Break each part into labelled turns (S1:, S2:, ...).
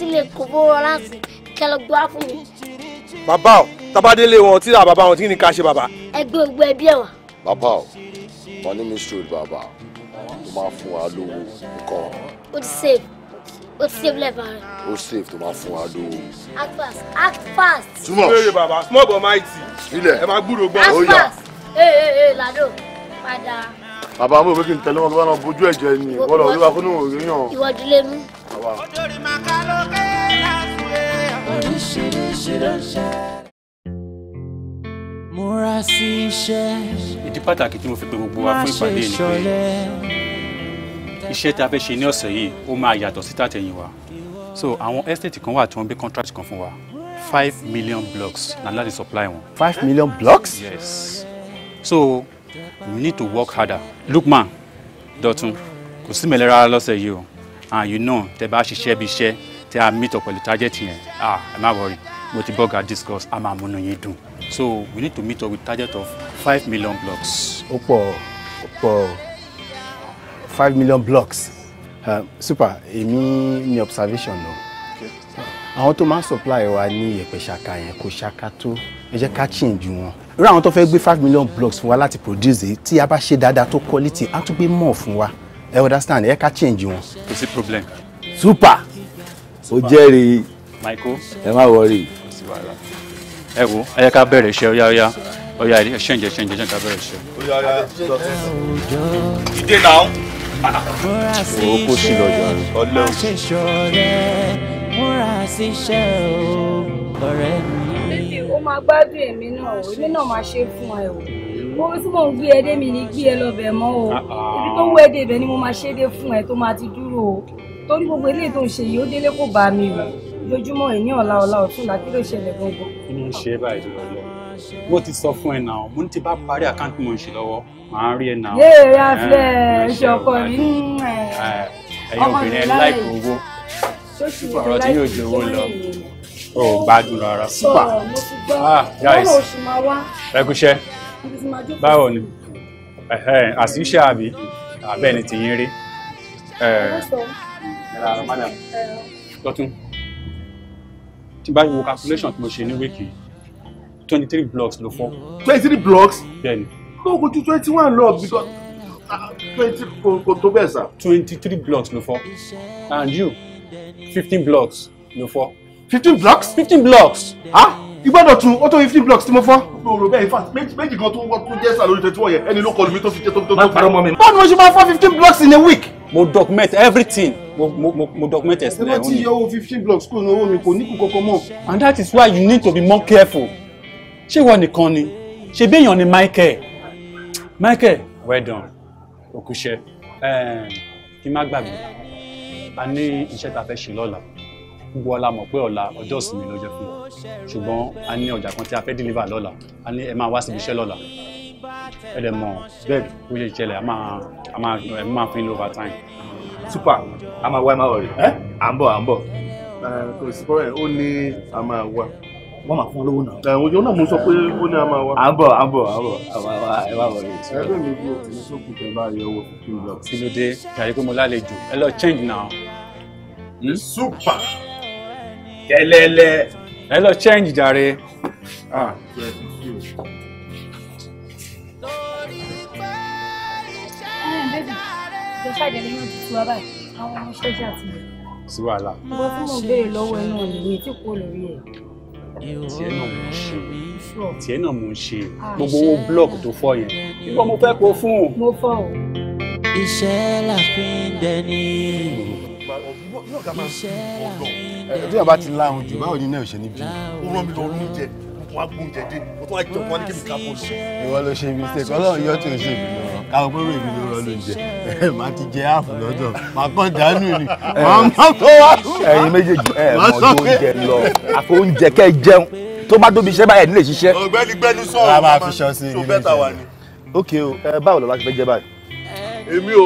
S1: sílé kòbó ránṣì kẹ lọ gbá fún mi.
S2: bàbá o tabadélé wọn tí ra bàbá wọn tí ní ká ṣe bàbá.
S1: ẹgbẹ́ ògbó ẹbí ẹ̀ wá.
S2: bàbá o wọn ní mystery bàbá tó máa fún wa lówó nǹkan.
S1: ó ti save ó ti save lẹ́ẹ̀bà rẹ̀.
S2: ó save tó máa fún wa lówó.
S1: act fast act fast.
S2: túmọ̀ béèrè bàbá small but mighty. ilẹ̀ ẹ máa gbúdọ̀ gbọ́. act fast
S1: ee ee ee lado padà.
S2: bàbá mo fẹ́ kí n tẹ̀lé wọn kí wọ́n bójú ẹ̀jẹ̀ ni wọ́n lọ rí wa fún òun rí yàn. mi wa. odori
S1: màkà
S3: ìdí pàtàkì tí mo fi pe gbogbo wa fún ìpàdé ni
S4: pé iṣẹ́ tí a fẹ́ ṣe ní ọ̀sẹ̀ yìí ó máa yàtọ̀ sí tàtẹ̀yìn wa so àwọn estate kan wà tí wọ́n gbé contract kan fún wa five million blocks na láti supply wọn. five million blocks. yes so we need to work harder. Lukman Dọ̀tun kò sí mẹ́lẹ́ra lọ́sẹ̀ yìí o and ah, you know tẹ bá ṣiṣẹ́ bí iṣẹ́ tẹ a meet up pẹ̀lú target yẹn ah ẹ má worry mo ti bọ́gà discuss a máa múnú yín dùn so we need to meet up with target of five million
S2: blocks. ó pọ̀ ó pọ̀ five million blocks uh, super èmi ni observation lọ àwọn tó máa ń supply wa ní ìyẹ̀pẹ̀ ṣaka yẹn kò ṣaka tó ẹ jẹ́ ká change wọn irú àwọn tó fẹ́ gbé five million blocks fún wa láti produce èyí tí a bá ṣe dáadáa tó quality á tún gbé more fún wa ẹ understand ẹ ká change wọn.
S4: kò sí problem. super ó jẹ́rìí Michael ẹ má wọrí. ẹ wo ẹ yẹ ká bẹ̀rẹ̀ iṣẹ́ ọ̀yá ọ̀yá ọ̀yá ẹ ṣẹ̀ǹjẹ̀ ṣẹ̀ǹjẹ̀ ṣẹ̀ǹjẹ̀ ká bẹ̀rẹ̀ iṣẹ́. ìdè
S3: náà. owó kò sí lọ́jọ́ rẹ̀. ọlọ́run. múra síṣẹ́ o ọ̀rẹ́ mi. ó máa gbádùn èmi náà
S5: èmi náà máa ṣe fún ẹ o owó tí mò ń gbé ẹ dé mi ní gbé ẹ lọ́bẹ̀ mọ́ o ah, ah. ibi tó wẹ́ dé ibẹ̀ ni mo máa ṣe é dé fún ẹ tó máa ti dúró o torí gbogbo eléyìí tó ń ṣe yìí ó délé kò bá mi
S4: o lójúmọ́
S5: ẹ̀ ní ọ̀la ọ̀la ọ̀tún là kí ló ṣẹlẹ̀ gbogbo.
S4: kí ló ń ṣe é báyìí tó lọ mo ti sọ fún ẹ náà mo ti bá parí àkáǹtì mo ń ṣe lọ́wọ́ màá rí ẹ náà. yéè rí afẹ́ ìṣọ̀kọ rí hmm, ẹ̀yin obìnrin ẹ láìpẹ́ owó
S1: ṣùgbọ́n ọ̀rọ̀ tí yóò ju owó lọ
S4: ò gbádùn rárá. sọ̀rọ̀
S1: mo ti gbọ́ bọ́lá ah, oṣù máa
S6: wá.
S4: ẹ kúṣẹ́ báwo ni àṣìṣe àbí àbẹ́ ni tìyín rí lọ́tún tí bá wo calculation tí mo ṣe ní wíìkì twenty three blocks ló fọ́. twenty three blocks. bẹ́ẹ̀ni. tó kò ju twenty one lọ because ah, twenty kò tó bẹ́ẹ̀ sà. twenty three blocks ló fọ́ and you fifteen blocks ló fọ́. fifteen blocks. fifteen blocks. ah. Huh? ìgbọ́dọ̀ tún ó tó fifteen blocks tí mo fọ́.
S2: òrò bẹ́ẹ̀ in fact méjì kan tó wọ́n tó jẹ́ sà lórí twenty one yẹn ẹni ló kọlu mi tó fi jẹ́ tó tó tó. báwo ni mo
S4: ṣe máa fọ́ fifteen blocks in a week. mo document everything mo mo mo document ẹsẹ ẹ wọ́n ni. ẹgbẹ́ tí owó fifteen blocks kúrò ní owó mi kò ní kú kankan mọ́. and that is why you need to be more careful. ṣé ìwọ nìkan ni ṣe béèyàn ni Michael Michael well done òkúṣẹ́ kí n má gbàgbé a ní iṣẹ́ tá a fẹ́ ṣe lọ́la gbogbo ọlá mọ̀ pé ọ̀la ọjọ́ ìsinmi ló jẹ́ fún wa ṣùgbọ́n a ní ọjà kan tí a fẹ́ deliver lọ́la a ní ẹ máa wá síbi iṣẹ́ lọ́la ẹ dẹ̀ mọ̀ bẹ́ẹ̀ ó ṣe ṣẹlẹ̀ a máa a máa ẹ máa fi ń lo overtime. super a máa wá ẹ máa wọ̀ rẹ̀ à ń bọ̀ à ń bọ̀.
S2: kò sí pọ́rọ̀ ó ní a máa wá. wọ́n máa fún olówó náà. ẹ̀hún ojú náà mo sọ pé ó ní a máa wá. à ń bọ̀ à ń bọ̀ à ń bọ̀ ẹ máa wọ̀ rẹ̀. ẹgbẹ́
S4: mi bí o ti ní sókùn tẹ bá yẹ owó fifteen blocks. kí ló dé kàrí pé mo lálejò ẹ lọ change now. super kẹ́lẹ́lẹ́ ẹ lọ change jàre. Ah. sí wàhálà. mo
S7: fún mo béèrè lọ́wọ́
S4: ẹ náà nìyí tí kò lórí ẹ̀. tiẹ̀ náà mo ń ṣe tiẹ̀ náà mo ń ṣe gbogbo owó búlọ̀kù tó fọ́ yẹn
S3: nígbà mo fẹ́ kó fún un. mo fọ́ o. iṣẹ́ la fi ń dẹni. iṣẹ́ la fi ń dẹni
S2: tí bàbá ti láhùn jù báwo ni náà ṣe níbi. ó rán mi lọ ọdún jẹ wọn á gbóúnjẹ dé mo tún wá jẹ wọn á ní kí mi ká bọ̀ sí. ìwọ ló ṣe mistake ọlọ́run yọ tí o ṣe ìbílẹ̀ wọn káwọn pẹ́rọ èmi ló rọ lóúnjẹ màá ti jẹ áàfù lọ́jọ́ màá kàn dànù ni màá má tó wá. ẹ̀yin méjèèjì ẹ mọ oúnjẹ lọ àfi oúnjẹ kẹ jẹun tó bá dóbi iṣẹ́ báyẹn nílé ṣiṣẹ́. ọ̀gbẹ́ni gbẹnu sọ̀rọ̀ máa èmi o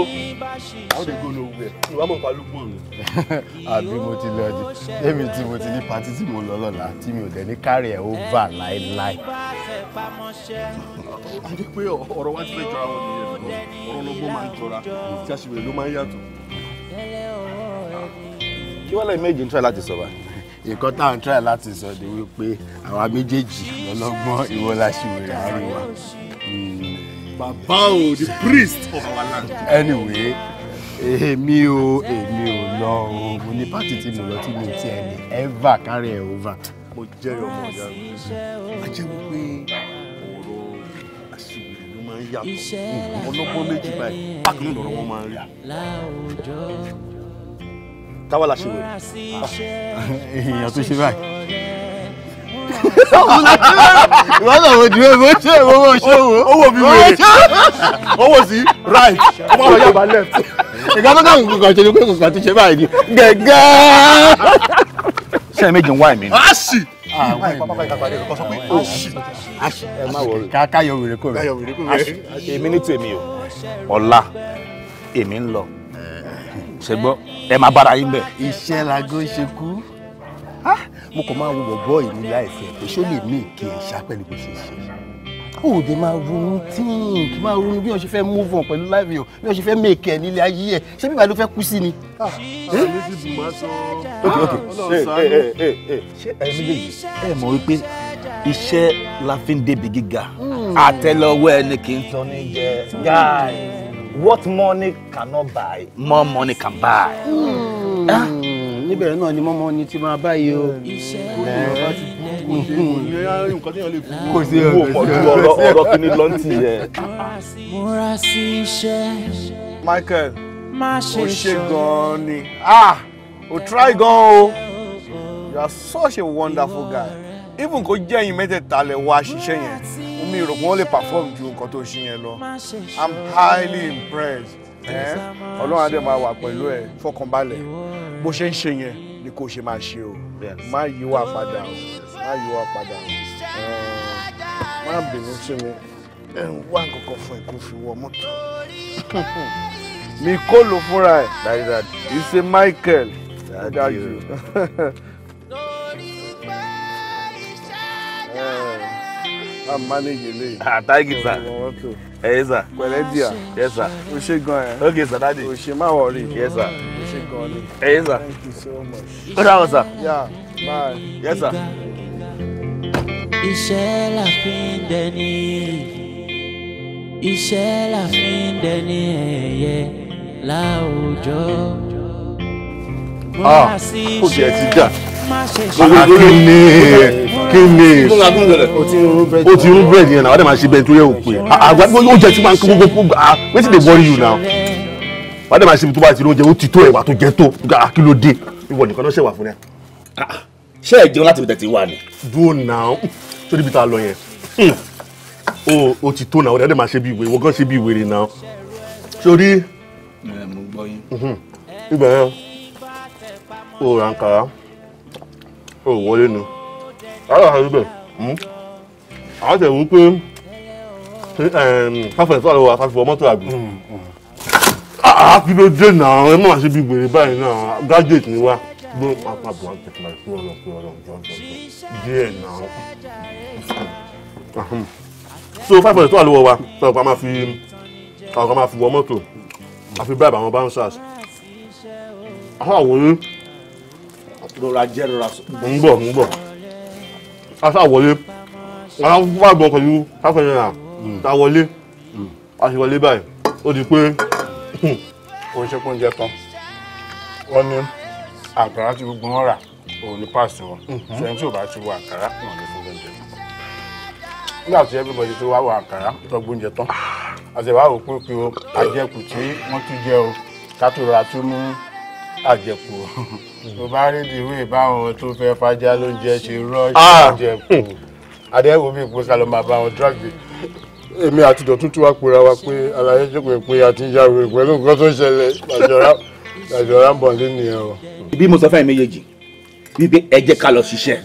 S2: àwọn èdè gbọ́dọ̀ wẹ̀ ní wàá mọ̀ nípa lúgbọ̀n mi. àbí mo ti lọ di èmi tí mo ti ní patí tí mo lọ lọ́la tí mi ò dẹ̀ ní kárí ẹ̀ ova láéláé. a jẹ́ pé ọ̀rọ̀ wa ti fẹ́ jọra wọn nìyẹn ọ̀rọ̀ lọ́gbọ́n máa ń jọra tí a sì wẹ̀ ló máa ń yàtọ̀. kí wọ́n lè méjì ń tọ́ láti sọ báyìí nǹkan tá à ń try láti sọ ni wípé àwa méjèèjì lọ́lọ́gbọ́n ìwọ la Babao, the priest of our land. Anyway, èmi o èmi ò lọ o mo ní pàtì tí mo lọ tí mi ò tiẹ̀ lè ever carry ẹ̀ over. mo jẹ́rìí ọmọ ìyá mi
S3: a jẹ́ wípé ọ̀rọ̀ àṣìwèrè ló máa ń yàtọ̀ hmm, ọlọ́gbọ́n méjì báyìí bákan náà lọ́rọ̀ wọn máa ń rí. táwa la ṣe wèrè.
S2: èèyàn tó báyìí wọ́n náà wò dúró bó ṣe wo bó ṣe wo owó mi wèrè owó sí right ọmọ àwọn yàrá left ìgbà tó dáhùn kò kàn ṣe ni pé kò kàn ti ṣe báyìí ni gẹ́gẹ́. ṣé ẹ méjì ń wá ẹ̀mí ni. a sì káyọ̀ wèrè kò rẹ̀ èmi ní tèmi o ọ̀la èmi ń lọ ṣùgbọ́n ẹ máa bára yín bẹ̀. iṣẹ́ lago ṣe kú mo kàn máa wo bọ̀bọ̀ ní láìfẹ́ pé ṣó lè mí kí ẹ ṣá pẹ̀lú bó ṣe ṣe ó máa ronú tíǹk máa ronú bí wọ́n ṣe fẹ́ move on pẹ̀lú láìfẹ́ o bí wọ́n ṣe fẹ́ make nílé ayé ẹ̀ ṣé bíbá ló fẹ́ kú sí ni. ṣé ẹ méjèèjì ẹ mọ̀ wípé iṣẹ́ la fi ń débi gíga àtẹ́lẹwọ́ ẹni kì í tán ní jẹ guys what money cannot
S3: buy more money can buy.
S2: Mm. Ah? níbẹ̀rẹ̀ náà ni mọ́mọ́ ni ti máa báyìí o. kò sí ọ̀rọ̀ ọ̀rọ̀ ọ̀rọ̀ kìíní lọ́ǹtì yẹn.
S3: Michael ó ṣe gan-an ni ah o try gan o
S2: you are such a wonderful guy even kò jẹ́ ẹ̀yin mẹ́tẹ̀ẹ̀ta lẹ̀ wá ṣiṣẹ́ yẹn omi ìrògbọ́n lè perform ju nǹkan tó ṣe yẹn lọ
S3: I'm highly
S2: impressed ọlọ́run adé máa wà pẹ̀lú ẹ fọkànbalẹ̀ bó ṣe ń ṣe yẹn ni kò ṣe máa ṣe o má yí wà padà o má yí wà padà o má bínú sí mi ẹ ń wá nǹkankan fún ẹ kó fi wọ mọ́tò mi kó ló fúnra ẹ ìṣe Michael dájú má manage eléyìí. àtàgìsà. Ah, ẹ yẹ sà. pẹ̀lẹ́ díà yẹ sà. o ṣe gan ẹ. ok sà dadi. o ṣe má wọrí. yẹ sà. o ṣe gan ni. ẹ yẹ thank
S3: you so much.
S2: kódà wọ sà. yà bye. yẹ sà.
S3: iṣẹ́ la fi ń dẹni iṣẹ́ la fi ń dẹni ẹ̀yẹ láwùjọ kò ah, tiẹ̀ ah, ti dà gbogbo kí ni kí ni o ti rún bẹ́ẹ̀
S2: yẹn náà wọ́n dẹ̀ máa ṣe bẹ́ẹ̀ torí ẹ̀ ò pé àgbà ah, ó jẹ́ tí máa ń kó gbogbo wetin dey worry you now wọ́n dẹ̀ máa ṣe ibi tó bá ti rí oúnjẹ ó ti tó ẹ̀wà tó jẹ́ tó kí ló dé ìwọ nìkan ló ṣẹ̀wà fún ẹ. ṣé ẹ jẹun láti ibi tẹ̀sí wà ni. dúró náà sórí ibi tá a lọ yẹn hmm. o o ti tó náà ọ̀dẹ̀ máa ṣe bí ìwé ìwọ gan ṣe bí ìwé rẹ̀ náà sórí. mo gbọ́ yín. Mhm. ibà yẹn tó ra nkàrà ó wọlé nu ara àti ibẹ̀ àwọn tẹ̀ wú pé káfíńtì tó wà lọ́wọ́ káfíńtì wọ́n mọ́tò àgbẹ̀ àfi ló dé náà ẹ má ṣe bí gbèrè báyìí náà graduate ni wá ló máa pa bùrọ̀ tẹ̀sí
S3: máa fi ọ̀nà fi ọ̀nà díẹ̀ náà.
S2: so five hundred tó wà lọ́wọ́ wa sọ̀rọ̀ pa máa fi àwọn kan máa fi wọ mọ́tò àfi bribe àwọn bouncers àwọn àwòrán rọra jẹ rọra sọ. ń bọ̀ ń bọ̀ aṣọ àwọlé aláwọ̀ fún àgbọn pẹ̀lú five naira ta hmm. wọlé hmm. a ṣe wọlé báyìí ó di pé òun ṣe pọ́njẹ tán wọ́n ní àkàrà tí gbogbo wọn rà
S4: òun ní páàsì wọn sẹ́yìn hmm. tí ò bá ti wọ àkàrà wọn lè fún oúnjẹ
S2: nígbà tí everybody tó wá wọ àkàrà tó gbóúnjẹ tán àti ìwà òpin pé o àjẹkù tí wọ́n tún jẹ o ká tó ra tún mú àjẹpọ̀ tó bá rí di ìwé ìbáwọn tó fẹ́ fajá ló ń jẹ́ ṣe rọ́ọ̀ṣì àjẹpọ̀ ah! adéwò mi kó sálọ máa bá wọn dráàgì. èmi àti dọ̀tún tí wàá pera wa pé àlàyé jókòó ẹ̀ pé a ti ń ya wèrè pẹ̀lú nǹkan tó ṣẹlẹ̀ àjọra ń bọ̀ lẹ́nìyẹn o. bí mo sọ fún ẹ méjèèjì wípé ẹ jẹ́ ká lọ ṣiṣẹ́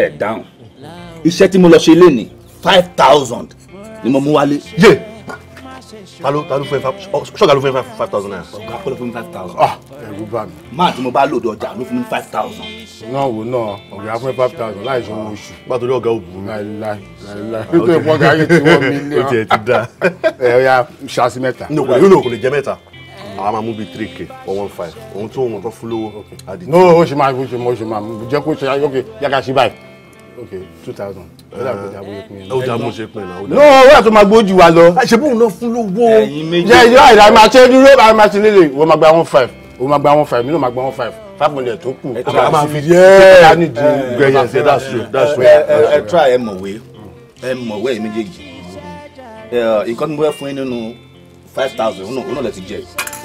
S2: ẹ dáhùn iṣẹ́ tí mo lọ ṣe lé ní five thousand ni mo mú wálé. yé ta ló ta fún ẹ oh, ṣọ́ọ̀gá ló fún ẹ five thousand naira. ọ̀gá kọ́ fún five thousand. Ah! ẹ̀rù bà mí. máa tí mo bá lòdì ọjà ló fún five thousand. náà wò náà ọ̀gá fún five thousand láì sọ owó ah. oṣù. gbà tó ní ọ̀gá òbú mi. láìláì láìláì ah, nítorí ìpọ́n ọ̀gá yìí ti wọ́n mi ní. o tiẹ̀ ti da. ẹ ẹ ya ṣaasi mẹ́ta. ní òkòlè kò lè jẹ mẹ́ta a máa mú bíi three k or one five ohun tó wọn tó fún lówó. no o ṣe máa ṣe máa jẹ kó ṣe yàgà sí báyìí okay two thousand. ó dà bó ṣe pin náà. no wíwà tó máa gbójú wa lọ. àṣebùn náà fún lówó. ẹyin méjì. jẹ́ ìjọba ìdá máa ṣe dúró bá máa ṣe lélẹ̀ wọ́n máa gba one five wọ́n máa gba one five nínú máa gba one five five million. tó kù. a máa fi yẹ ẹ gbẹyẹ ṣe that's true that's true. ẹ try ẹ mọ̀wé ẹ mọ̀wé ẹ méjèèjì nǹkan tí mo fẹ́ fún yín nínú five thousand òun náà lè ti jẹ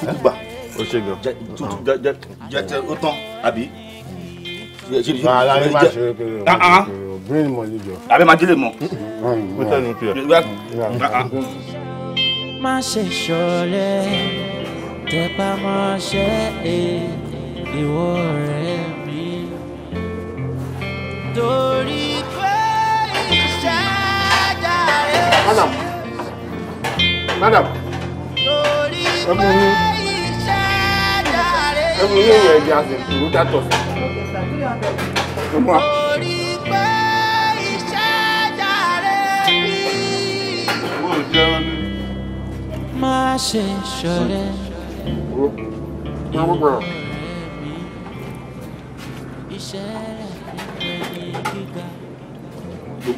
S2: kúkú gbà. ó ṣe gan. jẹ jẹ jẹ tẹ ó tán àbí. Ah, ah. brain money jọ. àbẹ
S3: má ṣe ṣọ̀lẹ ìwọ rẹ mi torí pé iṣẹ́ jàre. madam madam. torí
S2: pé
S3: ẹ fún yín èèyàn
S2: ẹ̀jẹ̀ àti ìlú dátọ̀ sí.
S3: orí pé iṣẹ́ jàre bí. má ṣe ṣọ̀rẹ́. gbogbo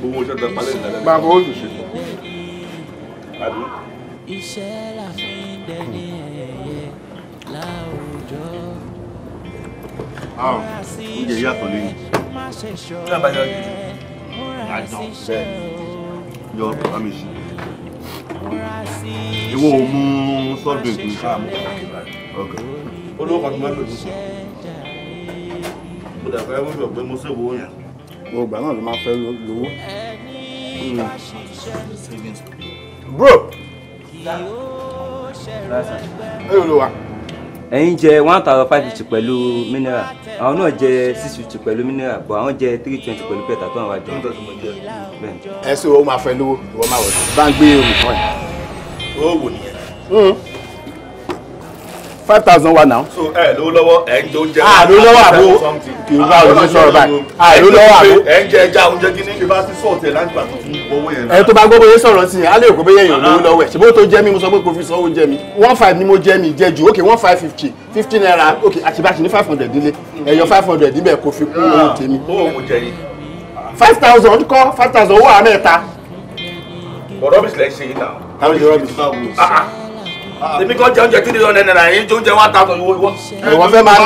S2: owó ṣẹ́ta palẹ̀ ìdálẹ́.
S3: bàbá olùṣèlú. iṣẹ́ làfin dẹ́ni
S1: oúnjẹ yàtọ̀ lẹ́yìn. kí ló bá yọ ọjọ́
S3: àjọ bẹ́ẹ̀
S2: yọ bá mi ṣe. ìwọ ò mú sọ́ọ̀dù èkó ní sáà mú ọkọ. olówó kan tó máa ń pè mí sí. mo dàgbà ẹgbẹ́ mi ò pé mo ṣèwọ òyìn. ògbà náà ló máa fẹ́ lówó. Hmm. bro. ẹ yóò lo wa
S3: ẹ̀yin jẹ one thousand five fifty pẹ̀lú mineral àwọn náà
S2: jẹ six fifty pẹ̀lú mineral but àwọn jẹ three twenty pẹ̀lú pẹ̀tà tó àwọn àjọ. ẹ ṣe owó máa fẹ́ lówó ìwọ máa wọ̀ bá ń gbé èrò kan ẹ̀. nìyẹn. Hmm five thousand one now. so ẹ ló lọ́wọ́ ẹ ń jẹ oúnjẹ. a ah, ló lọ́wọ́ àbó kì í bá òun ah, sọ̀rọ̀ báyìí a ah, ló lọ́wọ́ àbó. ẹ ń jẹ ẹja oúnjẹ kí ní kí bá sí sọ̀tẹ̀ láti pàtó owó yẹn. ẹ tó bá gbọ́ bóyá sọ̀rọ̀ sí yẹn á lè rò pé bóyá èèyàn lówó lọ́wọ́ ẹ̀ tó jẹ́ mi mo sọ pé kò fi sanwó jẹ́ mi one five ni mo jẹ́ mi jẹ́ ju ok one five fifty fifty naira ok àtibáṣe ní five hundred nílé ẹ̀yọ five hundred níbẹ̀ kò fi kún owó tèmi. owó mo jẹ yìí. five thousand kọ́ five thousand owó àmẹ́ta. bọ̀dọ̀ bí Ah. èmi kọ́ jẹ oúnjẹ tí nìyọ nẹ́nẹ́ náà yín jẹ oúnjẹ wá tààtọ̀ ìwọ. ìwọ fẹ́ máa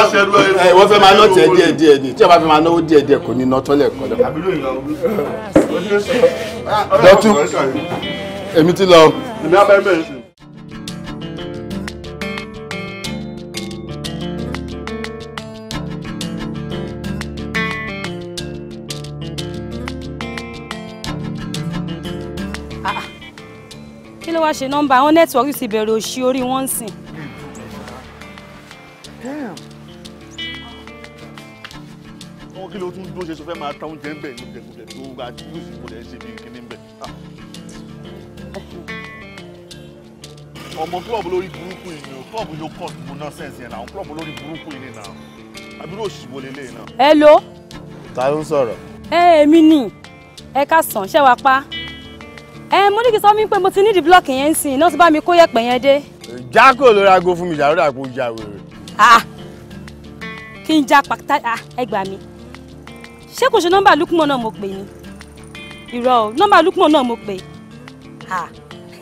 S2: ìwọ fẹ́ máa nọ́ọ̀tì ẹ̀ díẹ̀ díẹ̀ ni tí ọba fẹ́ máa náwó díẹ̀ díẹ̀ kò ní ná tọ́lẹ̀ kọ́ lọ. lọ́tún èmi ti lọ. èmi á bẹ́ẹ̀ bẹ́ẹ̀
S5: wá ṣe nọ́mbà àwọn nẹ́tíwọ́ọ̀kì sì bẹ̀rẹ̀ òṣì orí wọn
S2: sìn. wọ́n kí ló tún dúró ṣe sọ fẹ́ máa ta oúnjẹ ń ní jẹkújẹ tó wá tí yóò sì kúlẹ̀ ṣe bí kíní ń ah. ọmọ klọ́ọ̀bù lórí burúkú yìí ni o klọ́ọ̀bù yóò kọ̀ tó ná sẹ́ǹsì yẹn náà àwọn klọ́ọ̀bù lórí burúkú yìí ni náà àbúrò òṣìwò lélẹ̀ náà. ẹ lo. ta ló ń sọ̀rọ̀.
S5: ẹ èmi ni ẹ ká sàn ṣẹ́ wa pa ẹ mo ní kí sọ mi pé mo ti nídìí blọọkì yẹn ń sìn iná ti bá mi kó yẹ̀pẹ̀ yẹn dé.
S2: jákò ló ra go fún mi ìdàrúdà kó ya wèrè.
S5: kí n já pàtà ẹ gbà mí ṣé kò ṣe nọ́mbà Lukman náà mo pè ní irọ́ o nọ́mbà Lukman náà mo pè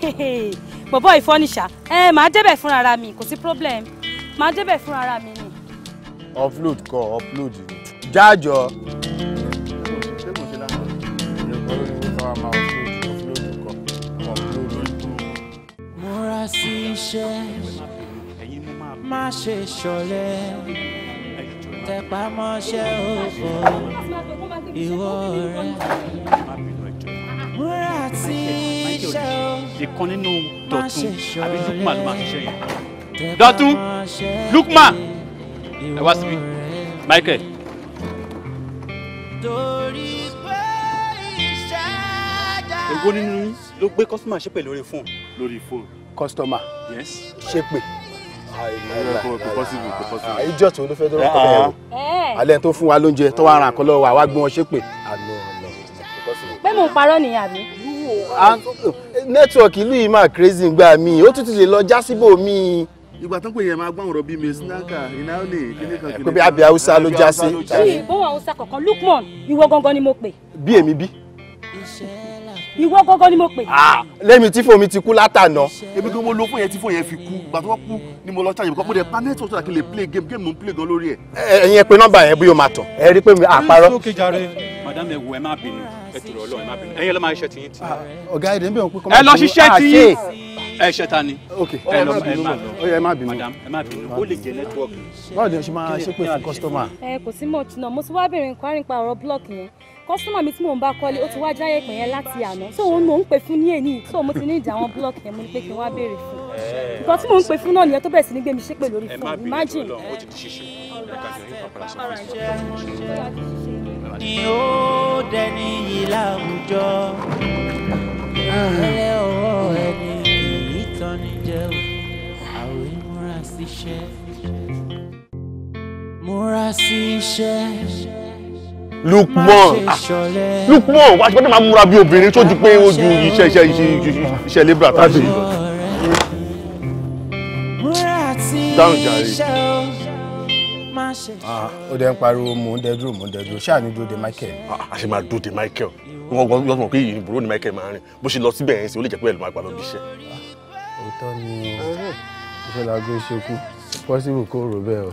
S5: bọ̀bọ̀ ìfọ́nìṣà ẹ máa débẹ̀ fúnra ara mi kò sí problem máa débẹ̀ fúnra ara mi ni.
S2: upload kọ upload jájọ. ṣé kò ṣe láǹfààní ìyẹn kọ́ ló ní kó sáwá
S3: máa sí iṣẹ́ má ṣe ṣọ̀lẹ tẹpá mọ́ṣẹ́ òbò ìwọ rẹ múra sí iṣẹ́ o
S4: ìkan nínú Dọ̀tun àbí Lukman ló máa ṣiṣẹ́ yẹn Dọ̀tun Lukman ẹ Michael. èwo nínú ló gbé kọ́sùmà ṣépè lórí fóònù. lórí customer ṣe pé ìjọ
S2: tí olúfẹ́ tó rọ́pò ẹ̀rọ alẹ́ tó fún wa lóúnjẹ tó wá ra nǹkan lọ́wọ́ àwa gbé wọn ṣe pé.
S5: pé mò ń parọ́ nìyẹn àbí.
S2: Ah, nẹ́tíwọ̀kì ìlú yìí máa crazy gbà mí ó tún ti lè lọ já síbò mí ìgbà tó ń pè yẹn máa gbọ́n ọ̀rọ̀ bíi miss nanka inaole kìnìkan kìnìkan. pé bí abẹ haúsá ló já sí. bí
S5: ìbọn haúsá kọ̀ọ̀kan lukman ìwọ gangan ni mo pè.
S2: bí èmi bí ìwọ kọ́kọ́ ni mo pè. Ah, lẹ́mi tí fòmi ti kú látàná. ebi tó mo lo fún yẹn tí fòmi yẹn fi kú ìgbà tó wọ́n kú ni mo lọ ṣàyè kọ́ mo dẹ̀ bá nẹ́tọ̀ sọ̀rọ̀ kí lè play game game mo ń play gan lórí ẹ̀. ẹ̀yin ẹ pé nọ́mbà yẹn bí o máa tàn
S4: ẹ rí i pé àparọ́. madam ẹ wo ẹ má bínú ẹ tòrọ Ọlọ́run ẹ má bínú ẹ̀yin ló máa ṣiṣẹ́ tiyín tì. Ah, ọ̀gá ẹ̀dẹ̀ ń bẹ̀ wọ́n ẹ lọ ṣiṣẹ́ ah, tiyín ẹ ṣe ta ni. ẹ lọ ẹ bínú ẹ madam ẹ má bínú ó lè jẹ nẹtíwọ́ọ̀kì. báwo ni o ṣe máa ṣépè fún kọ́sítọ́mà.
S5: ẹ kò sí mọ̀ọ́tì náà mo ti wá bèrè nǹkan àrìnpa ọ̀rọ̀ blọọkì yẹn kọ́sítọ́mà mi tí mò ń bá kọ́lé ó ti wá jáyé pẹ̀ láti àná so mò ń pè fún ní èyí so mo ti ní ìdí àwọn búlọ́ọ̀kì yẹn mo ní pé kí n wá béèrè fún nǹkan tí mò ń pè fún náà nìyẹn tó bẹ̀rẹ̀ sí ní gbé mi ṣépè lórí fún imagine.
S3: ni ó dẹni yìí láwùjọ ẹlẹ́ ọwọ́ ẹni èyí tán ní jẹ́ àwọn ìmúra síṣẹ́ múra síṣẹ́.
S2: Lukman
S3: Lukman wàá ṣe pé máa múra bí
S2: obìnrin tó ju pé ó ju iṣẹ́ iṣẹ́ iṣẹ́ libra tàbí lọ.
S3: dáhùn jàre. Ah,
S2: ó dẹ́ ń pariwo mò ń dẹ́dúró mò ń dẹ́dúró ṣáà ní dúró de Michael. Ah, a ṣe máa dúró de Michael wọn gbọ́n yọ mọ̀ pé ìyìn ìbúrò ni Michael máa ń rìn bó ṣe lọ síbẹ̀ yẹn sí ó lè jẹ́ pé ẹ̀ ló máa gbà lọ bí iṣẹ́. Ah, òótọ́ ni ìfẹ́ làgọ́ ṣekú possible kó rò bẹ́ẹ̀ o.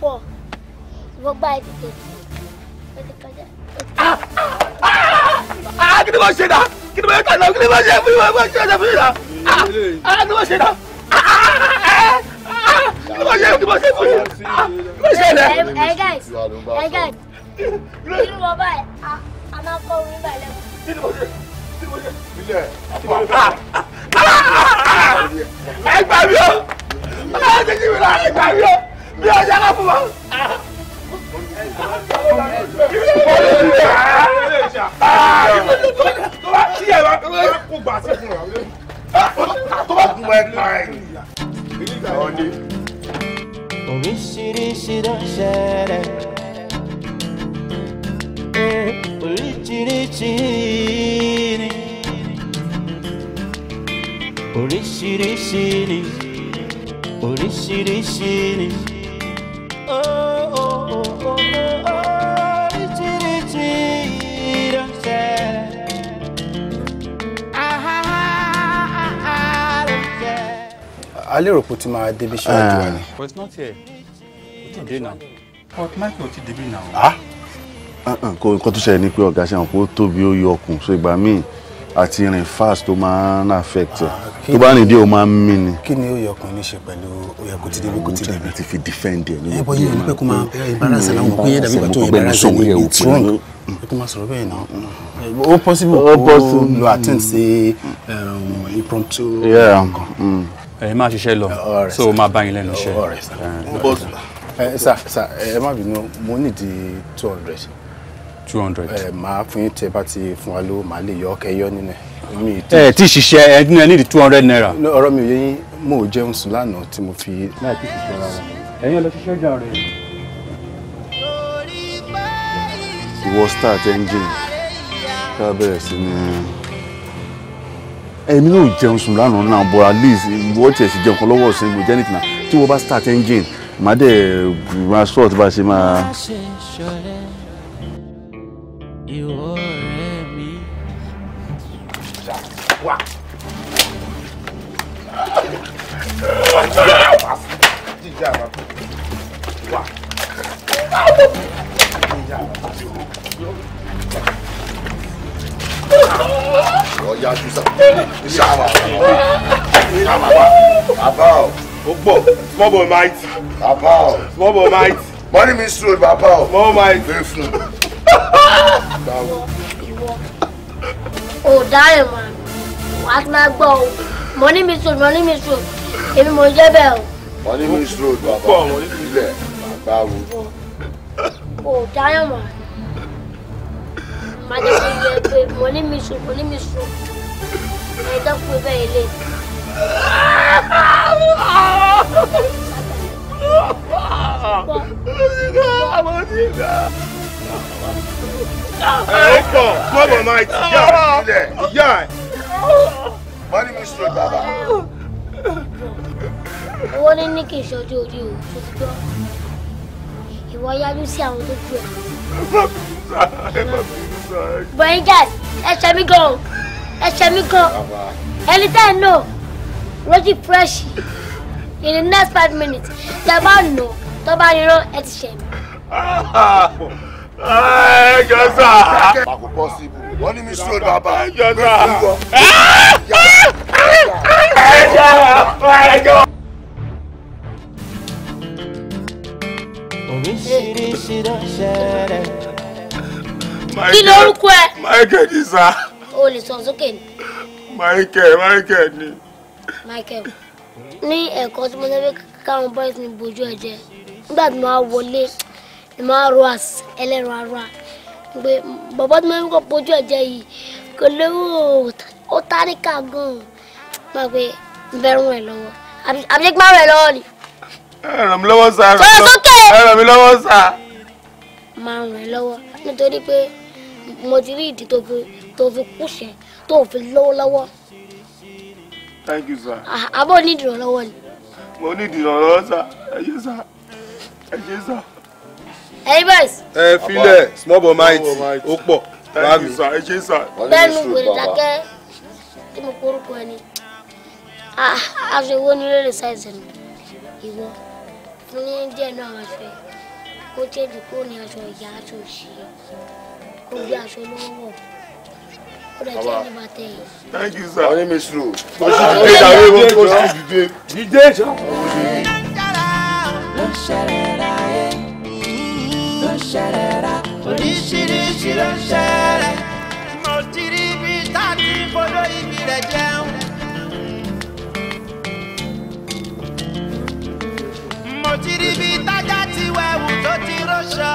S1: what What
S3: Ah! Ah! Ah! èmi ìpọ̀ ìwọ́gbà ìdìtò ìdìkọjá. kí ni mo ṣe dá kí ni mo ṣe dá kí ni mo ṣe fún ìwọ́gbà kí ni mo ṣe dá kí ni mo ṣe dá
S1: kí
S8: ni mo
S3: ṣe kí ni mo ṣe fún ìwọ́gbà kí ni
S8: mo ṣe
S1: dá. ẹ guys ẹ guys kí ni mo bá ẹ a máa kọ orin báyìí
S2: lẹ́kọ̀ọ́. kí ni mo ṣe kí ni mo ṣe. ilé ẹ̀ àti bàbá ẹ gbà mí o
S3: ọlọ́run ti jí mi lọ ẹ gbà mí o mi ò yára fún wa. Oríṣiríṣi ló ń ṣẹlẹ̀. Oríṣiríṣi ni oríṣiríṣi ni oh, oh, oh, oh, oh, ṣẹlẹ̀.
S4: a lérò pé o ti máa débi ṣáájú wa ni. Ah. but it's not here o ti dé náà but michael o ti débi náà. kò ah.
S2: uh-uh. nǹkan tó ṣẹlẹ̀ ni pé ọ̀gá ṣe àwọn kó tóbi ó yọ ọkùn so ìgbà míì àti rìn fast tó máa ń affect ẹ ah, tó bá rìn díẹ̀ ó máa ń mí ni. kí ni ó yẹ ọkùnrin ní ṣe pẹ̀lú ó yẹ kó ti débi kó ti débi. ti fi defend ẹ ẹ bọ yìí ni pé kó máa embarrass ẹ láwọn kó yẹ dàbí pàtó embarrass ẹ ní it's wrong ẹ
S4: kó máa sọ̀rọ̀ bẹ́ẹ̀ náà. ó possible kó lo attend sí um, impromptu nǹkan. Mm. ẹ máa ṣiṣẹ́ lọ so máa bá yín lẹ́nu iṣẹ́. ẹ sà sà ẹ má bínú mo nídìí two
S2: hundred two hundred. ẹ eh, máa fún yín tẹ bá ti fún wa Eh, màá lè yọ ọkẹ yọ
S4: di two hundred naira. ọ̀rọ̀ mi ò yẹ yín mo ò jẹun sùn lánàá tí mo fi láì tí ṣiṣẹ́ rárá. ẹ̀yin lọ ṣiṣẹ́ ọjà rẹ̀.
S2: ìwọ start engine ká bẹ̀rẹ̀ sí ní eh, èmi náà jẹun sùn lánàá náà but at least ìwọ tiẹ̀ sì jẹun kan lọ́wọ́ ọ̀sẹ̀ ìgbò jẹ́ nìkan tí wọ́n bá start engine màá dẹ̀ máa sọ̀rọ̀ tí bá ṣe
S3: ìwọ ọ̀rẹ́ mi. wá. jíjà bàbá wá.
S2: jíjà bàbá ọ̀yà ṣùṣà ṣàmà ṣàmà bàbá ọ̀ ó pọ̀ small boy might bàbá ọ̀ small boy might money means road bàbá ọ̀ small might gbé fún un
S1: ò dáhùn what my tún Money gbọ́ o money miss road money miss road Money mò ń jẹ́ bẹ́ẹ̀ o.
S2: money miss road bàbá ilẹ̀ bàbá wo.
S1: ò dáhùn mà màá jẹ́ kó yẹ pé money miss road money miss road ẹ̀ dọ́kun bẹ́ẹ̀ lé. Oh, my God
S2: ẹ kọ gbọ́dọ̀ máa ti yá ìpínlẹ̀ ìyá ẹ̀
S1: wọ́n ní mi sọ bàbá. owó ní ní kì í ṣojú orí o tó ti gbọ́ ìwọ yájú sí àwọn tó kú ẹ. bọ̀yìn gas ẹ ṣe mí gan ẹ ṣe mí gan ẹni tẹ́ ẹ̀ fresh in the next five minutes tẹ́ bá nù tó bá yọrọ ẹ ti ṣe mí.
S3: Ah
S2: ẹ ló ṣẹlẹ̀. kí ẹ. michael ni sà.
S1: o lè sọ sókè ni.
S2: michael michael ni.
S1: michael ní ẹ̀kọ́ tí mo lẹ́bẹ̀ẹ́ káwọn boys ní bojú ẹ̀ jẹ́ nígbà tí mo wá wọlé ẹ máa ro ẹlẹ́rọ ara pé bàbá tí mo ń bójú ẹ̀jẹ̀ yìí kò léwu ó táríkà gan-an máa pe bẹ́rùn ẹ̀ lọ́wọ́ àbí gbá rẹ̀ lọ́wọ́ ni. ẹ
S2: ràn mí lọ́wọ́ sá ẹ ràn mí lọ́wọ́ sá.
S1: máa ràn ẹ́ lọ́wọ́ nítorí pé mo ti rí ìdí tó fi tó fi kúṣẹ̀ tó fi lówó lọ́wọ́. thank you sir. àbọ̀ ní ìdìrànlọ́wọ́ ni.
S2: mo ní ìdìrànlọ́wọ́ sá
S1: ẹ ṣé sá ẹ ṣé sá. Hey boys. Hey, feel it.
S2: small but mighty ó pọ̀ báàmì. ẹ ṣe sà. bẹ́ẹ̀ni wèrè dákẹ́
S1: tí mo kórúkọ ẹni aṣọ ìwé onílé rẹ̀ ṣàìsàn ni ìwọ fún ní díẹ̀ náà àwọn aṣọ yìí kó tẹ̀lé kó ní aṣọ ìyá aṣọ òṣìṣẹ́ kó gbé aṣọ olówó wọ̀
S2: Thank you, sir. My name is Ru. Go to the bed. I will go
S3: to the bed. The day ṣẹlẹ̀ rà oríṣiríṣi ló mo ti rí ibi tá a ibi rẹ jẹun. mo ti rí ibi tájà ti wẹ̀wù tó ti rọṣọ.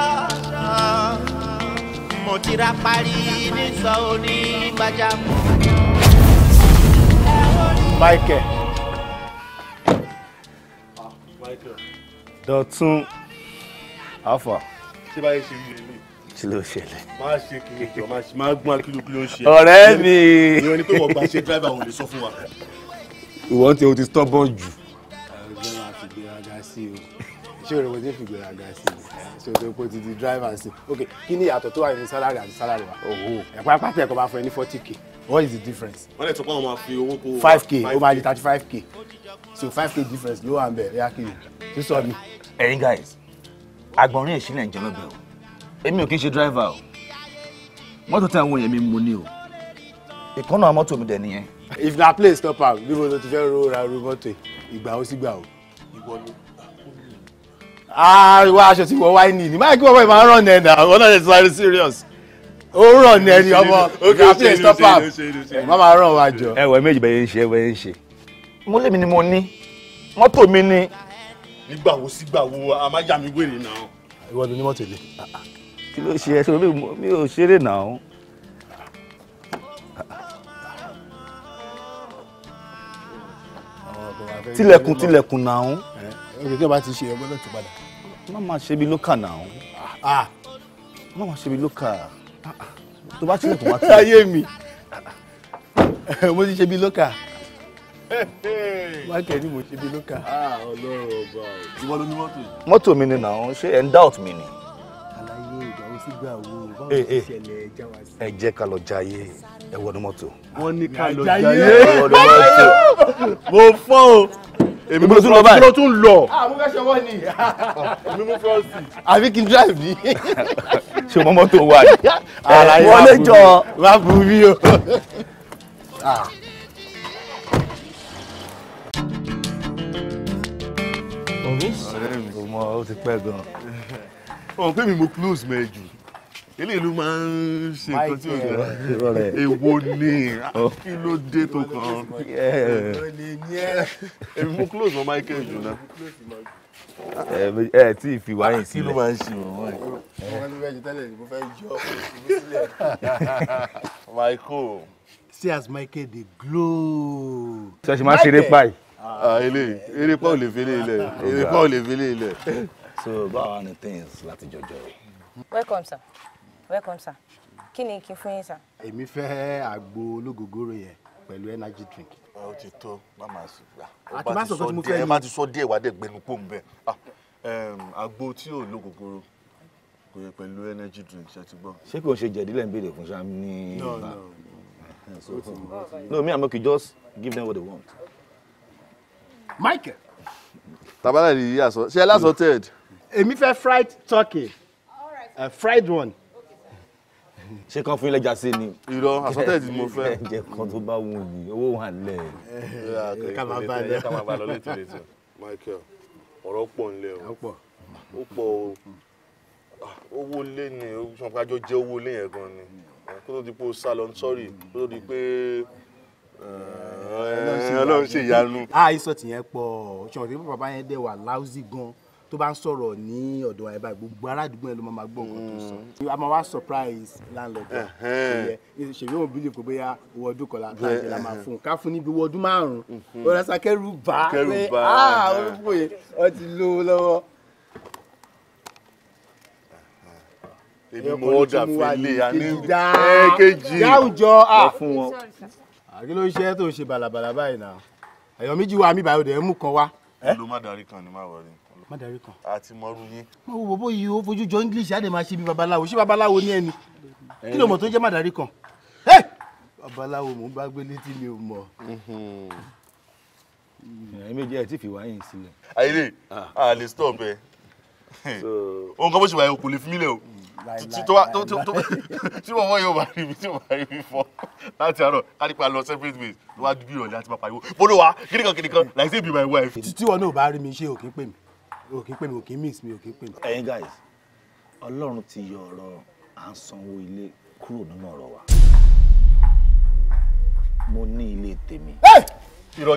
S3: mo ti ra parí nísọ onígbàjámọ̀.
S2: Michael. Michael. Dọ̀tun. Alpha ṣé báyìí ṣe rí lélẹ̀ kí ló ṣẹlẹ̀.
S4: máa ṣe kìlọ̀ jọ máa gbọ́n akílù kí ló ṣe. ọ̀rẹ́ mi. ìwọ ni pé wọ́n gba ṣe dráìvà wọn lè sọ fún wa.
S2: ìwọ ń tẹ o ti stọ́bọ̀n jù. ọ̀rẹ́ máa fi gbéraga sí o ṣé òrèwò ti fi gbéraga sí o ṣé o tó kó ti di dráìvà sí o. ok kí ni ìyàtọ̀ tó wà ní sálárì àti sálárì wa. owó ẹ̀pá pàtẹ́ ẹ̀kọ́ máa fún ẹ ní forty k what is the difference. wọ́n lè tún pọ́n máa fi owó kó. five k ó máa di thirty five k so five k difference ló wà ń bẹ̀ ẹ̀ yá kiri sísọ guys agbọ̀nrín ìṣílẹ̀ ń jẹ lọ́bẹ̀ o èmi ò kí ń ṣe dírẹ́fà o mọ́tò tí àwọn èèyàn mi mú ni o ìkànnà àwọn mọ́tò mi dẹ̀ nìyẹn. if na play stop am bí mo ti fẹ́ ro ra ro mọ́tò ìgbà ó sì gbà o. ìwọ ló ah ìwọ aṣọ tí wọ́n wáyé nìyí máa kí wọ́n bá ìmọ̀ rán ẹ̀ náà wọ́n náà lè sáré serious ó rán ẹ̀ ní ọmọ na place stop am má máa rán wa jọ. ẹ wọ méjì bẹ́ẹ̀ ń ṣe bẹ́ẹ̀ ń ṣe. mo lèmi ni mo ní mọ́tò mi ni nígbàwo sígbàwo a máa yà mí wèrè náà. ìwọ ló ní mọ́tò ilé. kí ló ṣe ẹsẹ mi ò ṣeré náà. tilẹ̀kùn tilẹ̀kùn náà. ọ̀rẹ́ tí o bá ti ṣe ọgbọ́n náà ti padà. má máa ṣe bí lókà náà. Ah, ah. má máa ṣe bí lókà ah, tó bá tilẹ̀kùn wá tilẹ̀. ayé mi mo ti ṣe bí lókà mákẹ́ ni mo ṣe bí lókà. ọlọ́run ọba o. ìwọ ló ní mọ́tò yìí. mọ́tò mi ni nà án ṣé ẹ̀ ń doubt mi ni. àlàyé ìgbàwó sí gbà wo báwo ló eh, eh. ṣẹlẹ̀ ẹja wá sí. ẹ jẹ́ ká lọ jayé ẹ wọnú mọ́tò. wọ́n ní ká lọ jayé ẹ wọnú mọ́tò. mo fọ́ o èmi mo tún lọ báyìí. Ah, àwọn fẹ́ ṣọwọ́ ni èmi mo fẹ́ sí. àbí kí n drive ni. ṣé o mọ mọ́tò wa ni. àlàyé wọlé jọ wàá bu mi o. Ah. ọ̀hún pé mi mo close mẹ́ jù eléyìí ló máa ń ṣe nǹkan tí o lè èwo ni ah, kí ló dé tó kàn án èmi mo close mọ Michael jù náà ah, ẹ tí ì fi sílẹ̀. kí ló máa ń ṣe wọ́n wọ́n. ní bẹ́ẹ̀ tẹ́lẹ̀ ni mo fẹ́ jọ òṣèlú sílẹ̀. Michael. see as Michael dey glow. ṣe ṣe máa pa yìí. Ah, eléyìí erépa ò lè fi eléyìí lẹ̀ erépa ò lè fi eléyìí lẹ̀. so báwa ni things láti jọjọ.
S9: welcome sir welcome sir kí ni kí fún yín sir.
S2: èmi fẹ́ àgbo ológogoro yẹn pẹ̀lú energy drink. ọ ti tó mama sí gbà. àti má sọ pé mo fẹ́ yín. ẹ má ti sọ díẹ̀ wá dé gbẹnu ah, àgbo tí ò lógogoro kò yẹ pẹ̀lú energy drink ṣe ti gbọ́. ṣé kò ṣe jẹ̀dílẹ̀ ń béèrè fún sáà ní. no no no me and Moki just give them what they want. Michael. Tabala di yíyá sọ. Ṣé ẹ lásán tẹ̀? fe fried turkey. a uh, fried one. Ṣé kan fún ilé ẹja sí ni? Irọ́ àsọtẹ́ẹ̀dì ni mo fe. Ẹ̀jẹ̀ kan tó bá wù yìí, owó wà lẹ̀. Ká máa bá lọ. Ká máa bá lọ létí létí. Michael, ọ̀rọ̀ pọ̀ nílẹ̀ o. Ó pọ̀. Ó pọ̀ o. Owó lé ni, ṣùgbọ́n àjọ jẹ́ owó lé yẹn gan ni. Kó tó di pé o sorry. Kó tó di pé ọlọ́run ṣe ìyanu. àìsàn tìyẹn pọ̀ ṣùgbọ́n tí bàbá yẹn dẹ̀ wà láùsì gan tó bá ń sọ̀rọ̀ ní ọ̀dọ̀ àyè gbogbo ará yẹn ló máa gbọ́ nǹkan tó sọ. Mm. a máa wá surprise landlord yẹn ṣèlú òun bílíọ̀ pé bóyá owó ọdún kan láti la máa fún un ká fún níbi owó ọdún márùn-ún mm-hmm. ọ̀rẹ́sà kẹrù bá pé ah olùkọ́ yẹn ọ ti lówó lọ́wọ́. èmi mo dà fún ilé àní ẹ̀ẹ́kejì lọ fún wọn kí ló ń ṣe tó ń ṣe bàlàbàlà báyìí náà èèyàn méjì wà mí báyìí ọ̀dẹ̀ mú kan wá. ló má darí kan ni má wọrí. má darí kan. a ti mọ́rú yín. mo wo bó yìí ó fojú jọ english á dẹ̀ máa ṣe bí babaláwo ṣé babaláwo ní ẹni kí ló mọ̀ tó jẹ́ má darí kan. babaláwo mò ń bá gbé létí mi ò mọ̀. ẹ̀yin méjì ẹ̀ tí fi wá sílẹ̀. ayílẹ̀ ah. a lè stop ẹ̀. òun kan bó ṣe wà yẹn kò lè fi mí lẹ̀ o tí wọ́n wọ́n yóò bá rí mi tí wọ́n bá rí mi fọ́ láti àárọ̀ kárípa lọ separate ways ló wá bí ìrọ̀lẹ́ àti pàpàriwo polówá kíníkan kíníkan like say be my wife. tí wọn náà bá rí mi ṣé ò kí ń pè mí ò pè mí ò miss mi ò pè mí. ẹ̀yin guys Ọlọ́run ti yọ ọ̀rọ̀ à ń sanwó ilé kúrò nínú ọ̀rọ̀ wa mo ní ilé tèmi. irọ́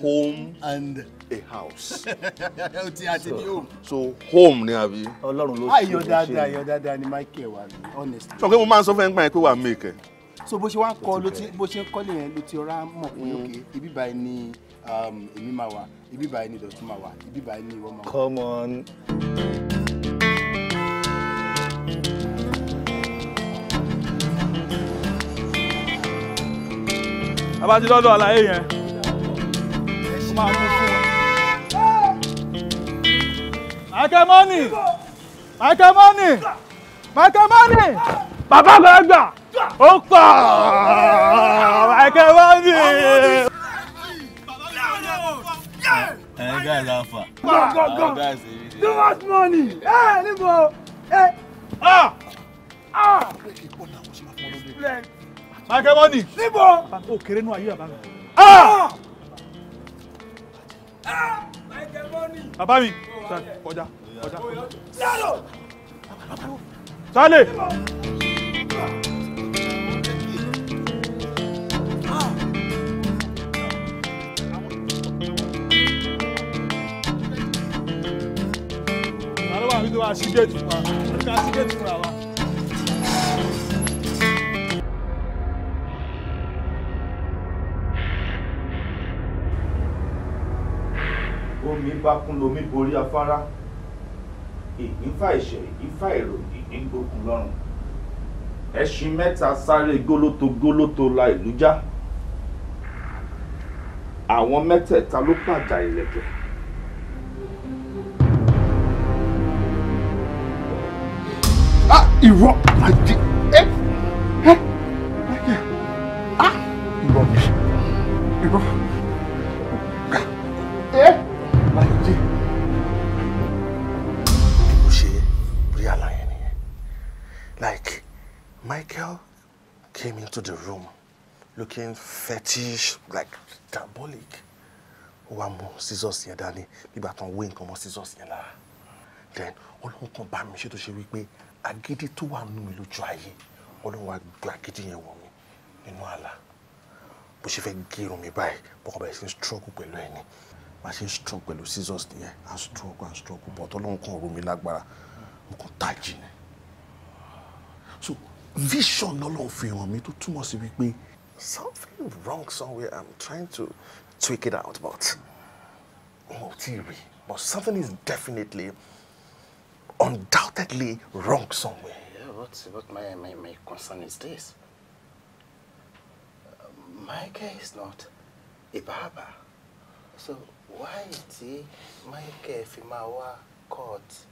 S2: home and a house. o ti àti ní home. so home ni àbí. ọlọ́run ló ṣe é ṣe. ayọ̀ dáadáa ayọ̀ dáadáa ni michael wà ní honestly. sọ pé mo máa ń sọ fún ẹ nípa ẹ pé wà á make ẹ. so bó ṣe wá kọ ló ti bó ṣe ń kọ́lé yẹn ló ti rá mọ̀ pé òkè mm. ibi báyìí ni um, èmi máa wà ibi báyìí ni dọ̀tún máa wà ibi báyìí ni ìwọ
S3: máa wà. come on.
S2: abájúdọ́dọ̀ àlàyé yẹn máa mú fún wa. Màkẹ́mọ́nì! Màkẹ́mọ́nì! Màkẹ́mọ́nì! Bàbá gbàgbà! Ó pọ̀! Màkẹ́mọ́nì! Ẹ̀yin guys afa. Àwọn guys èyí. Too much money! Ẹ níbo? Ẹ. Ah! Ah! Màkẹ́mọ́nì! Níbo? Ó kéré nú ayé àbámi. Ah! ah! bàbá mi kọjá kọjá sálẹ̀. Àlọ́ wà ní tó wá sí géètì fún wa. Ká sí géètì fún wa. mi bá kún lomi borí afárá ìgbínfà ìṣẹ̀ ìgbínfà ìròyìn ìgbókun lọ́rùn ẹṣin mẹ́ta sáré gólóto gólóto la ìlú já àwọn mẹ́tẹ̀ẹ̀ta ló pàjà ìlẹ̀kẹ̀. Ah, ìwọ àti ẹ ẹ ẹ ah, ìwọ ìwọ. came into the room looking fetish, like diabolic. Ó wá mú scissors yẹn dání nígbà tán wé nǹkan mọ́ scissors yẹn lára. Then Ọlọ́run kan bá mi ṣe tó ṣe wípé agídí tó wà nù mí lójú ayé Ọlọ́run wá gba agídí yẹn wọ̀ mí nínú àlá. Bó ṣe fẹ́ gé irun mi báyìí, bọ́kọ̀ bẹ̀rẹ̀ sí ń struggle pẹ̀lú ẹni. Màá ṣe ń struggle pẹ̀lú scissors nìyẹn, à ń struggle à ń struggle but Ọlọ́run kan rú mi lágbára, mo kàn tají ni. So vision lọ́lọ́run fi hàn mí tó túmọ̀ sí wípé something wrong somewhere i'm trying to tweak it out but mo ti rí but something is definitely undoubtedly wrong somewhere. Yeah, but, but my, my, my concern is this. Uh, is not a barber. So why is he Micah Fimawa caught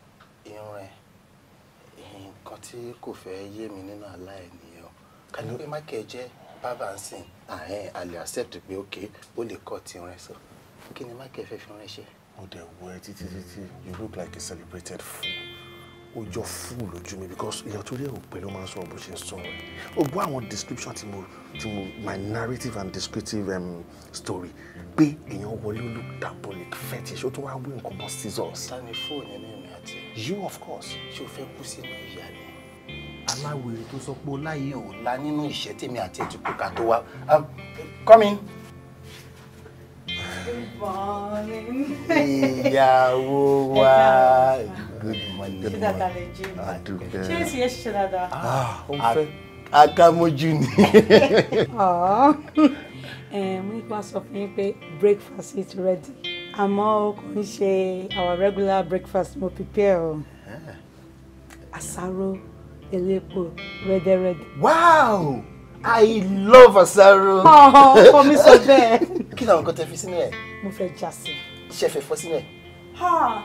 S2: in rain? nǹkan tí kò fẹ́ yé mi nínú àlá ẹ̀ nìyẹn o kàní pé mákẹ́ jẹ́ bàbá ń sìn àhẹ́n àlè accept pé ok ó lè kọ́ ti rìn sọ kí ni mákẹ́ fẹ́ fi rìn ṣe. ó dẹ̀ wọ ẹ títí títí you look like a celebrated fool ó jọ fool, lójú mi because èèyàn tó rí èrò pé ló máa ń sọ bó ṣe ń sọ rẹ o gbọ́ àwọn description tí mo tí mo my narrative and descriptive um, story pé èèyàn wọlé olùdàbọ̀lì fetish ó tó wá wí nǹkan mọ́ scissors. sani fóònù nínú you of course ṣé o fẹ́ kú sínú ìyá ni aláwèrè tó sọ pé láyé ò la nínú ìṣẹ́ tèmi àti ètùkù ká tó wá um, come in.
S7: ìyàwó
S2: wa good morning. good morning. adúgbẹ́. ṣé èsì yẹn ṣiṣẹ́ dáadáa. Ah, ah, akamoju ni.
S7: mo ní kí wọ́n sọ fún yín pé breakfast is ready àmọ́ kò ń ṣe our regular breakfast mo prepare o ah. àsáró elépo rẹ́dẹ́rẹ́dẹ́. wow i love asaro. ọ̀hún omi sọ bẹ́ẹ̀. kí làwọn kan tẹ fi sínú mo fẹ́ já sí. ṣe fẹ́ fọ́ sínú ẹ̀.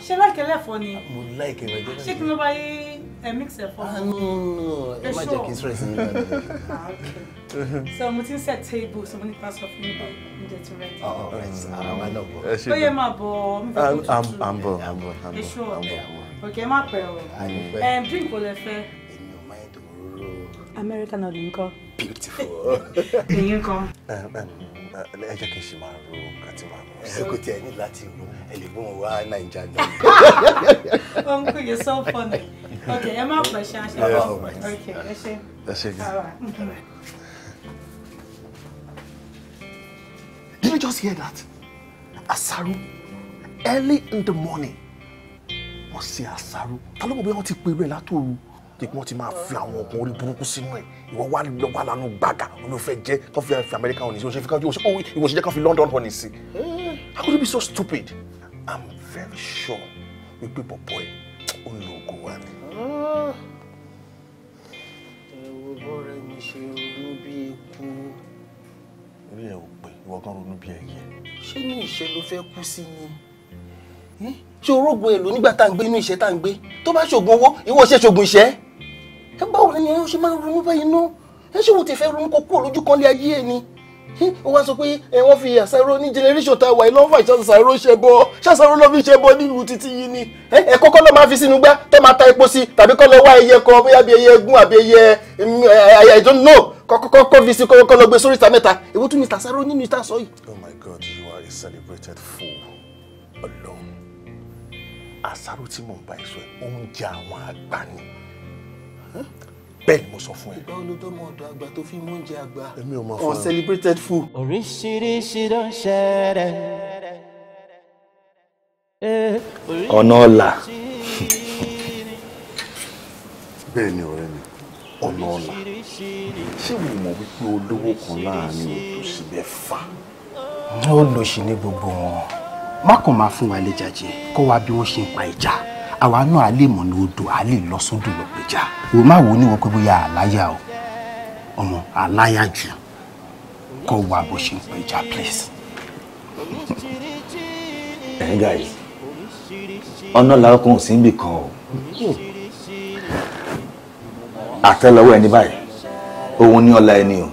S7: ṣe láìkẹ́ lẹ́fọ́ ni. mo láìkẹ́ rẹ̀ jẹ́ ṣé kí ló bá yé mix ẹ̀ fọ́. Ah, ẹ má jẹ́ kí n stress yín lọ. so mo ti ń set table so mo ní pass off nígbà Oh, ti rẹ̀. àwa náà
S2: bọ̀. ó yẹ máa bọ̀ mi fẹ́ kó tutù. à ń
S7: o. Um, drink kò lè fẹ́. American or nǹkan.
S2: beautiful. èyí ń kan. ẹ jẹ́ kí n ṣe máa ro nǹkan tí màá mú. ṣé kò tiẹ̀ ní láti ro ẹ lè mú wa nàìjà náà.
S7: ó ń kú yìí sọ́ọ̀fọ̀nì. ok ẹ má pẹ̀ ṣe àṣẹ bọ̀ oh ok ẹ ṣe. ẹ ṣe gan.
S2: Did you just hear that? Asaru, early in the morning wọ́n ṣe Asaru? ta ló mọ̀ bí wọ́n ti pe irú ẹ̀ látòru tí wọ́n ti máa fi àwọn ọkùnrin orí burúkú sínú ẹ̀ ìwọ wà lọ́wọ́ lánú gbàgà olùfẹ́ jẹ́ kó fi àfi Amẹ́ríkà honey sí o ṣe fi kájú ìwọ ṣe jẹ́ kó fi London honey sí. How could you be so stupid? I'm very sure wípé bọ̀bọ̀ ẹ̀ ó lo oògùn wa ni. ẹ wo bọ́ọ̀rẹ́ mi ṣe ronú bí eku. orí ẹ ò pé ìwọ gan ronú bí ẹyẹ. ṣé ní ìṣe ló fẹ́ kú sí ni ṣé orógun èlò nígbà tá à ń gbé inú ìṣẹ́ tá à ń gbé tó bá ṣògùn owó ìwọ ṣe ṣògùn ìṣẹ́ ẹ báwo ni ẹ ṣe máa ronú báyìí ná ẹ ṣe wò tẹ fẹ́ ronú kó kúrò lójú kan lé ayé ẹ ni ó wá sọ pé ẹ wọ́n fi àṣàrò ní generation tá wà yìí lọ́wọ́ ṣe bọ́ ṣàṣàrò lọ́ fi ṣe bọ́ nínú títí yìí ni ẹ kọ́kọ́ lọ́ máa fi sínú gbá tẹ́ máa ta epo sí tàbí kọ́ lọ wá ẹyẹ kan bóyá bí ẹyẹ egún àbí ẹyẹ mm, I don't know kọ́kọ́ fi sí kọ́ lọ gbé sórí ìta mẹ́ta èwo tún ni tàṣàrò nínú ìta sọ yìí. Oh my God, you are a celebrated fool alone àṣàrò tí mò ń bá ẹ sọ bẹ́ẹ̀ ni mo sọ fún ẹ. ìgbà olódọ́mọ
S3: ọ̀dọ́ àgbà tó fi mú àgbà. èmi ò máa fún ẹ. on celebrated food. oríṣiríṣi ló ń ṣẹlẹ̀.
S2: ọ̀nà ọ̀la. bẹ́ẹ̀ ni ọ̀rẹ́ mi ọ̀nà ọ̀la ṣé mo mọ̀ wípé olówó kan láàrin olùsí mẹ́fà. ó lòṣì ní gbogbo wọn má kàn máa fún wa lè jàjẹ kó wa bí wọ́n ṣe ń pa ìjà àwa náà á lè mọ̀ ní odò á lè lọ sódò lọ pẹja o má wo níwọ̀n pé bóyá àláyà o ọmọ àláyà jù kọ́ wa bó ṣe ń pẹja please. ẹ̀ ń gà yìí ọ̀nà làwọn kan ò sí níbì kan o àtẹ́lẹwọ́ ẹni báyìí òun ní ọlá ẹni o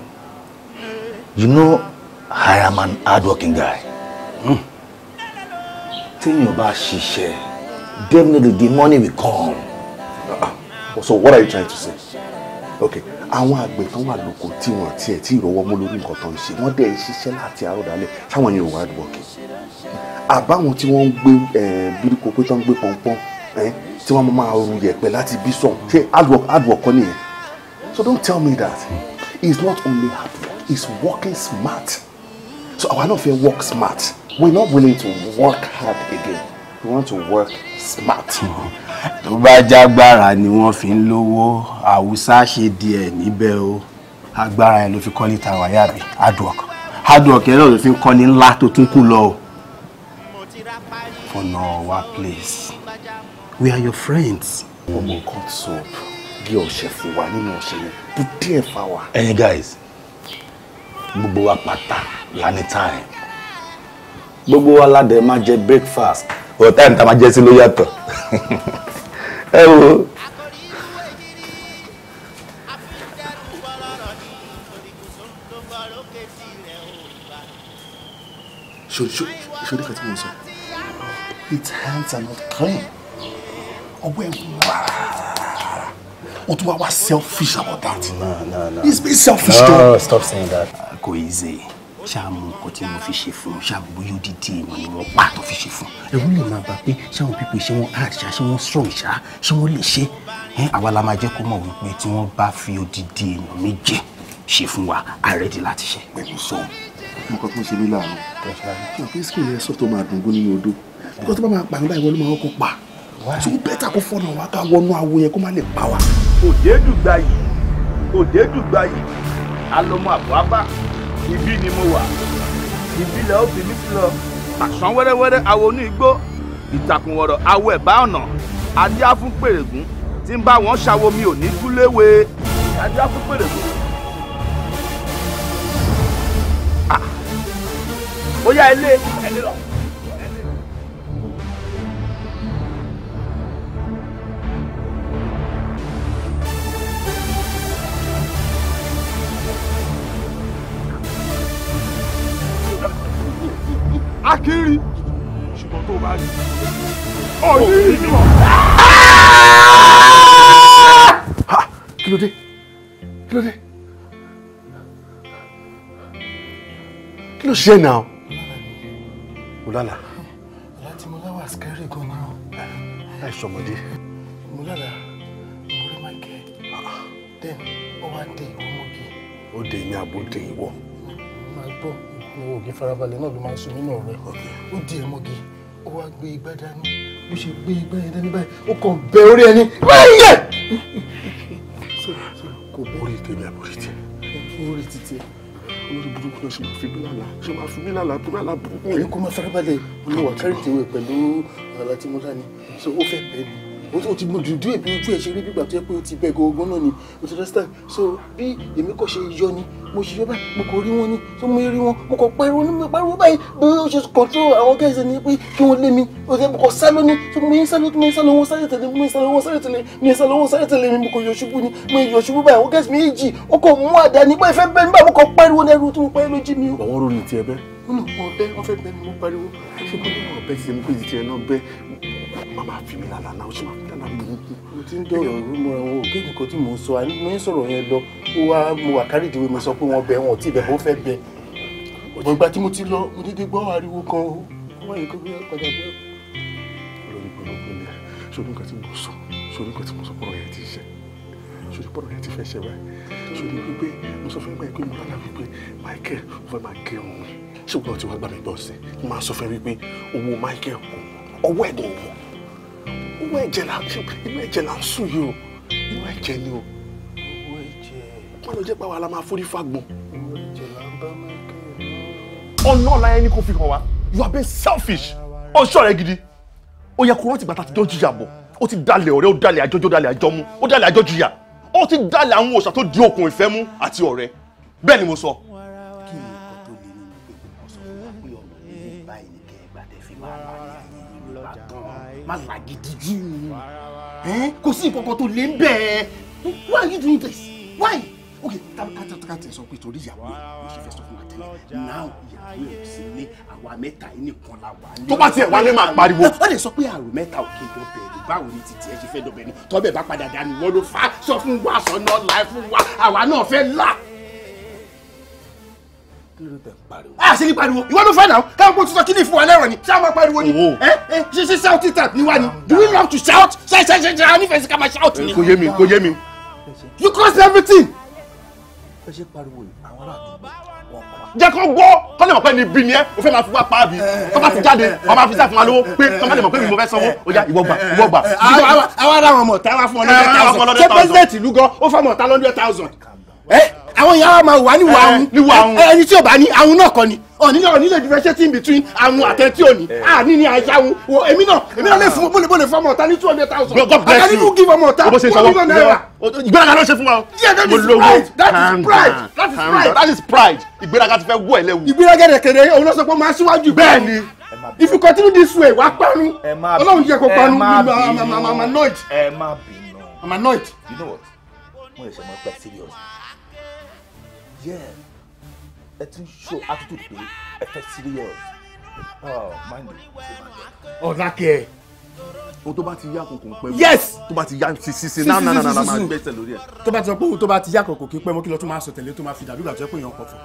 S2: you know I am an hardworking guy hmm. téèyàn bá ṣiṣẹ́ definitely the money will come. Uh, so what are you trying to say? Okay àwọn àgbẹ̀ kan wà lóko tí wọ́n tiẹ̀ tí ìrọ̀wọ́ mú lórí nǹkan tó ń ṣe wọ́n dẹ̀ ń ṣiṣẹ́ láti àárọ̀ dálẹ̀ sáwọn yẹn ò wá dùbọ̀kì. àbáwọn tí wọ́n ń gbé eh, bíríkò pé tó ń gbé pọ́npọ́n eh, tí wọ́n máa ru yẹ̀pẹ̀ láti bí sọ̀n ṣé hard work hard work kọ́ nìyẹn. so don't tell me that it's not only hard work it's working smart so àwa náà fẹ́ work smart we're not willing to work hard again we want to work smart. tó bá jágbára ni wọ́n fi ń lówó àwùsá ṣe díẹ̀ níbẹ̀ o agbára yẹn ló fi kọ́ ní tàwa yàbí hard work hard work yẹn náà ló fi ń kọ́ ní ńlá tó tún kù lọ o. for now wa please we are your friends. ọmọ nǹkan tó bí ọ̀sẹ̀ fún wa nínú ọ̀sẹ̀ yẹn bú díẹ̀ fà wá. ẹ̀yin guys gbogbo wa pátá la ní time gbogbo wa ládẹ máa jẹ breakfast wọ́n táyì tá a máa jẹ́ sí ló yàtọ̀ ẹ wo. ṣòdí kan sọ its hands are not clean ọwọ́ ẹ̀ ń wá rárá o tún wá wá selfish about that no, no, no. it's been selfish. no stop saying that. kò easy ṣáàmù nǹkan tí mo fi ṣe fún ṣáàmù bóyá odidi èèyàn ni wọ́n pa tó fi ṣe fún
S3: ẹ̀rú lè máa bá pé ṣáàmù pípé ṣé wọ́n hard ṣá ṣé wọ́n strong
S2: ṣá ṣé wọ́n lè ṣe ẹ́ àwa la máa jẹ́ kó mọ̀ wípé tí wọ́n bá fi odidi èèyàn méje ṣe fún wa àrẹ́dì láti ṣe pẹ̀lú sọ́ọ̀. mo kọ́ pé ó ṣe mí láàánú kí skin yẹn sọ́tọ̀ máa dùn gún nínú odó tó bá máa pa ìwọ ló máa ibi ni mo wà ibi lẹ ó fi mí sí lọ. àṣán wẹ́rẹ́wẹ́rẹ́ awo inú igbó ìtàkùn ọ̀rọ̀ awo ẹ̀bá ọ̀nà adíá fún pèrègún tí ń bá wọn ṣàwo mi ò ní kúléwe adíá fún pèrègún. Ah! ó ilé ẹni lọ. akiri ṣùgbọ́n tó bá rí òní ìwọ. Ah! kí ló dé kí ló dé kí ló ṣe náà o lálà. láti mo láwà scary gan ni o. ẹ sọmọdé. mo lálà mo rí Michael ah. then ó wá dé ìwọ mọ́gì. ó dé ní abúlé ìwọ. màá gbọ́ mo ò kí farabalẹ̀ náà ló máa ń sun nínú ọ̀rọ̀ ẹ̀ ó di ẹ̀ mọ́gi ó wá gbé igbá dání bó ṣe gbé igbá yẹn dání báyìí ó kàn bẹ orí ẹni báyẹ. kò borí tèmi àbórí tẹ. borí títí olórí burúkú náà ṣe máa fi mí lálàá ṣe máa fi mí lálàá tó lálàá burúkú. èyí kò máa farabalẹ̀ olùwà kárìtì wẹ̀ pẹ̀lú àlá tí mo dání so ó fẹ́ bẹ́ẹ̀ ni o ti gbọ́dọ̀ dúdú èbí ojú ẹ̀ ṣe rí bígbà tó yẹ pé o ti bẹ̀ gọ́gọ́ náà ni o ti understand so bí èmi kò ṣe yọ ni mo ṣe yọ báyìí mo kò rí wọn ni tó mo rí wọn mo kò pariwo ní mo pariwo báyìí bí o ṣe control àwọn gẹ́gẹ́ ni pé kí wọ́n lé mi o ṣe mo kò sá ló ní tó mo yín sá ló tó mo yín sá ló wọ́n sáré tẹ̀lé mo yín sá ló wọ́n sáré tẹ̀lé mi yín sá ló wọ́n sáré tẹ̀lé mi mo kò yọ ṣubú ni mo yọ ṣubú báyìí àwọn gẹ́gẹ́ mi yìí jì o kò mú àdá nígbà ìfẹ́ bẹ́ẹ̀ nígbà mo kò pariwo ní ẹrú tó mo pariwo jí mi o. àwọn ròyìn tiẹ̀ bẹ́ẹ̀ nínú ọbẹ̀ wọ́n fẹ́ màmá fi mi lálàá náà ó sì máa fi lálàá burúkú. mo ti ń dọ̀rọ̀ rú mọ́ra wọn ò kéèkì kan tí mò sọ mo ń sọ̀rọ̀ yẹn lọ ó wá mo wà kárí ìdíwé mo sọ pé wọ́n bẹ wọn ò tí ì bẹ̀ bó fẹ́ bẹ. ìgbà tí mo ti lọ mo dídí gbọ́ ariwo kan o wọ́n yìí kó bí ọ̀kadà bí ọ̀kadà. olórí gbọ́dọ̀ gbọ́dọ̀ sórí nǹkan tí mo sọ sórí nǹkan tí mo sọ pọ̀rọ̀ yẹn ti ṣẹ sórí pọ̀rọ̀ yẹn ti fẹ́ ṣẹ báyìí sórí wípé mo sọ fún ẹgbẹ́ pé mo lálàá inú ẹ̀jẹ̀ là inú ẹ̀jẹ̀ là ń sùn yìí o inú ẹ̀jẹ̀ ni o. owó ẹ̀jẹ̀. má lọ jẹ́ pàwọn alamá forí fagbọn. owó ẹ̀jẹ̀ là ń bá Michael. ọ̀nà ọ̀la ẹni kò fi hàn wá you are being selfish ọ̀ṣọ́ rẹ gidi ó yẹ kó rántí bàtà àtijọ́ jìyà bọ̀ ó ti dalẹ̀ ọ̀rẹ́ ó dalẹ̀ àjọjọ́ dalẹ̀ àjọ mú ó dalẹ̀ àjọ jìyà ó ti dalẹ̀ àwọn òòṣà tó di okùn ìfẹ́ mú àti ọ̀rẹ́ bẹ́ẹ̀ ni mo sọ. má làgídí jù kò sí nǹkan tó lè ń why are you doing this why ok kátàkátà sọ pé torí ìyàwó mo ṣe fẹ́ sọ fún wa tẹ́lẹ̀ náà ìyàwó ẹ̀ sì ní àwa mẹ́ta nìkan la wà tó bá tiẹ̀ wálé máa pariwo. wọ́n lè sọ pé àrò mẹ́ta ò kí n dọ̀bẹ̀ ni báwo ni títí ẹ ṣe fẹ́ dọ̀bẹ̀ ni tọ́bẹ̀ bá padà dání wọ́n ló fà sọ fún wa sọ náà láì fún wa àwa náà fẹ́ là kí ló tẹ ń pariwo. a ṣe ní pariwo ìwọ ló fẹ́ náà káwọn kó tuntun kí ni ìfún wa lẹ́rọ̀ ni ṣé a máa pariwo ni ẹ ẹ ṣe ṣe shout it out ni wa ni do we love to shout ṣe ṣe ṣe ṣe a nífẹ̀ẹ́ sí ká máa shout ni. kò yé mi kò yé mi. you cross everything. ẹ ṣe pariwo yìí àwọn ará àdúgbò wọn pa. jẹ́ kó gbọ́ kó lè mọ̀ pé ní bí ni ẹ́ o fẹ́ máa fi wá pa á bí kó máa fi jáde kó máa fi sáfún wa lówó pé kó máa lè mọ̀ pé mo fẹ́ sanwó ó yá ìwọ gbà ìwọ gbà. àwa ara àwọn ọmọ tá a wá fún ọ lọ́dẹ thousand ṣé pẹ́sidẹ̀ntì ìlú gan ó fẹ́ mọ̀ ta lọ́dẹ thousand àwọn ìyá wa máa wà ní wà àwọn eh, eh, ẹni tí ò bá ní àwọn náà kọ́ ni ọ̀ní náà nílẹ̀ differentiating between àwọn àtẹ̀tí òní àní eh. ah, ni àyà wọn wo èmi náà èmi náà lè fún bọ́lẹ̀ bọ́lẹ̀ fún ọmọ ọ̀tá ní two hundred thousand God bless àkàlí fún give ọmọ ọ̀tá one million naira. ìgbéraga ló ṣe fún wa o. yeah that is pride that is pride that is pride. that is pride ìgbéraga ti fẹ́ wọ ẹ̀ lẹ́wù. ìgbéraga rẹ̀ kẹ̀dẹ̀ òun náà sọ pé máa síwájú. bẹ́ẹ̀ ni if you continue this way wàá panu ọlọ́run i'm annoyed i'm annoyed. you know what? mo lè ṣe mọ́ pẹ́ serious yeah ẹ ti ń show attitude pé ẹ fẹ́ serious oh mind you. ọ̀làkẹ́. Oh, ohun tó bá ti yá kòkò ń pẹ́ mọ́. yes tó bá ti yá sísè náà náà náà máa gbẹ́sẹ̀ lórí ẹ̀. tó bá ti sọ pé ohun tó bá ti yá kòkò kí pẹ́ mọ́ kí lọ́ọ́ tún máa sọ tẹ̀lé tó máa fi dàbí ìgbà tó yẹ pé èèyàn kọ̀ fún.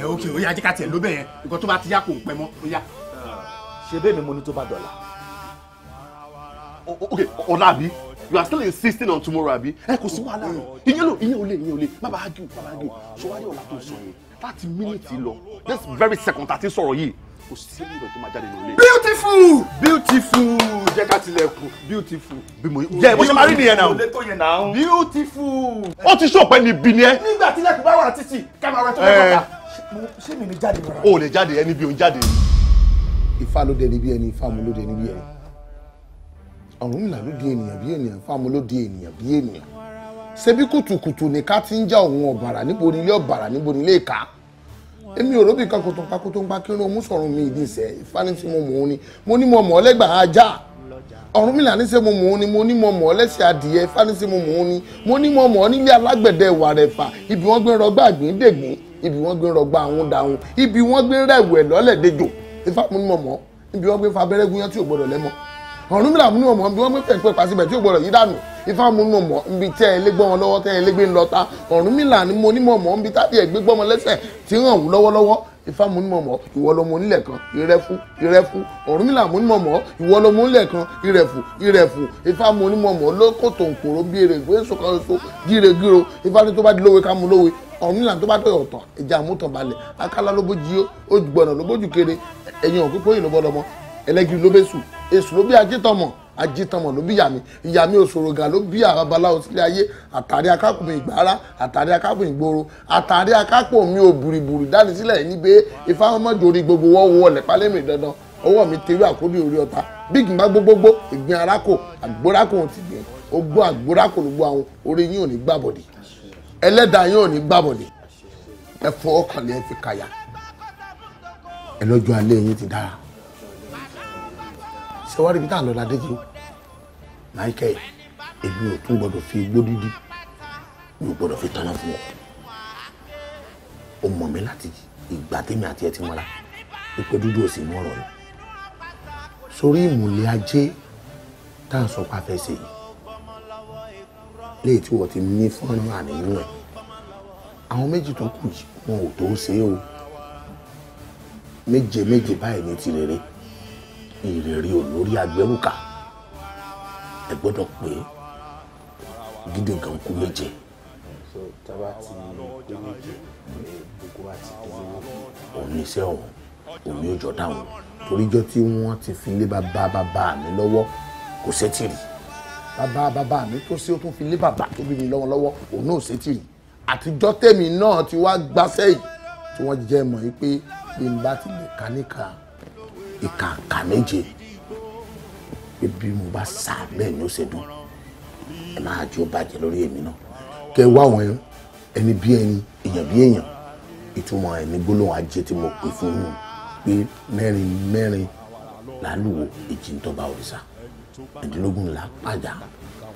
S2: ẹ ok ó yá ajẹ́ka tiẹ̀ ló bẹ̀ yẹn nǹkan tó bá ti yá kò ń pẹ́ mọ́ ó yá. ṣe bẹ́ẹ̀ mi mo ní tó bá dọ̀la. ok ọ̀la àbí you are still insisting on tomorrow abi ẹ kò sí wàhálà rẹ mm. ìyẹn ló ìyẹn ò lè ìyẹn ò lè má bàa ágìw má bàa ágìw ṣọwárí ọ̀la tó sọ yẹn láti mínítì lọ this very second àti sọ̀rọ̀ yìí kò sí ẹnìyàn tó máa jáde nílé. beautiful beautiful jẹ́ ká tilẹ̀kùn beautiful bí mo jẹ́ bó ṣe máa rí nìyẹn náà beautiful. ó ti ṣọ̀pẹ́ ní ibi ni ẹ. nígbà tí ilẹ̀kùn bá wà títì kámẹ́rà tó lọ́kọ̀ọ́ta eh. ṣé mi ní jáde rárá. o ò lè jáde ẹni bí o ń jáde. ifá ló dé níbí ẹni ifá mu ló dé níbí ẹni. Ọ̀rúnmìlà ló di ènìyàn bí ènìyàn fáwọn ló di ènìyàn bí ènìyàn ṣebí kùtùkùtù ni ká ti ń já òun ọ̀bàrà níbo nílé ọ̀bàrà níbo nílé ìka èmi ò róbì kan kòtò nǹkan kótó ń pa kírun òun sọ̀rọ̀ mi ìdí ìṣẹ́ ìfánisí mo mọ̀ ọ́n ni mo ní mo mọ̀ ọ́ lẹ́gbàá ajá Ọ̀rúnmìlà ní ṣe mo mọ̀ ọ́n ni mo ní mo mọ̀ ọ́ lẹ́sẹ̀ adìyẹ ìfánisí mo mọ̀ ọ́n ni mo ní mo mọ̀ ọ́ nílé alágbẹ̀dẹ ìwà rẹ̀ fà ibi wọ́n gbé rọgbà àgbéǹdègbín ibi wọ́n gbé rọgbà àwọn dàhùn ibi wọ́n gbé rẹ̀wẹ̀ lọ́lẹ̀ dejò ìfá mo ní mo mọ̀ ọ́ ibi wọ́n gbé fa abẹ́rẹ́ gúnyán tí ọ̀run mi làmúnú ọmọ bí wọ́n mú fẹ̀ǹpẹ́ pa síbẹ̀ tí ò gbọ́dọ̀ yí dànù ifá múnú ọmọ nbí tẹ́ ẹ lé gbọ́n wọn lọ́wọ́ tẹ́ ẹ lé gbé ń lọ́ta ọ̀run mi là ní mo ní mọ̀ ọmọ nbí tàbí ẹ̀ gbé gbọ́n wọn lẹ́sẹ̀ tí ń hàn lọ́wọ́lọ́wọ́ ifá múnú ọmọ ìwọ lọmọ onílẹ̀ kan ìrẹ́fù ìrẹ́fù ọ̀run mi là múnú ọmọ ìwọ lọmọ onílẹ̀ kan ìrẹ́fù ìrẹ́fù ifá múnú di lówe ká mú lówe ọ̀run nílà tó bá tó ọ̀tàn ìjà àmútàn balẹ̀ akálá ló bójú ó gbọ̀nà ló bójú kéré ẹ̀yin òkú ẹlẹ́gìrì ló bẹ́ sùn èṣù ló bí ajítọ̀mọ̀ ajítọ̀mọ̀ ló bí ìyá mi ìyá mi òṣòrògà ló bí àwọn babaláwo sílé ayé àtàrí akápò mi ìgbára àtàrí akápò ìgboro àtàrí akápò mi ò bùrìbùrì dání sílẹ̀ níbi ifá ọmọdé orí gbogbo wọ́wọ́ wọlé pálẹ́mì dandan ọwọ́ mi tẹ̀wé àkórí orí ọta bí ìgbìmọ̀ gbogbogbò ìgbìn arákò àgbórákò ti gbìn ogbó àgbórákò ló gbó àwọn orí yín ò ní gbàbọ̀dì ẹlẹ́dàá yín ò ní gbàbọ̀dì ẹ fọwọ́ kàn lé ẹ ṣé wàá rí ibi tá à ń lọ ládé kí Michael èmi ò tún gbọdọ̀ fi igbó dídí mi ò gbọdọ̀ fi tanná fún ọ o mọ̀ mi láti ìgbà tèmi àti ẹ ti mọ́ra ipò dúdú ò sì mú ọ̀rọ̀ yìí sórí ìmùlẹ̀ ajé tá à ń sọ pa fẹ́ ṣe yìí léyìí tí wọ́n ti ní fọ́nrán àníyàn ẹ̀ àwọn méjì tó kù yìí wọn ò tó ṣe é o méje méje báyìí ní tirẹ̀rẹ̀ ìrèrè olórí agbẹrùkà ẹ gbọ́dọ̀ pé gídígan kú méje. òun ní iṣẹ́ ọ̀hún òun òjò dáhùn toríjọ́ tí wọ́n ti fi lé bàbá bàbá mi lọ́wọ́ kò sẹ́tìrì bàbá bàbá mi tó sí ó tún fi lé bàbá tó bí mi lọ́wọ́ lọ́wọ́ òun náà sẹ́tìrì àtijọ́ tèmi náà ti wá gbáṣẹ́ yìí tí wọ́n jẹ́ mọ̀ yìí pé bí n bá ti lè ká níkà ìkàǹkà méje bí mo bá sá bẹ́ẹ̀ ni ó ṣe dùn ẹ máa jó bàjẹ́ lórí èmi náà kẹ wá àwọn ẹni bí ẹni èèyàn bí èèyàn ìtumọ̀ ẹni gbólóhùn ajé tí mo pè fún un pé mẹ́rin mẹ́rin làálùwò ìjìntọ́ba òrìṣà ẹ̀dínlógún là pàjá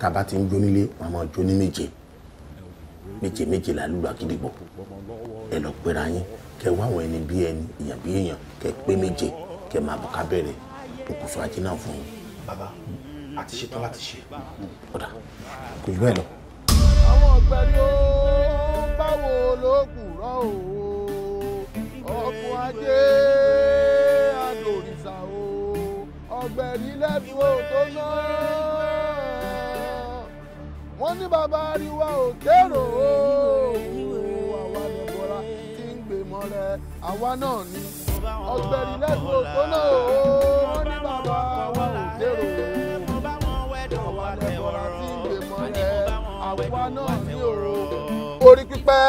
S2: tába ti ń jó nílé wọn máa jó ní méje méje méje làálùwò àkìdìgbò ẹ lọ pera yín kẹ wá àwọn ẹni bí ẹni èèyàn bí èèyàn kẹ pé méje kẹ máa bọ̀ ká bẹ̀rẹ̀ òkùnso ajé náà fún yín. bàbá a ti ṣetán láti ṣe. ọ̀dà kò jù bẹ́ẹ̀ lọ. àwọn ọ̀gbẹ́ ló ń báwo ló kù rọ́ o ọkọ̀ ajé àdòrìṣà o ọ̀gbẹ́ ní tó ná. wọ́n ní bàbá ariwa ò kérò o àwa lọ́bọ̀ra tí ń gbé mọ́lẹ̀ àwa náà ni
S3: ọ̀gbẹ̀rì lẹ́sùn òkú náà ó wọ́n ní bàbá wọn ò dérò àwa lẹ́bọ̀rà tí ń lè mọ rẹ àwa náà ní òru.
S2: orí pípẹ́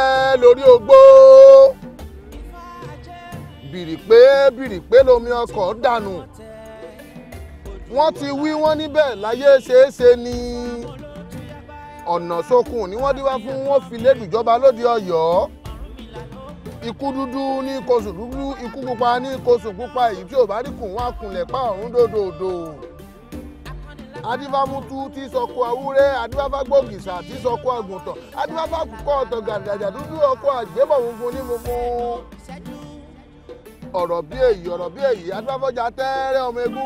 S2: lórí ogbó bìrì pé lomi ọkọ̀ dànù wọ́n ti wí wọ́n níbẹ̀ láyé ṣeéṣe ni ọ̀nà sókun ni wọ́n dí wá fún wọn fi lẹ́dùjọba lóde ọ̀yọ́. ikú dúdú ní kóṣù dúdú ikú pupa ní kóṣù pupa èyí tí ò bá rí kùn wá kunlẹ̀ pa ọ̀run dòdòdò adífámútú sọkọ awúrẹ́ sọkọ àgùntàn ọ̀tọ̀ gàdàjà dúdú ọkọ àgbébọ̀ funfun ní funfun ọ̀rọ̀ bí èyí ọ̀rọ̀ bí èyí adífáfọ́jà tẹ́rẹ́ ọmọ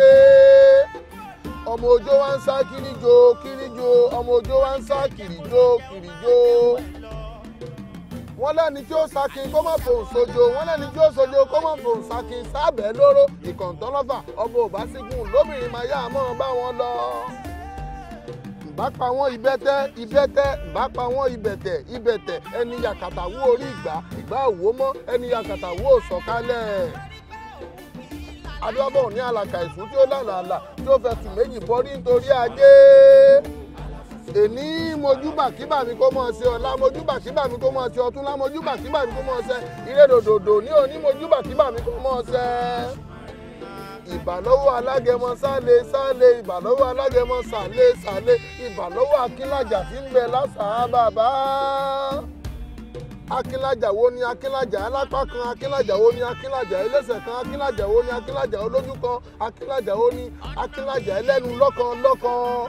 S2: ó ọmọ òjò wa ń sá kíríjo kíríjo ọmọ òjò wa ń sá kíríjo kíríjo wọ́n lẹ́ni tí ó sakin kó má fòun sojo wọ́n lẹ́ni tí ó sojo kó má fòun sakin sábẹ́ lóró ìkọ̀ǹtàn lọ́fà ọmọ òbásígun lóbìnrin máa yá àmọ́ bá wọn lọ. ìbá pa wọn ìbẹ́tẹ́ ìbẹ́tẹ́ ìbá pa wọn ìbẹ̀tẹ̀ ìbẹ̀tẹ̀ ẹni yàkàtà wo orí ìgbà ìgbà òwò mọ́ ẹni yàkàtà wo sọ̀kalẹ̀ adúlábọ̀ ní alaka ìsún tí ó lálàálà tí ó fẹ̀sùn méjì bọ́rí nítorí ajé èní mojúbà kíbà mi kó mọ̀ ṣe ọ̀la mojúbà kíbà mi kó mọ̀ ṣe ọ̀túnla mojúbà kíbà mi kó mọ̀ ṣe ìrédòdòdò ní òní mojúbà kíbà mi kó mọ̀ ṣe ìbàlọ́wọ́ alágẹmọ sálé sálé ìbàlọ́wọ́ alágẹmọ sálé sálé ìbàlọ́wọ́ akínlájà tí ń bẹ lásàá bàbá akínlájà wo ni akínlájà alápá kan akínlájà wo ni akínlájà ẹlẹ́sẹ̀ kan akínlájà wo ni akínlájà olójú kan akínlájà wo ni akínlájà ẹlẹ́nu lọ́kan lọ́kan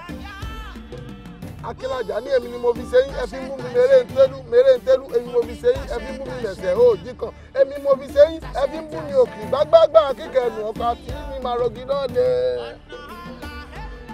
S2: akínlájà ní èmi ni mo fi sẹ́yìn ẹ fi mú mi mèrè ntẹ́lú mèrè ntẹ́lú èmi mo fi sẹ́yìn ẹ fi mú mi lẹ̀sẹ̀ òòjì kan èmi mo fi sẹ́yìn ẹ mú mi òkì gbágbágbá kíkẹ́ ẹnu ọkọ̀ àti ní màrọ̀gì náà lé.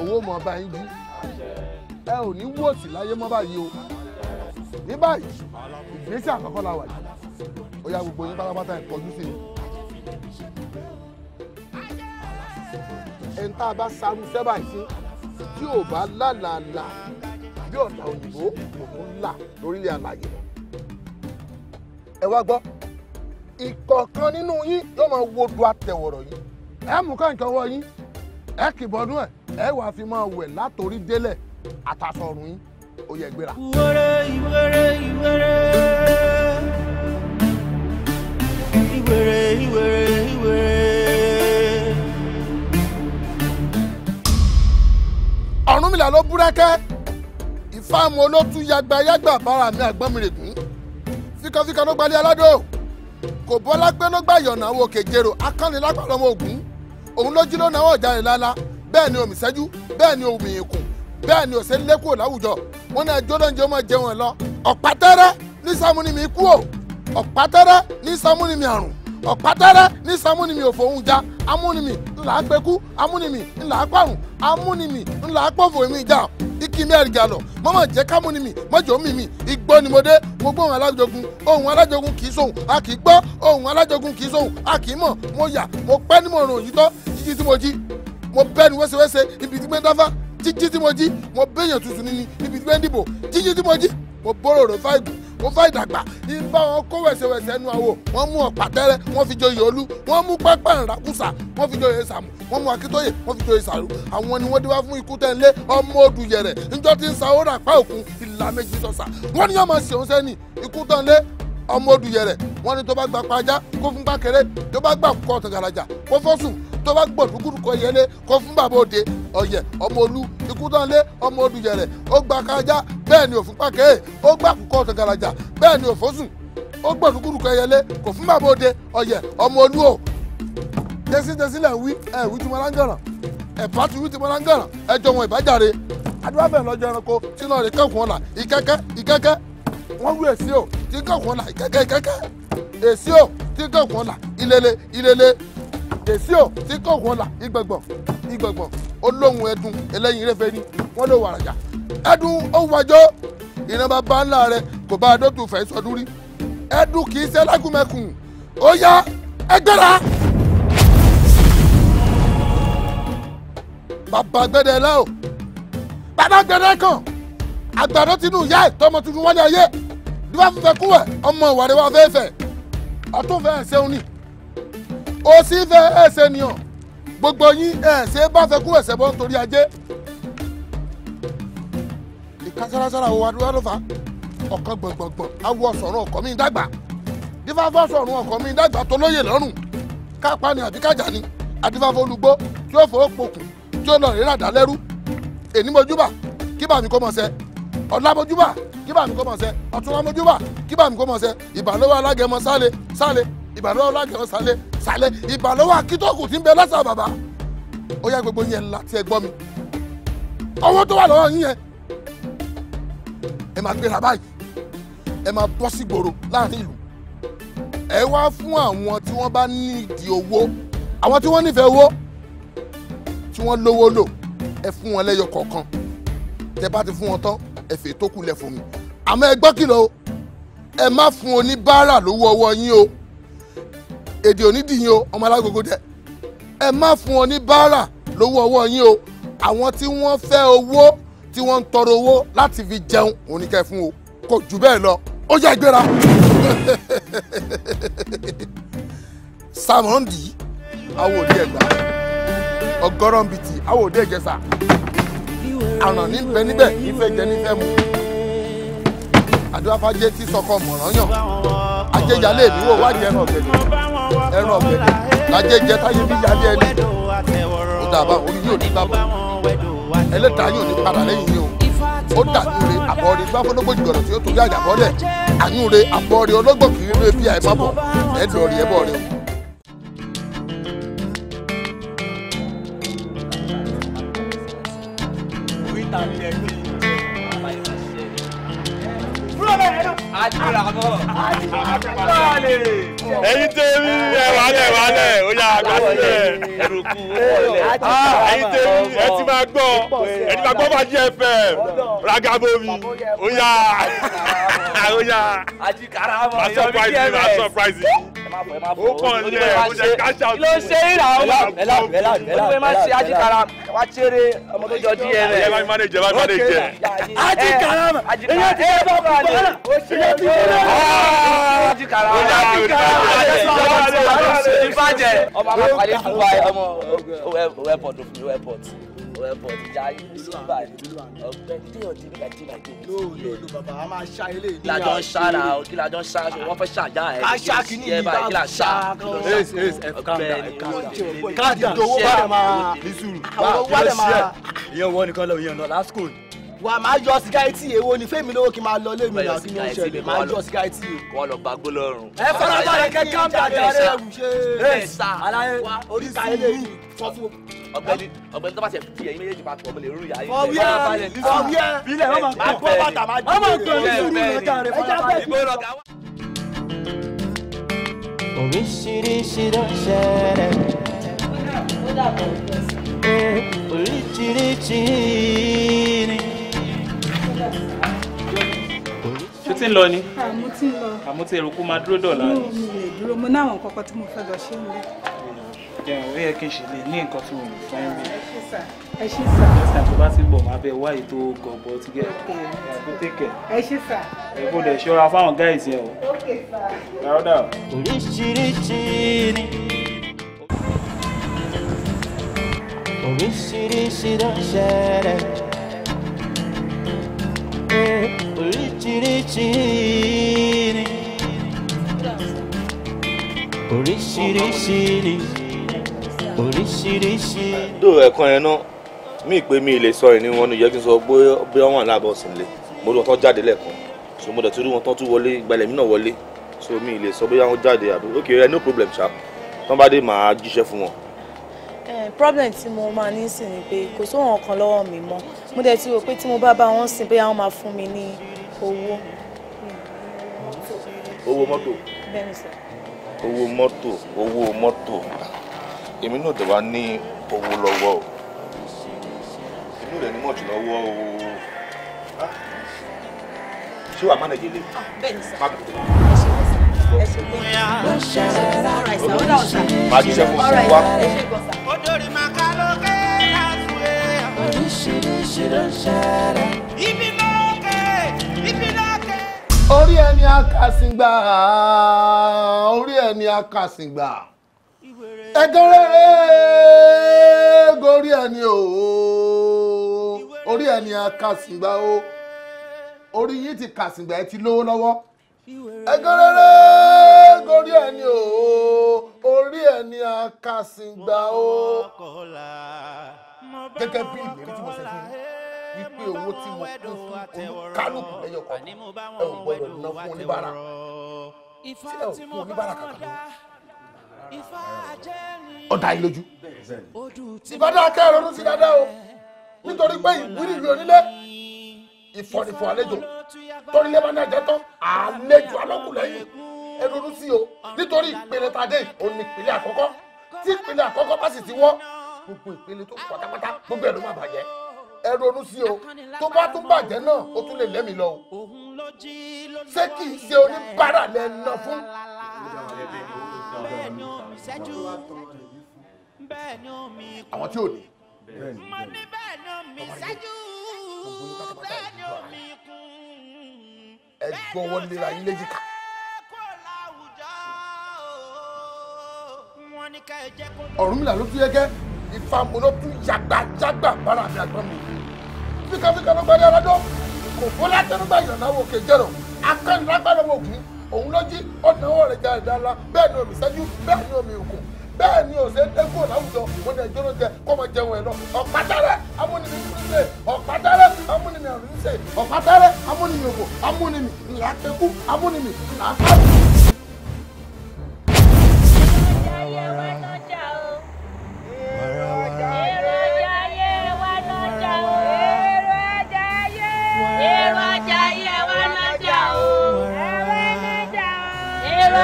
S2: owó mọ bá yín jí ẹ ò ní wòsì láyé mọ́ báyìí o ní báyìí ìgbésẹ̀ àkọ́kọ́ la wà yìí ó yá gbogbo yín pátápátá ìkọjú sí i. ẹni tá a bá sarú sẹ́bà yìí tí ò bá lálàálà bí ọ̀dà òyìnbó òun là lórílẹ̀ àlàyé ẹ wá gbọ́ ìkọ̀ọ̀kan nínú yín yóò máa wo du àtẹ̀wọ̀rọ̀ yìí ẹ mú ká nǹkan wọ yín ẹ kìbọnú ẹ ẹ wàá fi máa wẹ̀ látòrí délẹ̀ àtàṣọ ọrùn yín ó yẹ gbéra. ìwéré
S3: ìwéré ìwéré ìwéré ìwéré ìwéré.
S2: Ọ̀rúnmìlà ló búrẹ́kẹ́ ìfáàmù olótú yagbayagba bára mi àgbọ́n mi rè gùn fíkanfíkan ló gbalẹ̀ aládò kò bọ́lá gbé ló gbà yọ̀nà àwọn òkè jèrò ògún òun ló jí ló náwó ọ̀jà rẹ̀ lálá bẹ́ẹ̀ ni omi sẹ́jú bẹ́ẹ̀ ni omi ìkùn bẹ́ẹ̀ ni òsè lé kúrò láwùjọ wọn náà jó lóúnjẹ ọmọ jẹun ẹ lọ ọ̀pátẹ́rẹ́ ní sàmúni mi kú o ọ̀pátẹ́rẹ́ ní sàmúni mi àrùn ọ̀pátẹ́rẹ́ ní sàmúni mi òfò ń já amúnimì ńlá pẹ́kú amúnimì ńlá pàrùn amúnimì ńlá pọ̀fọ̀ èmi ìjà ikí mẹ́rin galọ̀ mọ́mọ́ jẹ́ kámúnimì mọ́jọ́ mímì igbó ni mo dé mo gbọ́ ohun alájogun ohun alájogun kì í sóhun a kì í gbọ́ ohun alájogun kì í sóhun a kì í mọ̀ mo yà mo pẹ́ nímọ̀ràn òyìntọ́ jíjí tí mo jí mo bẹ́ni wéṣewéṣe ibi tí gbé ń dáfá jíjí tí mo jí mo béèyàn tuntun ní ibi tí wọ́n dìbò jíjí tí mo jí mo bọ́rọ̀ rẹ̀ fáìgù mo fáìgù àgbà ibà wọn kó wẹ̀sẹ̀wẹ̀sẹ̀ ẹnu àwo wọ́n mú ọ̀pá tẹ́rẹ́ wọ́n fi joyè olú wọ́n mú pápá ìràkúsà wọ́n fi joyè sàmù wọ́n mú akíntóyè wọ́n fi joyè sàrú àwọn ni wọ́n dé wá fún ikú tẹ́lẹ̀ ọmọ odù yẹ̀rẹ̀ njọ́ ti ń sa ó rà pa òkun ìlà méjì sọ̀sà wọ́n ní ọmọ ṣèwọ́n sẹ́ni ikú tẹ́lẹ̀ ọmọ odù yẹ̀rẹ̀ wọ́n ní tó bá gba pajá kó fún gbàkéré tó bá gbà kọ́ ọ̀tọ̀ gàràjà kó fọ́sùn tó bá gbọ̀dú kúrúkọ yẹlé kọ fún bàbá òde ọ̀yẹ̀ ọmọ olú ikúdánlé ọmọ olùyẹ̀rẹ̀ ó gba kájá bẹ́ẹ̀ ni òfin pàkẹ́ ó kúkọ́ bẹ́ẹ̀ ni ó gbọ̀dú kọ fún bàbá òde ọ̀yẹ̀ ọmọ olú o. tẹ́sítẹ́sí lẹ̀ ń wí ẹ̀ wí tí ń gàràn ti wí ń gàràn wọn ìbájáre lọ́jọ́ tèsí ò tí kò wọlà ìgbẹ̀gbọ̀n ìgbẹ̀gbọ̀n olóhùn ẹdun ẹlẹ́yin rẹ̀ fẹ́ ni wọ́n ló wàràjà ẹdun ó wájọ́ ìran bàbá ńlá rẹ kò bá adótú fẹ́ sọdún rí ẹdun kì í ṣe lágùnmẹ̀kùn ó yá ẹgbẹ́ra. bàbá gbẹdẹ lẹ o bàbá gbẹdẹ kan àgbàdo tinú ìyá ẹ tọmọ tuntun wálé ayé bí wàá fífẹ kú ẹ ọmọ ìwà rẹ wàá fẹẹ fẹ ọtún fẹẹ ṣeun ni ó sì fẹ́ ẹsẹ̀ nìyàn gbogbo yín ẹ̀ ṣe bá fẹ́ kú ẹ̀sẹ̀ bọ́ nítorí ajé ìkásárására wo adúlá ló fà ọ̀kan gbọ̀ngbọ̀ngbọ̀n awọ sọ̀rọ̀ ọkọ̀ mi dàgbà dífáfá sọ̀rọ̀ ọkọ̀ mi dàgbà tó lóye lọ́rùn kápá ni àbí kájà ni adífáfá olùgbó tí ó fòó pokùn tí ó lọ rí ràdá lẹ́rú èní mojúbà kí bàmí kó mọ̀ sẹ́ ọ̀la mojúbà kí bàmí kó mọ̀ sẹ́ ọ̀túnla mojúbà kí bàmí kó mọ̀ sẹ́ ìbàlówó alágẹmọ sálẹ̀ sálẹ̀ ìbàlówó alágẹmọ sálẹ̀ ìsàlẹ̀ ìbàlọ́wọ́ akíntọ́kù tí ń bẹ lọ́sàn-án bàbá ó yá gbogbo yẹn ńlá tí ẹ gbọ́ mi ọwọ́ tó wà lọ́wọ́ yín yẹn ẹ máa gbéra báyìí ẹ máa bọ́ sí gbòòrò láàrin ìlú ẹ wá fún àwọn tí wọ́n bá nídìí owó àwọn tí wọ́n nífẹ̀ẹ́ owó tí wọ́n lówó lò ẹ fún wọn lẹ́yọ kọ̀ọ̀kan tẹ bá ti fún wọn tán ẹ fèé tó kù lẹ̀ fún mi àmọ́ ẹ gbọ́ kìlọ̀ o ẹ má fún oníbàárà lówó ọwọ́ yín o èdè onídìyín o ọmọ alágogo dẹ ẹ má fún wọn ní báárà lówó ọwọ́ yín o àwọn tí wọ́n fẹ́ owó tí wọ́n ń tọrọ owó láti fi jẹun oníkẹ́ fún o kò jù bẹ́ẹ̀ lọ ó yá ìgbéra sàmọ́ndì àwọn òde ẹ̀gbá ọgọ́rọ̀ bìtì àwọn òde ìjẹsà àràn níbẹ̀ níbẹ̀ àdúrà fàájẹ tí sọkọ mọ̀ràn yàn ajéjalè mi wò wádìí ẹran ọ̀gẹ̀dẹ̀ ẹran ọ̀gẹ̀dẹ̀ lajẹjẹ táyé bí yálé ẹni ó dàbà orí yóò ní bàbà ẹlẹ́ta yóò ní padà lẹ́yìn
S8: yìí o ó dàbíire àbọ̀rí
S2: gbáfọ́lógójì gbọ̀dọ̀ tí ó tóbi àjàbọ́lẹ̀ àyúnre àbọ̀rí ọlọ́gbọ̀kiri inú ebi àìmábọ̀ ẹ̀dọ̀rí ẹbọ rẹ o. Italia. ẹ̀yin tèmi ẹ wálẹ̀ wálẹ̀ ó yà àgbà sílẹ̀
S3: ah, ẹ̀yin tèmi ẹ ti máa gbọ́ ẹ ti máa gbọ́ fàájì fm ragabomi ó yà
S2: ó yà má surprise má surprise yìí má fọ ẹ má fọ o kàn lé ẹ o lè káṣá o. kí ló ṣe é rà ọmọ bẹ́lá bẹ́lá bẹ́lá bẹ́lá má ṣe ajikara
S3: wá ṣeré
S6: ọmọ tó jọ díẹ̀ rẹ̀. yẹ́n má jẹ má jẹ. ajikara ma èyí ti yẹ bá fún bọ́lá
S3: èyí ti yẹ bá fún ajikara ma ajikara ma ìbàjẹ́ ọmọ àpàlẹ́ dubai ọmọ airport
S2: well but ìjà inú sílùbà ni ọgbẹ téèyàn ti nígbà tí màjò mi sí ilé. lóòlù bàbá a máa ṣá ilé ìdílé àjọ ṣára o kí lajọ ṣá aṣọ wọn fẹ́ ṣàjà ẹ kí ni ẹ báyìí kí la ṣá. káàdì ìdòwò wà lè máa ìyẹn wọ nìkan lọ ìyẹn lọ lásìkò wà máa yọ sígáìtì èwo ni fẹ́mi lówó kí n máa lọ lé mi náà kí ló ń ṣẹlẹ̀ máa yọ sígáìtì o. wọn lọ gbàgbó lọrùn. ẹ fara balẹ̀ kẹ́ calm down jàre ẹ̀wù ṣe é aláyé oríṣi ìlú sọ fún ọ̀gbẹ́ni ọ̀gbẹ́ni tó bá ṣe fi ẹyin
S3: méjèèjì
S6: papọ̀ ọmọ lè rú ìyá yìí.
S2: fọwíẹ fọwíẹ bílẹ̀ ọmọ kan kó bàtà máa jẹ́ ọmọ kan ní sùúrù
S3: lọ́jà rẹ̀ fọlá bẹ́ẹ̀. oríṣiríṣi ló ṣẹlẹ̀ oríṣiríṣi ni.
S2: ti ń lọ ni.
S7: àmú ah, ti ń lọ.
S2: àmú ah, ti èròkú máa dúró dọ̀la mi ò
S7: lè dúró mo náwọn kọ́kọ́ tí mo fẹ́ lọ ṣe ń
S2: jẹun ó yẹ kí n ṣe lè ní nǹkan tí mo lè fún mi. ẹ
S7: ṣé sà. ẹsẹ̀
S2: àti bá ti bọ̀ máa bẹ wá ètò gọ̀bọ̀ ti gẹ̀ ẹ̀
S7: ẹ ṣé sà.
S4: ẹ kò dẹ̀
S3: oríṣiríṣi ló ń ṣẹlẹ̀ oríṣiríṣi ni oríṣiríṣi ni oríṣiríṣi. dó ẹ̀kan yẹn náà
S2: mí pé mi lè sọ ìní wọn ni yẹ kí n sọ bí wọn wà láàbọ̀ sí ilé mo rí wọn tán jáde lẹ́ẹ̀kan so mo dẹ̀ tún rí wọn tán tún wọlé gbalẹ̀ mi náà wọlé so mi lè sọ bí wọn jáde àbí ok no problem ṣá tán bá dé màá jíṣẹ́ fún wọn.
S7: Eh, problem tí mo máa ní sìn ni pé kò sóhun ọ̀kan lọ́wọ́ mi mọ́ mo dẹ̀ ti rò pé tí mo bá bá wọn sìn bóyá wọ́n máa fún mi ní owó. owó mọ́tò. bẹ́ẹ̀ni sir.
S2: owó mọ́tò owó mọ́tò èmi náà dẹ̀ wá ní owó lọ́wọ́ o inú rẹ̀ ní mọ̀jù lọ́wọ́ o ah. ṣé wàá ah, má nàìjíríà. bẹ́ẹ̀ni sir
S3: máa jíṣẹ́ fún fún wa. odori màkà lókè àtúwé. oríṣiríṣi ló ń ṣẹlẹ̀. ibi lókè ibi lókè.
S2: orí ẹni akásìngbà orí ẹni akásìngbà ẹgán gorí ẹni o orí ẹni akásìngbà o orí yìí ti kàsìngbà ẹ ti lówó lọ́wọ́ ẹgẹrẹrẹ gorí ẹni o orí ẹni akásìngbà o gẹ́gẹ́ bí
S3: ìlérí tí mo ṣe fún yín wípé owó tí mo kún fún olúkálùkù lẹ́yọ kan ẹ ò gbọ́dọ̀ ná fún oníbàárà
S7: tí ẹ ò fún oníbàárà
S3: kankan
S2: ó dá yín lójú ìbádá kẹrin ọdún sí dáadáa o nítorí pé ìwúrí ìwé onílé ìfọ̀nìfọ̀ àlejò
S8: torí lẹ́bà náà jẹ́
S2: tán àlejò alọ́kùnlẹ́yìn ẹdúró sí o nítorí ìpele tàdé òun ni ìpele àkọ́kọ́ tí ìpele àkọ́kọ́ bá sì ti wọ́n gbogbo ìpele tó pátápátá gbogbo ẹ̀ máa bàjẹ́ ẹ sí o tó bá tún bàjẹ́ náà ó tún lè lẹ́mìí lọ o
S3: ṣé kì í ṣe oníbàárà lẹ ná fún. àwọn tí ò ní. mo ní bẹ́ẹ̀ ni
S2: ẹ gbọ́wọ́ lera yín léjìká. Ọ̀rúnmìlà ló tún yẹ ifá mọ́nà tún yàgbà jágbà bára mi àgbọ̀n mi. fíkàfíkà ló gbadé aládọ́ kò bó látẹnugbà ìrànlá wo kejìrò akẹ́ni lágbàdo wo kù òun ló jí ọ̀nà ọ̀rẹ́jà ìdára bẹ́ẹ̀ ni omi sẹ́jú bẹ́ẹ̀ ni omi òkun bẹ́ẹ̀ ni ò ṣe dé kúrò láwùjọ wọn lè jọ́rọ̀ jẹ kọ́ máa jẹun ẹ̀ lọ ọ̀pátẹ́rẹ́ amúnimi ṣe ọ̀pátẹ́rẹ́ amúnimi àrùn ṣe ọ̀pátẹ́rẹ́ amúnimi ògbò amúnimi ńlá tẹ́kù amúnimi ńlá tẹ́kù.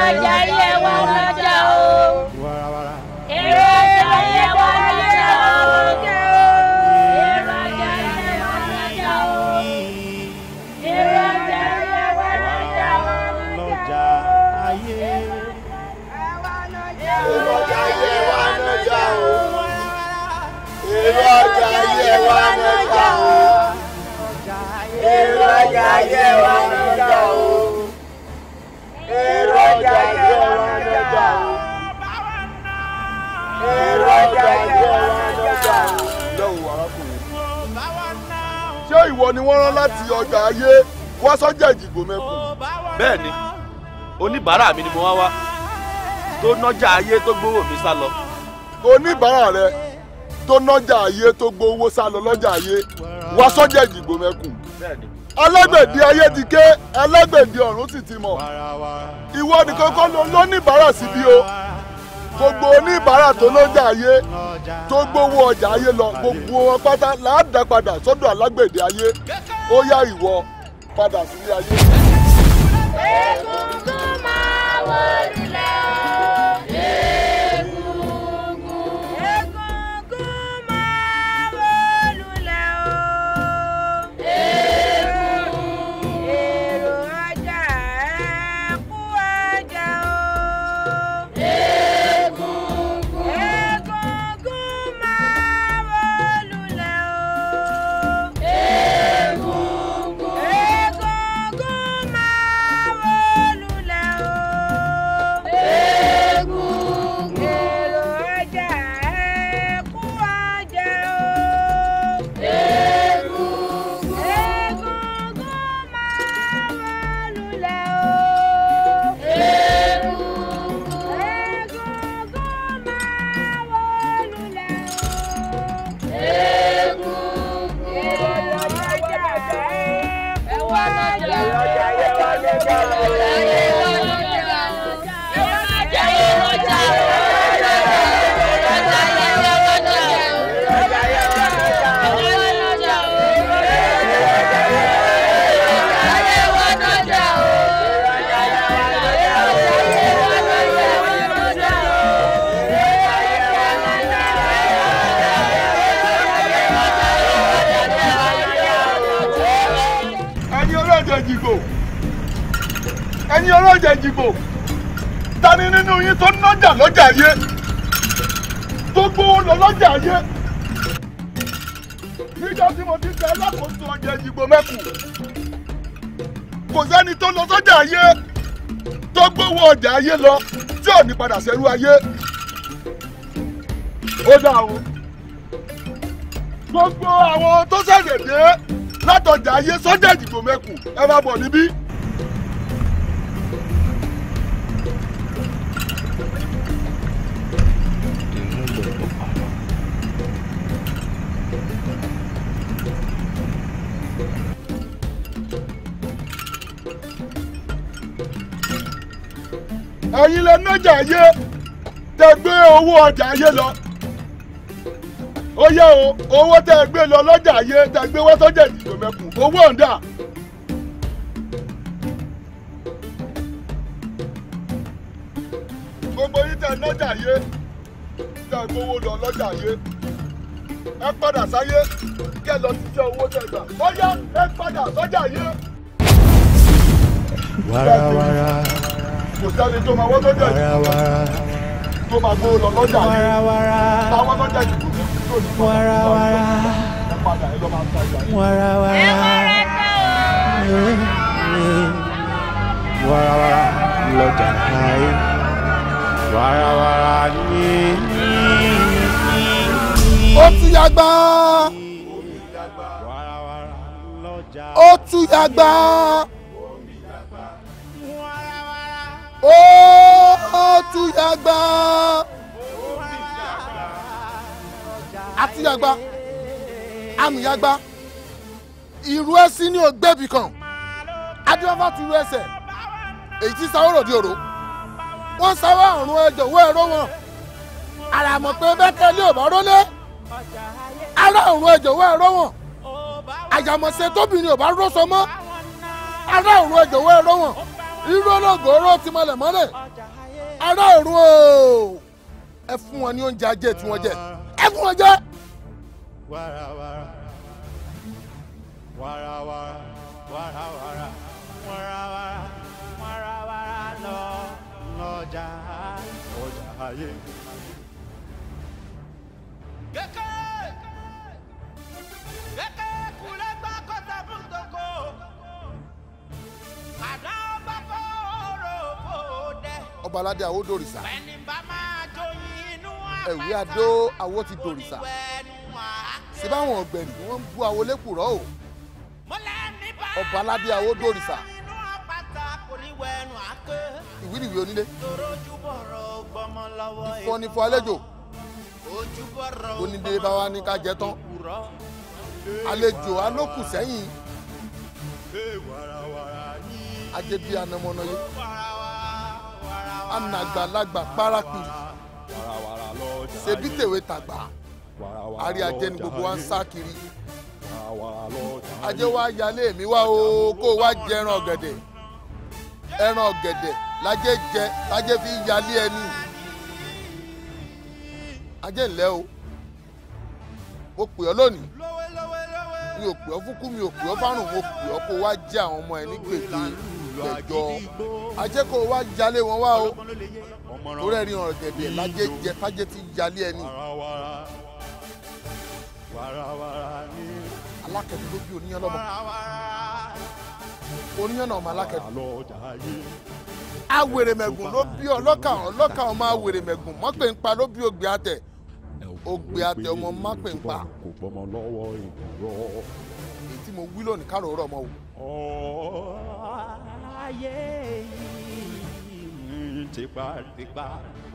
S1: ọjà ilé wa lọ́jà o.
S8: ayé wa lọ́jà o èrò o o.
S2: ṣé ìwọ ni wọ́n rán láti ọjà ayé wá sọ́jà Èjìgbò mẹ́kù. bẹ́ẹ̀ ni oníbàárà mi ni mo wá wá tó nọ́jà ayé tó mi oníbàárà rẹ tó nọ́jà ayé tó sá lọ lọ́jà ayé alágbẹ̀dẹ ayé ti ké alágbẹ̀dẹ ọ̀run sì ti mọ̀ ìwọ nìkan kọ́ ló lóníbàárà síbi o gbogbo oníbàárà tó lọ́jà ayé tó gbowó ọjà ayé lọ gbogbo wọn pátá láàdá padà sọ́dọ̀ alágbẹ̀dẹ ayé ó yá ìwọ padà sílé ayé. egungun máa wọlé. ọjà ayé lọ tí ò ní padà sẹ́rú ayé ó dà o gbogbo àwọn tó ṣẹ̀ṣẹ̀ dé látọjà ayé sọ́jà ìdìbò mẹ́kù ẹ bá bọ̀ níbí. ọjà ayé tẹ gbé owó ọjà ayé lọ ó yẹ o owó tẹ gbé lọ lọ́jà ayé tẹ gbé wá sọ́jà ìdìbò mẹ́kùn owó ọ̀ǹda. gbogbo yìí tẹ lọ́jà ayé tẹ gbowó lọ lọ́jà ayé ẹ padà sáyé kẹ lọ ṣiṣẹ́ owó tẹ gbà ó yá ẹ padà sọ́jà ayé.
S8: wàràwàrà.
S2: kò sẹ́ni tó máa wọ́n sọ́jà
S3: tó máa gbówó lọ lọ́jà yìí táwọn lọ́jà yìí kò ní kúrò ní wàràwàrà ẹ padà ẹ lọ́ máa ń tajà yìí. wàràwàrà wàràwàrà lọ́jà ayé wàràwàrà ní. ó ti yàgbá
S2: ó ti yàgbá ó tún yàgbá. amúyágbá ìrú ẹsìn ní ògbẹ́bì kan adéwọ́fà ti rú ẹsẹ̀ èyí tí sáwọ́rọ̀ di òró wọ́n sáwọ́ ọ̀run ẹjọ̀ wọ́ ẹ̀rọ wọn àràmọ̀ pé bẹ́tẹ̀ ní òbá rólé ará ọ̀run ẹjọ̀ wọ́ ẹ̀rọ wọn àjàmọ̀sẹ̀ tóbìnrin òbá rọ́sọ mọ́ ará ọ̀run ẹjọ̀ wọ́ ẹ̀rọ wọn irú olóògùn oró ti mọlẹ̀ mọ́lẹ̀ ará ọ̀run o ẹ fún wọn ní oúnjẹ ajé tí wọ́n jẹ ẹ fún wọn jẹ.
S3: wàràwàrà warawara warawara warawara warawara lọ lọjà ọjà ayé. àwọn odòrìṣà. ẹni bá
S2: àwọn ti dòrìṣà. síbáwọn ọ̀gbẹ̀rì wọ́n ń bu àwọn lẹ́kùrọ́ o ọba aládé àwọn odòrìṣà. ìwílìwí onílé. ìfọ́ ni fọ́ àlejò. onílé bá wa ní ká jẹ tán.
S3: àlejò alókù sẹ́yìn.
S2: ajé bíi anamọ́nọ́yé. anàgbàlagbà parakiri. ṣebí tèwe tàgbà. àrí ajé ni gbogbo wa ń sá kiri wà ajé wa yalé mi wá o kó wá jẹ ẹran ọ̀gẹ̀dẹ̀ ẹran ọ̀gẹ̀dẹ̀ lajẹ́ jẹ lajẹ́ fi yalé ẹni ajé ńlẹ́ o mo pè ọ́ lónìí mi ò pè ọ́ fúnkú mi ò pè ọ́ fárùn mo pè ọ́ kó wá jẹ àwọn ọmọ ẹ ní gbèdé gbẹ̀jọ ajẹ́ kó wá jalè wọn wá o torí ẹni ọ̀gẹ̀dẹ̀ lajẹ́ jẹ lajẹ́ fi yalé ẹni. wàràwàrà ni alákẹ̀dù ló bí oníyàn lọ́mọ oníyàn náà ọmọ alákẹ̀dù awèrèmẹ̀gùn ló bí ọlọ́kà ọlọ́kà ọmọ awèrèmẹ̀gùn mọ́pẹ̀ǹpa ló bí ògbé àtẹ ògbé àtẹ ọmọ mọ́pẹ̀ǹpa èyí tí mo wí lónìí kárò ọ̀rọ̀ ọmọ wò.
S3: ayé yìí tipátipá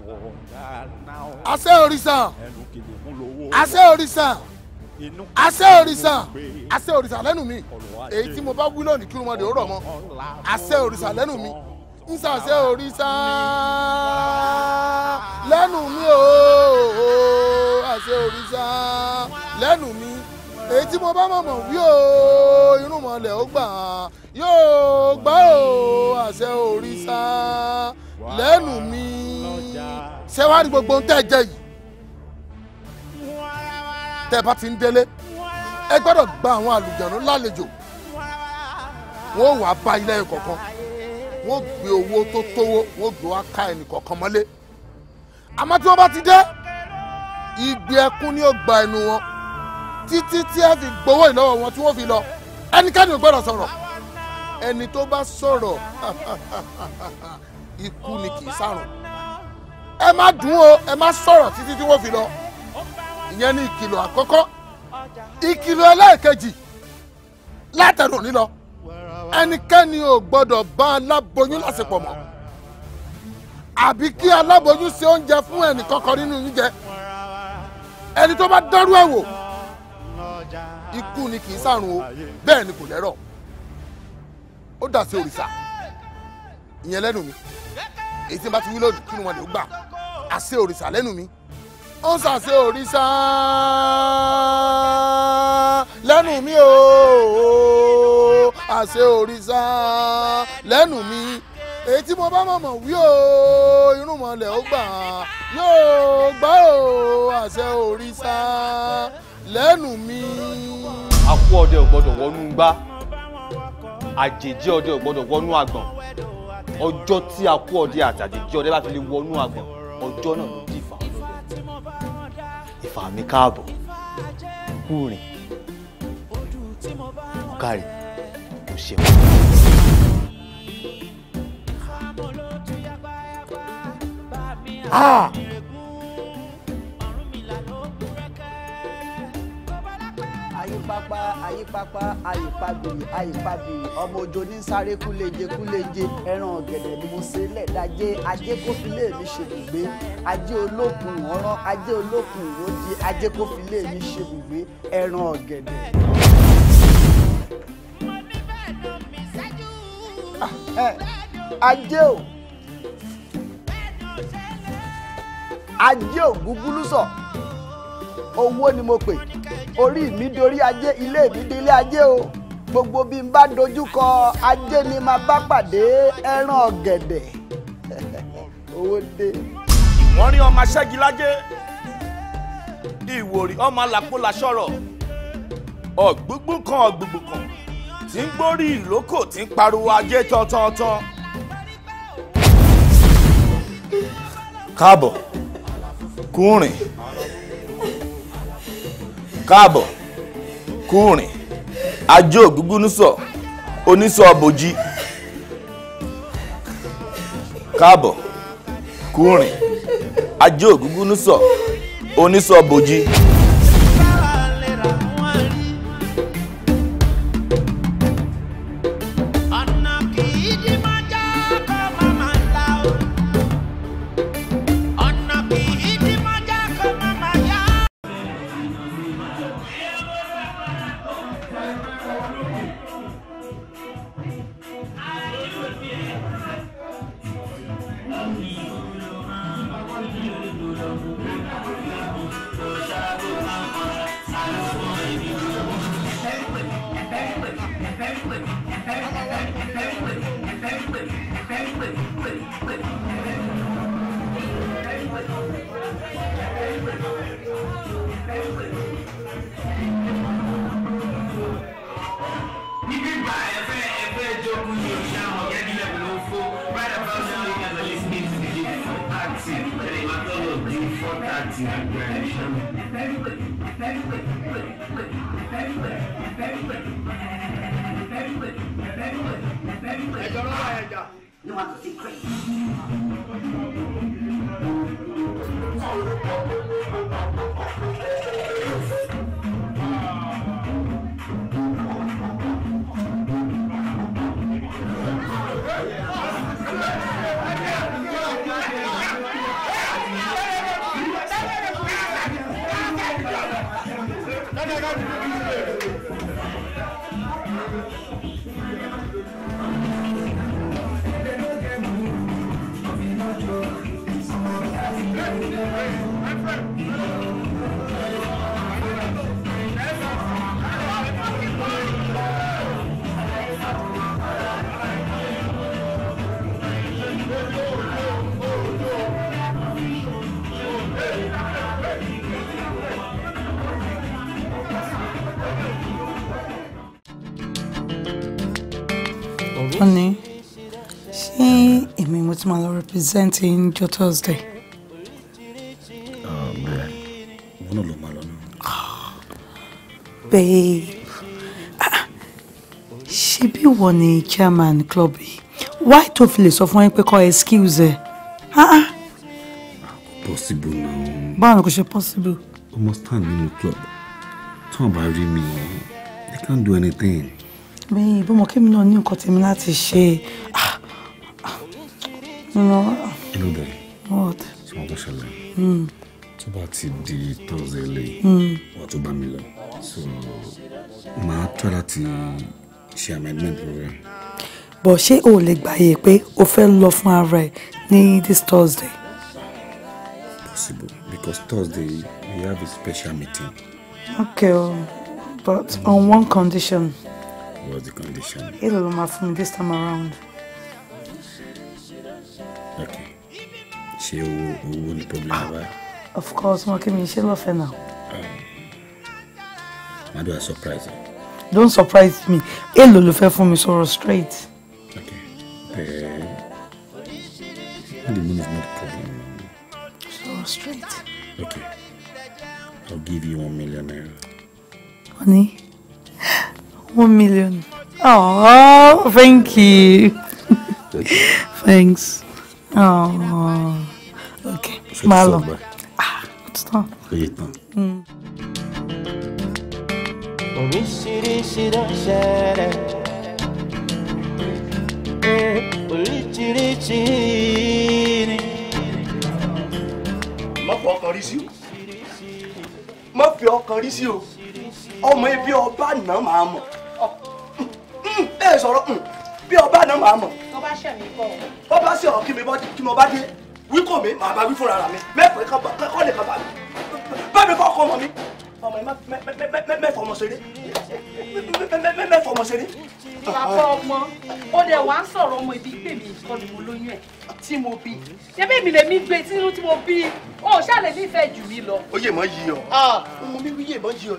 S3: wọ̀ọ̀dà náà àṣẹ
S2: òrìṣà àṣẹ òrìṣà lẹ́nu mi èyí tí mo bá wí lónìí kí ló mọ̀ dé ó rọ̀ mọ́ àṣẹ òrìṣà lẹ́nu mi ń ṣàṣẹ òrìṣà lẹ́nu mi ooo àṣẹ òrìṣà lẹ́nu mi èyí tí mo bá mọ̀ mọ̀ wí ooo inú mọ̀lẹ́ ó gbà yóò gbà ooo àṣẹ òrìṣà lẹ́nu mi ṣé gbogbo ohun tẹ́ ẹ yìí tẹ́ ẹ bá ti ń délé ẹ gbọ́dọ̀ gba àwọn àlùjọ̀nù lálejò wọ́n wà á bá ilé ẹ̀ kọ̀ọ̀kan wọ́n gbé owó tó tówó wọ́n gbé wá ká ẹnì kọ̀ọ̀kan mọ́lé àmọ́ tí wọ́n bá ti dé igbe ẹkún ni ó gba ẹnu wọn títí tí ẹ fi gbowó ìlọ́wọ́ wọn tí wọ́n fi lọ ẹnikẹ́ni ò gbọ́dọ̀ sọ̀rọ̀ ẹni tó bá sọ̀rọ̀ ikú ni kì í sàrùn ẹ má dùn ó ẹ má sọ̀rọ̀ títí tí wọ́n fi lọ ìyẹn ní ìkìlọ̀ àkọ́kọ́ ìkìlọ̀ ẹlẹ́ẹ̀kejì látẹ̀rù nílọ ẹnikẹ́ni ò gbọ́dọ̀ bá aláboyún lásìkò mọ́ àbí kí aláboyún ṣe oúnjẹ fún ẹnìkọ́kọ́ nínú yín jẹ ẹni tó bá dárú ẹ̀ wò ikú ni kì í sàrùn o bẹ́ẹ̀ ni kò lẹ́rọ̀ ó dà sí òrìṣà ìyẹn lẹ́nu mi èyí tí n bá ti wí lónìí kí ni wọn lè gbà àṣẹ òrìṣà lẹ́nu mi ó ń sàṣe òrìṣà lẹ́nu mi o àṣe òrìṣà lẹ́nu mi èyí tí mo bá mọ̀mọ̀ wí o irun mọ̀lẹ́ ó gbà yóò gbà o àṣẹ òrìṣà lẹ́nu mi. àkú ọdẹ ò gbọ́dọ̀ wọnú gbá àjèjì ọdẹ ò gbọ́dọ̀ wọnú àgbọ̀n ọjọ́ tí àkú ọdẹ àtàjèjì ọdẹ bá fi lè wọnú àgbọ̀n ọjọ́ náà ló dìfà fà mí káàbọ̀ kú rìn kú kárì kú ṣe Ah! àyípápá àyípápá àyípábìrì àyípábìrì ọmọ òjò ní sáré kúléje kúléje ẹran ọ̀gẹ̀dẹ̀ ni mo ṣe lẹ́ẹ̀dájé ajé kófílẹ̀ mi ṣèbùgbé ajé olókùn ọ̀rán ajé olókùn òjì ajé kófílẹ̀ mi ṣèbùgbé ẹran ọ̀gẹ̀dẹ̀.
S3: Ah, eh, ajé o
S2: ajé o gúgúlú sọ owó ni mo pè orí mi dorí ajé ilé mi délé ajé o gbogbo bí n bá dojúkọ ajé ni màá bá pàdé ẹran ọ̀gẹ̀dẹ̀ owó dé. wọ́n rí ọmọ aṣẹ́gi lájé ìwòrì ọmọ alápólà sọ̀rọ̀ ọ̀gbùngbùn kan ọ̀gbùngbùn kan tí ń gbórí ìlókò tí ń pariwo ajé tọ́tọ́tọ́. káàbọ̀ kúrìn. kaabo kúrìn ajó ògúngúnúsọ onísọ bòjì káàbọ̀
S7: presenting jọ Thursday.
S3: ọ̀rẹ́ ah, wọn náà ló máa lọ náà.
S7: bẹ́ẹ̀ ah, ṣebí ìwọ ni chairman club why to fi so sọ fún yín pé kọ́ excuse ẹ̀. Ah,
S3: possible
S4: now.
S7: báwo ni kò ṣe possible.
S4: Almost must stand nínú club tí wọn bá
S2: they can't do anything.
S7: but bẹ́ẹ̀ bọ́mọ kí mi náà ní nǹkan tèmi láti ṣe lóde tí wọ́n tó ṣẹlẹ̀ hmm.
S4: tó bá ti di tọ́sẹ̀ lè wà tó bá mi lọ so màá tọ́ láti ṣe amendment program.
S7: bọ̀ ṣé o lè gbàyè pé o fẹ́ lọ fún ara ẹ this Thursday. possible
S4: because Thursday we have a special meeting.
S7: okay oh, but on one condition.
S4: what's the condition?
S7: èló ló máa fún mi this time around.
S3: ṣé owó owó ni problem ah, bá.
S7: of course wọn kí mi ṣe lọ́fẹ̀ẹ́ náà.
S3: má dùn à surprise.
S7: don't surprise me èèlò ló fẹ́ fún mi sọ̀rọ̀ straight.
S3: okay
S8: bẹ́ẹ̀
S4: eh, the money is not problem.
S7: sọ̀rọ̀ straight.
S4: okay i'll give you one million naira.
S7: honey one million. Oh, thank you. Thanks. Oh. Οκ. Okay. Μάλλον. Α, αυτό.
S3: Φαγητό.
S2: fi ọkàn rí sí o. Má fi ọkàn ọba
S6: náà máa mọ̀. Ẹ sọ̀rọ̀ mm, bí ọba náà máa mọ̀.
S3: Ọba
S9: ṣẹ̀ mi bọ̀.
S6: Ọba ṣẹ̀ ọ̀ kí mi bọ́ kí mo bá dé wíkọ̀ mi màá bá wí fúnra mi mẹ́fẹ̀ẹ́ kan kọ́ lè kan bá mi bá mi kọ́ ọkọ ọmọ mi ọmọ yìí mẹ́fẹ̀ ọmọ ṣeré mẹ́fẹ̀ ọmọ ṣeré. bàbá ọmọ ó dẹ̀ wá ń sọ̀rọ̀ ọmọ ìbí pè mí nǹkan ni mo lóyún ẹ̀ tí mo bí ṣebí mi lèmi gbé sínú tí mo bí o ṣàlẹ̀ nífẹ̀ẹ́ jù mí lọ.
S2: ó yè mọ́ yí ọ
S6: ọmọ mi wí yè mọ́ yí ọ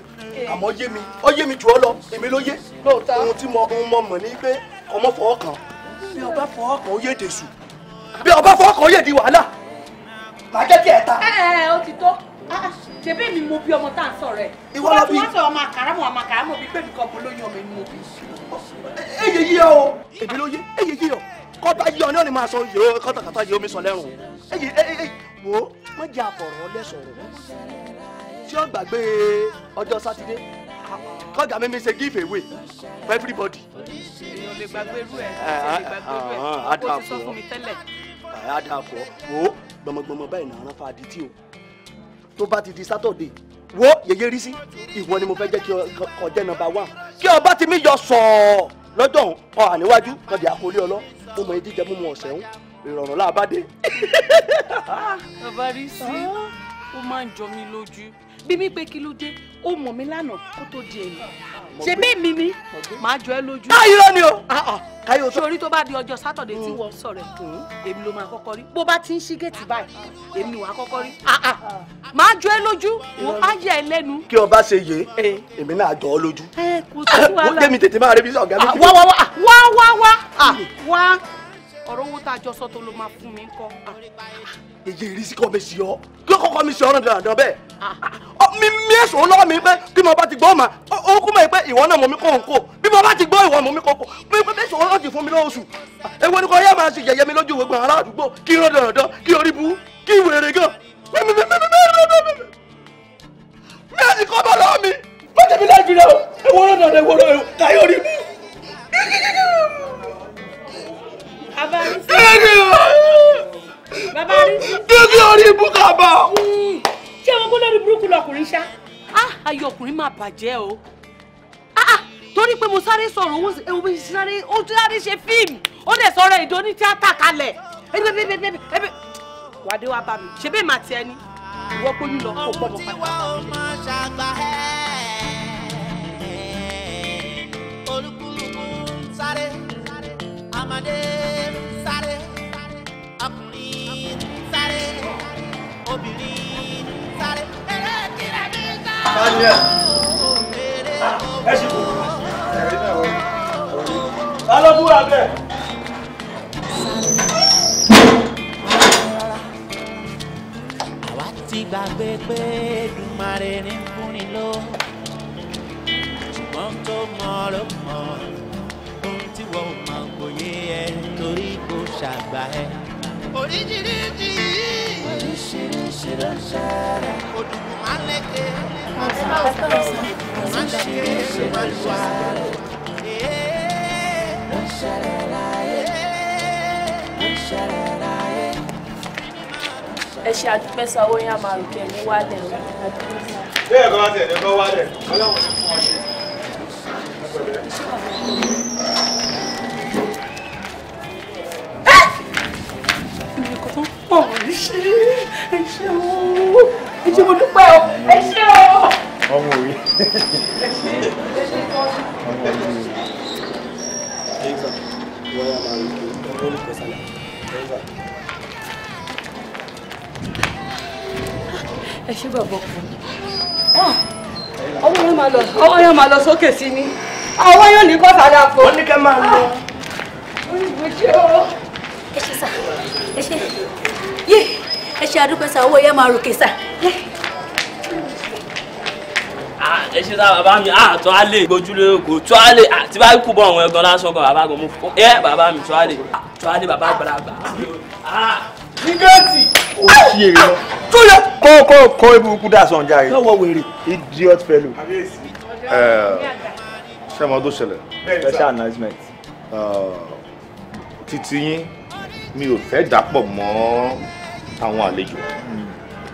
S6: àmọ́ yé mi ó yé mi
S2: jù ọ lọ èmi ló yé ohun tí mo mọ̀ ní pé ọmọ fọwọ́ kàn bí ọba fọwọ́ kàn ó yé dèṣù bí ọba fọkàn yè di wàhálà
S1: màá jẹ́ ẹ ta. ẹ
S6: ẹ ó ti tó ṣebí mi mo bí ọmọ tá à ń sọ̀rọ̀ ẹ. ìwọ lọ bí. wọ́n ọmọ àkàràmọ ọmọ àkàràmọ bíi pé nìkan mo ọmọ ẹni mo bí. èyí
S2: yí o èdè ló yé èyí yí o kọ́tà yí ọ ní ọ̀nì máa sọ yìí o kọ́tà kàtà yìí omi sọ lẹ́rùn o èyí èyí wo
S6: wọ́n jẹ́ àfọ̀rọ̀ lẹ́sọ̀rọ̀ tí ó gbàgbé ọjọ́ sátidé kọ́gà
S2: mímí ṣe give away for everybody.
S3: èèyàn lè gbàgbé irú ẹ̀ lè gbàgbé irú ẹ̀ ó ti sọ fún mi tẹ́lẹ̀
S2: àyà dà fọ wo gbọmọgbọmọ báyìí náà rán fàdí tí o tó bá ti di sátọ̀dé wo yeye rí sí ìwọ ni mo fẹ́ jẹ́ kí ọjẹ́ nọmba wà kí ọba ti mí yọ sọ̀ọ̀ lọ́jọ́ ọ àníwájú kan di ọlọ́ mo mọ ìdíje mímu ọ̀sẹ̀ ń ìrọ̀rùn láàbàdé.
S7: bàbá rí sí
S6: ó máa ń jọ mí lójú bí mi pé kí ló dé ó mọ̀ mí lánàá kó tó di èyí ṣe bí mi mi máa jọ ẹ lójú. káyọ̀ ah, ló ni o. Ah, ah. káyọ̀ tó. sori tó bá di ọjọ́ sátọ̀dẹ̀ tí mm. wọ́n sọ̀rọ̀ ẹ̀ mm. èmi ló máa kọ́kọ́ rí bó bá ti ń ṣí géètì báyìí èmi ni wàá kọ́kọ́ rí. máa jọ ẹ lójú wọn á yẹ ẹ lẹ́nu.
S2: kí ọba ṣe yé eh. èmi náà jọ ọ lójú.
S6: ẹ eh, kò sí wàhálà. wọ́n
S2: tẹ̀mí tètè máa rẹ́bí sọ̀gá lójú. wá wá
S6: wá wá wá wá ọ̀rọ̀ owó tá a jọ sọ tó ló máa fún mi kọ́. Ah.
S2: èyí ìrísí kọ́ mi sí ọ yóò kọ́kọ́ mi sí ọ náà dandan bẹ́ẹ̀ ah. Ah, mi mi èso lọ́wọ́ mi pé bí mo bá ti gbọ́ mà ó kú mọ̀ pé ìwọ náà mọ̀ mí kó n kó bí mo bá ti gbọ́ ìwọ mọ̀ mí kó kó mi pé èso lọ́wọ́ ti fún mi lọ́wọ́ oṣù ewu ni kò yẹ máa ṣe yẹ̀yẹ́ mi lójú gbogbo ará àdúgbò kí irọ́ dandan kí orí bu kí wèrè
S3: bàbá rí sí. dédé orí ah,
S6: ah, ah, torí pé mo sáré sọ̀rọ̀ owó ewu bí sáré ó sáré ṣe fíìmù ó dẹ̀ sọ̀rọ̀ èdè oní tíátà kalẹ̀ ẹbí wàdé wa bá mi ṣe bẹ́ẹ̀ máa ẹni
S3: ìwọ kóyún lọ kó gbọ́dọ̀ padà. olùkúlùkù sáré ọmọdé sáré ọkùnrin sáré obìnrin sáré eré kílẹ̀ mi sáré eré ah, owó. ta ló búra àwa ti gbàgbé pé Èdùmàrè ní fúnni ló ṣùgbọ́n tó mọ̀ ló mọ̀ tí wọ́n máa ń gbòye ẹ torí kò ṣàgbà ẹ. oríṣiríṣi oríṣiríṣi ló ń ṣẹlẹ̀. odùnkún máa ń lẹ́kẹ̀. máa ń lẹ́kẹ̀ máa ń ṣàlẹ̀. ló ń ṣẹlẹ̀ láyé ló ń ṣẹlẹ̀ láyé.
S6: ẹ ṣe àdúpẹ́ sanwó yín àmàlùkẹ́ ní wálẹ̀ o.
S2: bẹ́ẹ̀ bá tẹ̀ ẹ̀ wálẹ̀ ọlọ́run ní fún ọ ṣe
S6: ẹ ṣé bàbá ọkùnrin ọwọ́ yẹn máa lọ sókè sí ni àwọn yóò ní kọ́sàdá fò. wọ́n ní kẹ́ máa lọ.
S1: olùbò ṣe o. ẹ ṣe sà ẹ ṣe
S5: yé ẹ ṣe àdúpẹ́ sà owó yẹn máa ròkè sà.
S2: ẹ ṣe sá bàbá mi àtọ́ á lè gbójúlé kò tó á lè tí bá kú bọ̀ ọ̀hún ẹ̀gbọ́n lásán kan bàbá gan mo fọ́ ẹ bàbá mi tó á lè tó á lè bàbá àgbàlagbà. nígbàtí o ṣí èrè lọ kó kó kó ibùkún dà sọ̀njà rẹ̀ idiot fellow ṣé ọmọ tó ṣẹlẹ̀ ẹ ṣe announcement. títí yín mi ò fẹ́ dàpọ̀ mọ́ àwọn àlejò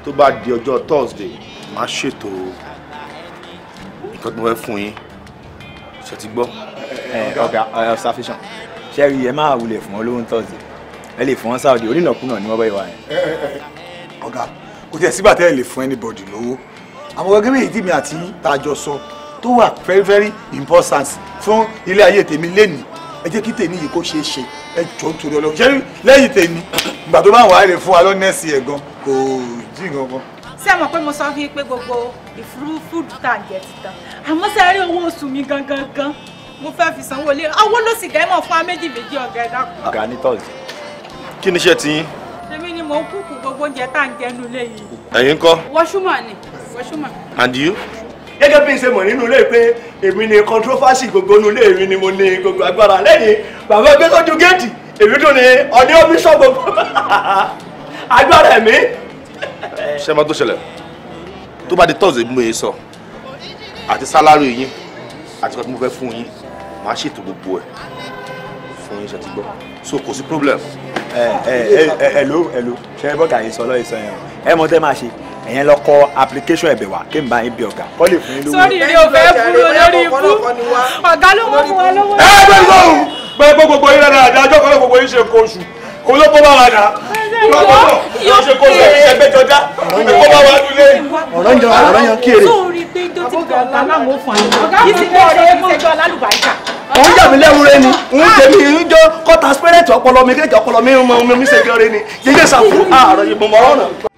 S2: tó ba di ọjọ́ Thursday máa ṣètò nǹkan tó fẹ́ fún yín ṣe ti gbọ́. ọ̀gá observation ṣe rí ẹ máa wulẹ̀ fún wọn lóhun Thursday ẹ lè fún wọn Saturday onínàkúnà ni wọ́n bá yẹ wá yẹn. o kò tiẹ̀ sígbà tẹ́ ẹ lè fún anybody lówó àwọn gẹ́gẹ́ bí èyí tí mi àti tá a jọ sọ tó wà very very important fún ilé ayé tèmi lénìí ẹ jẹ́ kí tèmi yìí kó ṣeé ṣe ẹ jọ ń torí ọlọ́run ṣé lẹ́yìn tèmi ìgbà tó bá wà á lè fún wa lọ́nẹ́sì ẹ̀ gan kò jí gangan.
S9: ṣé ẹ mọ̀ pé mo sọ fún yín pé gbogbo ìfúrúfúdù tá à ń jẹ ti tán àmọ́ ṣe rí owó oṣù mi gangan gan mo fẹ́ fi sanwó lé owó ló sì dẹ́mọ̀ fún wa méjì méjì ọ̀gá ẹ̀dá kan.
S2: ọ̀gá ní tọ́ọ̀sì kí ni iṣẹ́ ti yín.
S9: èmi ni mò ń kúkú gbogbo oúnjẹ tá à ń jẹnu lé yìí. ẹ̀yin ńkọ́. wọ́ṣúmọ̀ ni wọ́ṣúmọ̀.
S2: and you gẹ́gẹ́ bí n ṣe mọ̀ nínú ilé pé èmi ni controversy gbogbo inú ilé mi ni mo ní gbogbo agbára lẹ́yìn bàbá gbé sójú géètì èmi tún ni ọdẹ omi sọ gbogbo agbára mi. ṣé máa tó ṣẹlẹ̀ tó bá di tọ́sí mú e sọ àti sálárì yín àti kọ́tí mo fẹ́ fún yín màá ṣètò gbogbo ẹ̀ fún yín ṣe ti gbọ́ so kò sí problem. ẹ ẹ ẹ ẹ hello hello ṣe é bọ́gà yìí sọ lọ́ọ́ ìsọ yẹn ẹ mọ tẹ́ máa ṣe ẹ̀yẹn lọ kọ application ẹ̀bẹ̀ wa kí n bá yín bí ọ̀gá kọ́ lè fún yín lówó. sọ́ọ́rì rẹ ò fẹ́ búrò lórí ikú
S9: ọ̀gá ló mọ̀ fún wa lọ́wọ́. ẹ
S2: gbogbo gbogbo gbogbo yín lọ́dọ̀ àdá ọjọ́ kan gbogbo yín ṣe kó oṣù kò ló kó bá wa dà yóò ṣe kó oṣù ẹgbẹ́jọdá kó bá wa dúlé. ọ̀rọ̀ yan ọ̀rọ̀ yan kéré.
S6: sóòrì pé tó ti gbàgbà láwọn fún àyè ọ̀gá mi ti bẹ́ẹ̀
S2: òun yà mí lẹ́rú rẹ ni òun tèmi ń jọ kọ́ta spirit ọpọlọ mi kéèké ọpọlọ mi ń mọ omi mi ṣe gẹ́rẹ́ ni yíyẹ sàfù àárọ̀ ah, ìbomọ̀ ọ̀rọ̀.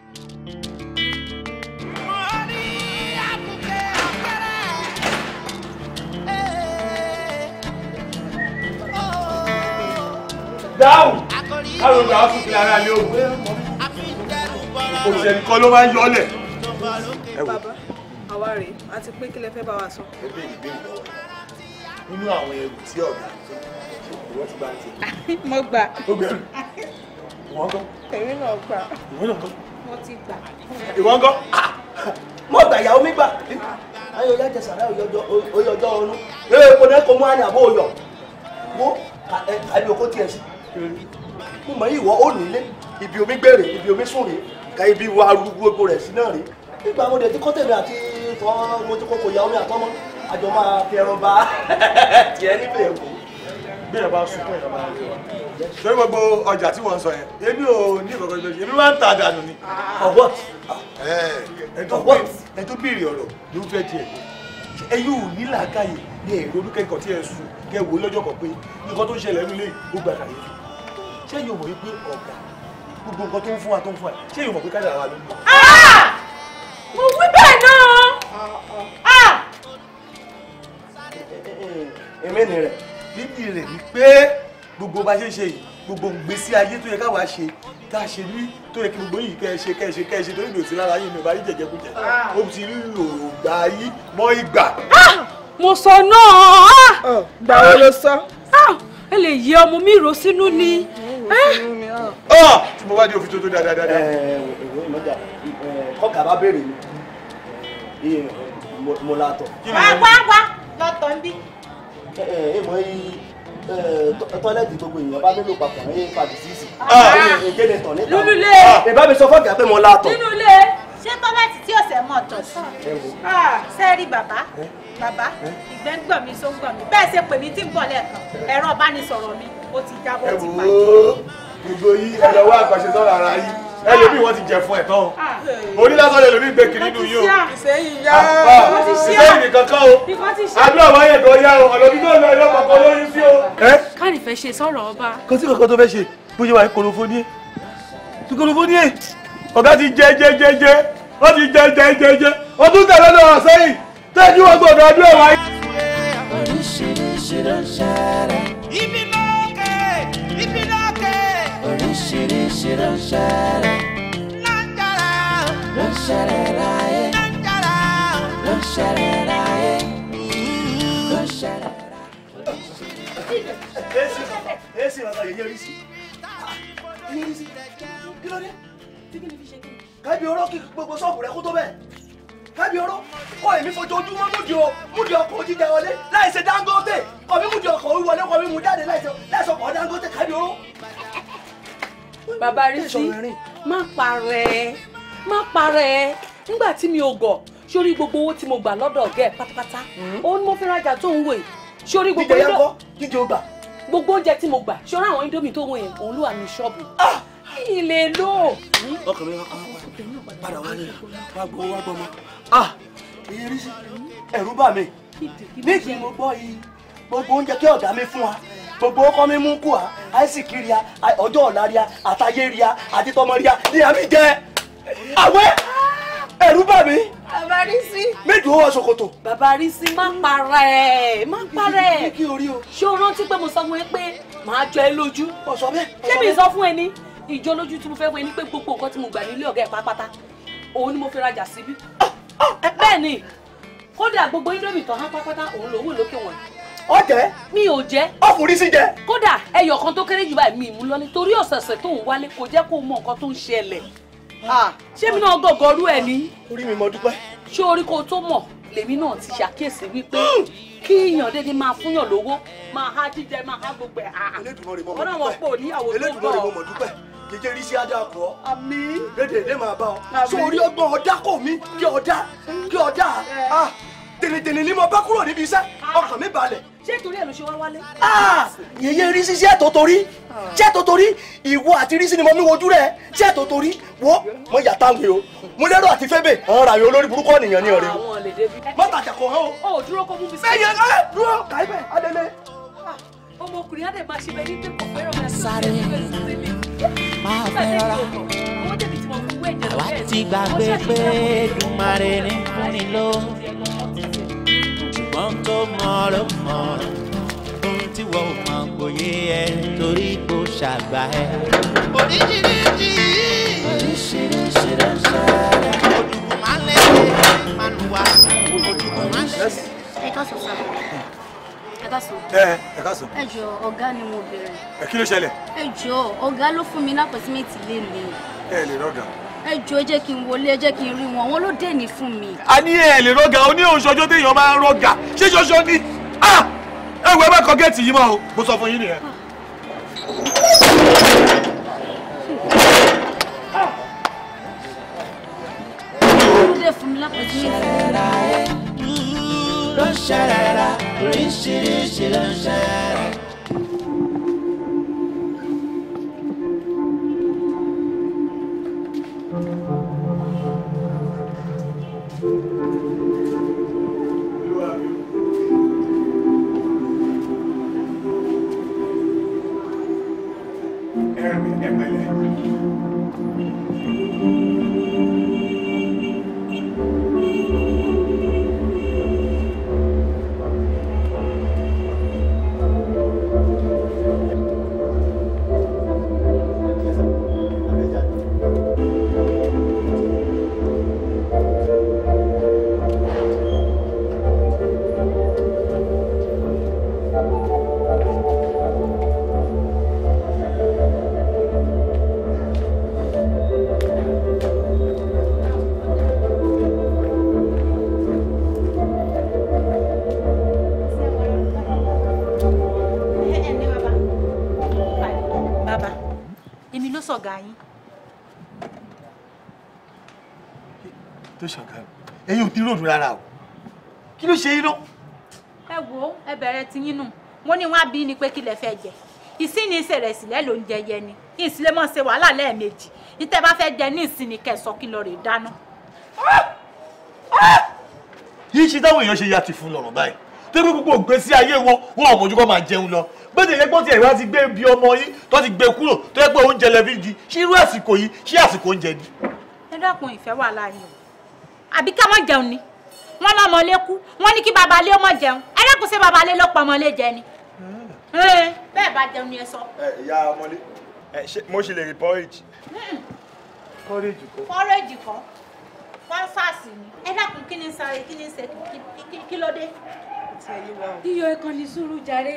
S2: dáhùn káwọn ọgbà wọn fi ara lé òun òṣèlú kan ló máa ń yọlẹ̀.
S7: bàbá àwa rèé àti pé kí lẹ fẹ́ bá wa sọ. ẹ bẹ́ẹ̀ ni bẹ́ẹ̀ lọ nínú àwọn ẹrù tí ọ̀gá ìwọ́n ti bá ń tẹ̀.
S2: mo gbà. ó gbẹ̀rù ìwọ́n gọ́.
S7: èmi náà gbà. ìwọ́n náà gọ́. mo ti gbà. ìwọ́n
S2: gọ́. Ah! mo gbà ìyàwó mi gbà. ayé ọjà jẹsàrà oyè ọjọ́ ọ̀run. eré epo náà kò mú àná àbó oyọ̀. wo kàbí oko tiẹ̀ sí mo mọ̀ ìwọ ò nílé ibi omi gbèrè ibi omi sùn rè ka ibi wa ru gbogbo rẹ̀ sí náà
S6: rè nígbà mo dẹ̀ ti kọ́ tèmi àti tọ́ mo ti kókò ìyàwó mi àtọ́mọ́ àjọ máa fi ẹran ba tiẹ̀ níbẹ̀ wò
S3: bí ẹ bá sunkún ẹ bá
S6: rẹ lórí gbogbo
S2: ọjà tí wọ́n ń sọ yẹn èmi ò ní ìkọ̀kọ̀ ìjọ èmi máa ń ta àdànù ni. ọwọ́ ẹ tó bèrè ọ̀rọ̀ ló ń fẹ́ tiẹ̀ ẹ̀yin ò ní làákàyè ní èrò olùkẹ́kọ̀ọ́ tí ẹ sùn kẹ́ wò lọ́jọ́ kan pé nǹkan tó ń ṣẹlẹ̀ nílé gbogbo àkàyè ṣé yóò mọ̀ wípé ọ̀gá gbogbo nǹkan tó ń fún wa tó ń fún wa ṣé yóò mọ̀ pé kájà wa ló ń bọ̀. mo wí bẹ́ẹ̀ náà. Ah, ah. Eh, eh, eh, èmi ni rẹ̀ bíbí rẹ̀ ni pé gbogbo bá ṣe ń ṣe yìí gbogbo ìgbésí ayé tó yẹ káwa ṣe tá a ṣe ní tó yẹ kí gbogbo yìí kẹ́ ẹ ṣe kẹ́ ẹ ṣe kẹ́ ẹ ṣe torí ìdòtí lára yìí mi ò bá
S6: rí jẹjẹkújẹ ah. ó ti rí òògbà yìí mọ́ ìgbà. mo sọ náà. gbàwo ló sọ. ẹ ọmọ mi rò sínú ni fún mi hàn. tí mo bá dé òfin tó tó dáadáa dáadáa. ẹ ìwé ìmọ̀jà kọ́kà
S2: bá béèrè mi mo la tọ̀. wá wá wá lọ tọ̀ ń bí. Ah! Ah! ẹ ẹ mọ tọ́lẹ́tì gbogbo èèyàn bá nílò papọ̀ ní fàdí
S6: sísì. ìkéde tọ̀ níta. nínú ilé. ìbá mi sọ fọ́ọ̀gà pé mo la tọ̀. nínú
S9: ilé ṣé tọ́lẹ́tì tí ọ̀sẹ̀ mọ̀ tọ̀ sí. Ah, sẹ́ẹ̀rì bàbá bàbá ìgbẹ́ ń gbọ̀n mi só ń gbọ̀n mi bẹ́ẹ̀ ṣe pè mí tí ń bọ̀ lẹ́ẹ̀kan ẹ̀rọ ọ̀bánisọ̀rọ̀ mi ó ti jábọ́ ti bàjẹ́.
S2: gbogbo yìí ẹ lọ wá àgbàṣe sọ́ra ara yìí ẹ lè bí wọ́n ti jẹ fún ẹ̀ tán
S9: ah.
S2: onílàsán lè lè bí gbé kiri nínú yìí o
S9: ìsẹ́yìn yá ìsẹ́yìn nìkan kan o àdúrà wáyé ẹ̀dọ́ yá o ọ̀nà bíbélì náà ẹ̀dọ́ kankan lóyún
S2: sí o.
S6: káàdì fẹ́ ṣe sọ̀rọ̀ ọba.
S2: kò sí kankan tó fẹ́ ṣe bó ṣe wà ní korofóní ẹ̀ tí korofóní ẹ̀ ọ̀gá ti jẹ jẹ jẹ jẹ wọ́n ti jẹ jẹ jẹ jẹ ọdún tẹ̀lé náà wà sẹ́yìn tẹ́jú wọn gbọ̀dọ̀ àdúrà wáyé.
S3: she done shut it. Done shut it, I Done shut it, I Done shut it. Esi, esi, bàbá yẹn yẹrí sí.
S6: Yẹrí sí. Kí kí gbogbo ṣọ́ọ̀bù rẹ̀ kó tó bẹ́ẹ̀. Kábí ọ̀rọ̀ kọ́ èmi fojoojúmọ́ múdi o múdi ọkọ̀ jíjẹ wọlé láìsẹ̀ Dangote kọ́ mi múdi ọkọ̀ wíwọlé kọ́ mi mú jáde láìsẹ̀ ọkọ̀ Dangote kábí ọ̀rọ̀ bàbá Rísí má parọ́ ẹ má parọ́ ẹ nígbà tí mi ò gọ̀ sórí gbogbo owó tí mo gbà lọ́dọ̀ ọ̀gá ẹ̀ pátápátá òun hmm. ni mo fẹ́ rajà tó ń wò yìí sórí gbogbo ìjọ jíjẹ ó gbà gbogbo oúnjẹ tí mo gbà sórí àwọn indomie tó ń wò yẹn òun ló wà ní ṣọ́ọ̀bù ah! ilé lò. Hmm? ọkàn mi wá padà wá ní wá gbọ́ wá gbọ́ mọ́ ah èyí Rísí ẹ̀rù bà mí nígbà mo gbọ́ yìí gbogbo oúnjẹ tí ọ̀gá mi fún wa gbogbo ọkọ mi mú kú à àìsíkì ríà
S2: ọjọ́ ọ̀la ríà àtayé ríà àti tọmọ ríà ni àmì jẹ
S6: àwẹ ẹ̀rù bà mí. bàbá rí sí. méjì ó wọ ṣòkòtò. bàbá rí sí má para ẹ má para ẹ. kí orí o. ṣé o rántí pé mo sọ fún ẹ pé màá jọ ẹ lójú. ọ̀sọ̀ bẹ́ẹ̀. ṣé mi sọ fún ẹ ní ìjọ lójú tí mo fẹ́ fún ẹ ní pé gbogbo nǹkan tí mo gbà nílé ọ̀gá ẹ̀ pátápátá òun ni mo fi rajà síbí. Ah, ah, ah. bẹ́ẹ̀ ni kódà gbogbo indomie tán á pátápátá òun lòún wò lókè wọ̀nyí. ọ jẹ́. mi ò jẹ́. ọ fòrí jẹ. kódà ẹyọ kan tó kéré jù báyìí lọ nítorí ọ̀sẹ̀ọ̀sẹ̀ tó ń wálé kò jẹ́ kó mọ nǹkan tó ń ṣẹlẹ̀. Ah. ṣé mi náà gọ̀gọ̀ ẹ ni? orí mi mọ dúpẹ́. ṣé orí lèmi náà ti ṣàkíyèsí wípé hmm. kí èèyàn máa fúnyàn lówó máa jíjẹ máa há gbogbo ẹ̀ ah. ọ̀nà pò tèlètèlè ni mo bá kúrò níbi iṣẹ́ ah. ọkàn mi balẹ̀. ṣé torí ẹ ló ṣe wá wálé. Ah, yèyé rí sí ṣé tó torí ah. ṣé tó torí ìwọ àti rí ni mo mí wojú rẹ ṣé tó torí wo mo yà táwọn o mo lérò àti fébè
S2: àwọn ràyè olórí burúkú ọ̀nìyàn ni ọ̀rẹ́ o.
S6: má bàjẹ́ kọ̀ hán o. o dúró kó mú mi sí. bẹ́ẹ̀ yẹn dúró kàí bẹ́ẹ̀ adélé. ọmọkùnrin á máa ṣe bẹ́ẹ̀ ní pé fẹ́ rárá. àwa ti gbàgbé pé
S3: Èdùmàrè ní fúnni ló ṣùgbọ́n tó mọ̀ ló mọ̀ ohun tí wọ́n ò mọ̀ kò yé ẹ torí kò ṣàgbà ẹ. oríṣiríṣi oríṣiríṣi ló ń ṣẹlẹ̀. odùkú máa ń lẹ́sẹ̀
S6: máa ń wá káàsán.
S2: ẹ ẹ káàsán. ẹ
S6: jọ ọ̀gá ni mo bẹ̀rẹ̀. ẹ kí ló ṣẹlẹ̀. ẹ jọ
S5: ọ̀gá ló fún mi lápẹ̀símẹ́ǹtì lélẹ̀. ẹ lè rọgà. ẹ jọ ẹ jẹ́ kí n wọlé ẹ jẹ́ kí n rí wọn
S6: wọn ló dé ní fún mi.
S2: a ní ẹ lè rọgà o ní òṣòjó téèyàn máa ń rọgà ṣé ṣoṣo ni ẹ wọ ẹ bá kọ géètì yìí mọ o mo sọ fún yín nìyẹn.
S5: ló fún mi
S3: lápẹ̀símẹ́ǹtì. Pretty city, she don't
S9: wá bí ni pé kí lẹ fẹ́ jẹ ìsíni ìṣèrèsì lẹ́lò ń jẹyẹ ni ìsìlẹ̀ mọ̀ ṣe wàhálà lẹ́ẹ̀mejì ìtẹ́ bá fẹ́ jẹ ní ìsinmi kẹsàn kí lọ rè dáná.
S2: yìí ṣe táwọn èèyàn ṣe ya ti fún lọ́rọ̀ báyìí torí gbogbo ògbé sí ayé wọn wọn ò mójú kó máa jẹun lọ gbèsè yẹn gbọ́dọ̀ ìwà ti gbé bí ọmọ yìí tó ti gbé kúrò tó yẹ pé oúnjẹ lẹ́bí di ṣé irú àsìkò yìí ṣé àsìkò oúnjẹ ni.
S9: ẹ dákun ìfẹ́ wà láàyè o àbí ká má jẹun ni wọ́n lọ́mọ lé kú wọ́n ní kí babalé ọmọ jẹun ẹ̀rẹ́kùn sí babalé lọ́pọ̀ ọmọ jẹ ni Eh, bẹ́ẹ̀ bá jẹun ni ẹ sọ.
S2: ẹ eh, ìyá ọmọlé eh, mo ṣe lè rí porridge. Hmm. porridge kọ́.
S9: porridge kọ́ pọ́nsáàsì ni ẹ dákun kí ni sáré kí ni ṣe kí ló dé. iyọ̀ ẹ̀kan ní sùúrù jàre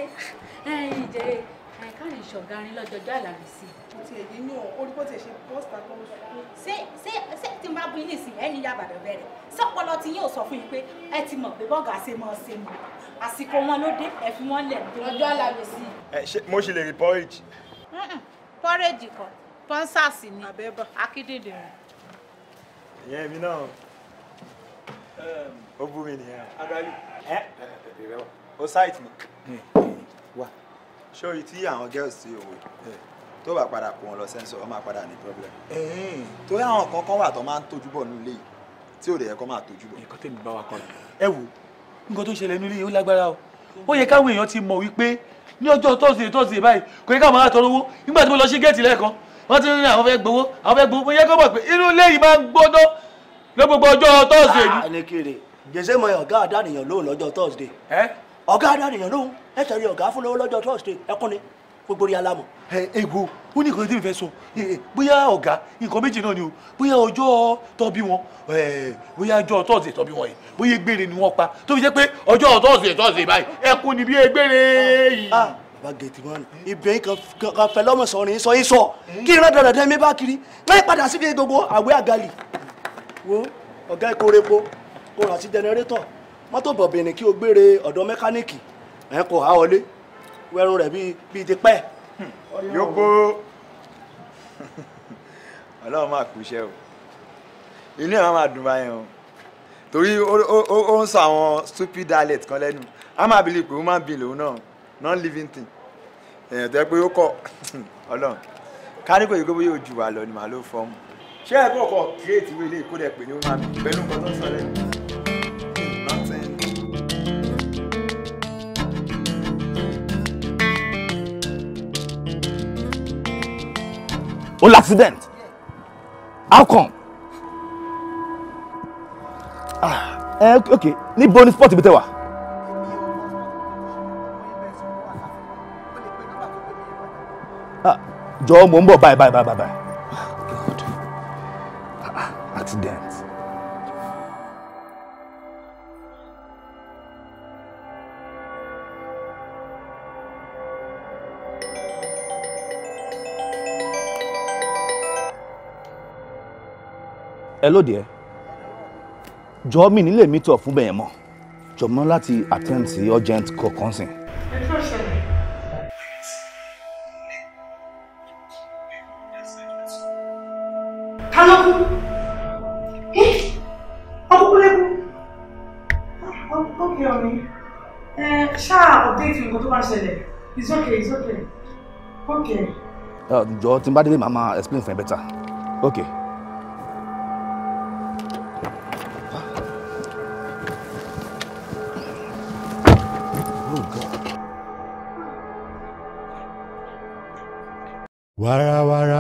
S9: ẹ̀yìn jàre àìkáàrin ìṣọ̀garin lọ́jọ́jọ́ àlàmísì. mo ti èyí ní o orí bó ti ṣe pọ́sítà tó ń sọ. ṣé ṣé ṣé tí n bá bu yín nísìnyí ẹni yàbàdàn bẹ̀rẹ̀ sọ́pọ̀lọ́ ti yín ò sọ fún yín pé ẹ ti mọ̀ pé bọ́ọ̀gà ṣe mọ́ ṣe mọ́ àsìkò wọn ló dé ẹ fi wọn lẹ̀ tó ọjọ́ alábẹ́sí.
S2: ẹ ṣe mo ṣe lè rí porridge.
S9: porridge kan pọ́nsáàsì ni akídèdè rẹ̀.
S2: ìyẹn mi náà ó bú mi nìyẹn. adarí ẹ o site mi. wa ti tí àwọn girls ti òwe tó bá padà kó wọn lọ sẹ́ńsọ̀ ọ máa padà ní problem. torí àwọn kankan wà tó máa ń tójú bọ̀ nílé yìí tí ò lè yẹ kó máa tójú bọ̀. ẹ̀kọ́ tèmi bá wa kọ́ ẹ wò nǹkan tó ṣẹlẹ̀ nílé ó lágbára o ó yẹ káwọn èèyàn ti mọ̀ wípé ní ọjọ́ tọ́sídẹ̀ẹ́ tọ́sídẹ̀ẹ́ báyìí kò yẹ káwọn àtọ́ lówó nígbà tí mo lọ sí géètì lẹ́ẹ̀kan wọ́n ti ní àwọn fẹ́ gbowó àwọn fẹ́ gbowó mo yẹ kó mọ̀ pé inú ilé yìí máa ń gbóná ló gbogbo ọjọ́ tọ́sídẹ̀ẹ́ ni. àníkèrè ah, jèsè mọ ọ̀gá àdáàdìyàn lóhùn lọ́jọ́ tọ́sídẹ̀ẹ́ ọ̀gá àdáàdìyàn lóhùn ẹ̀ gbogbo rí alámọ̀. ẹ ẹ wo ó ní nǹkan tí mi fẹ́ sọ bóyá ọ̀gá nǹkan méjì náà ni o bóyá ọjọ́ tọ́bí wọn bóyá ọjọ́ tọ́ọ̀sì tọ́bí wọn yìí bóyá egbére ni wọ́n pa tó fi jẹ́ pé ọjọ́ tọ́ọ̀sì tọ́ọ̀sì báyìí ẹkún ni bí egbére yìí. bàbá ah, gẹ̀ẹ́tì mọ́ ni ibẹ̀ kan fẹ́ lọ́mọ sọ̀rọ̀ yín sọ yín sọ kí iná dandan dẹ́ mi bá kiri láì padà sí gbogbo àwẹ̀ àgàlì wo ọ̀gá ìkórèpo kó rà sí jẹnẹrétọ̀ mọ́tò bọ̀bìnrin kí o gbére ọ̀dọ̀ mẹkáníìkì ẹ̀ kò wẹrun rẹ̀ bíi ti pẹ́. yókò ọlọ́run máa kú iṣẹ́ o inú ẹ̀ máa máa dùn báyẹn o torí ó ń sọ àwọn stupid dialect kan lẹ́nu a máa believe pé human being lòun náà non living thing èèyàn tó yẹ pé ó kọ ọlọ́run kárí kò yí kó bóyá ojú wa lọ ni màá ló fọ́ mu ṣé ẹ̀kọ́ kọ̀ kírètì wílé ìkó dẹ̀ pè ní human being pẹ̀lú nǹkan tó ń sọ lẹ́nu. o accident. how come ah ẹ uh, eh, ok níbo ni sport ibi tẹ wà. Ah, jọ̀ọ́ mo bye, bye, bye, bye, bye. hello dear jọ mi nílé mi tọ̀ fún bẹ́ẹ̀ mọ́ jọ̀mọ́ láti attend sí urgent kọ̀ọ̀kan sìn.
S8: kálọ́kù
S7: ẹ ọkùnkùn lẹ́kù ọkùnkùn update nǹkan tó bá ṣẹlẹ̀ it's okay it's okay okay.
S2: jọ tí n bá délé màá máa explain fún ẹ better okay.
S8: Guara,
S3: guara.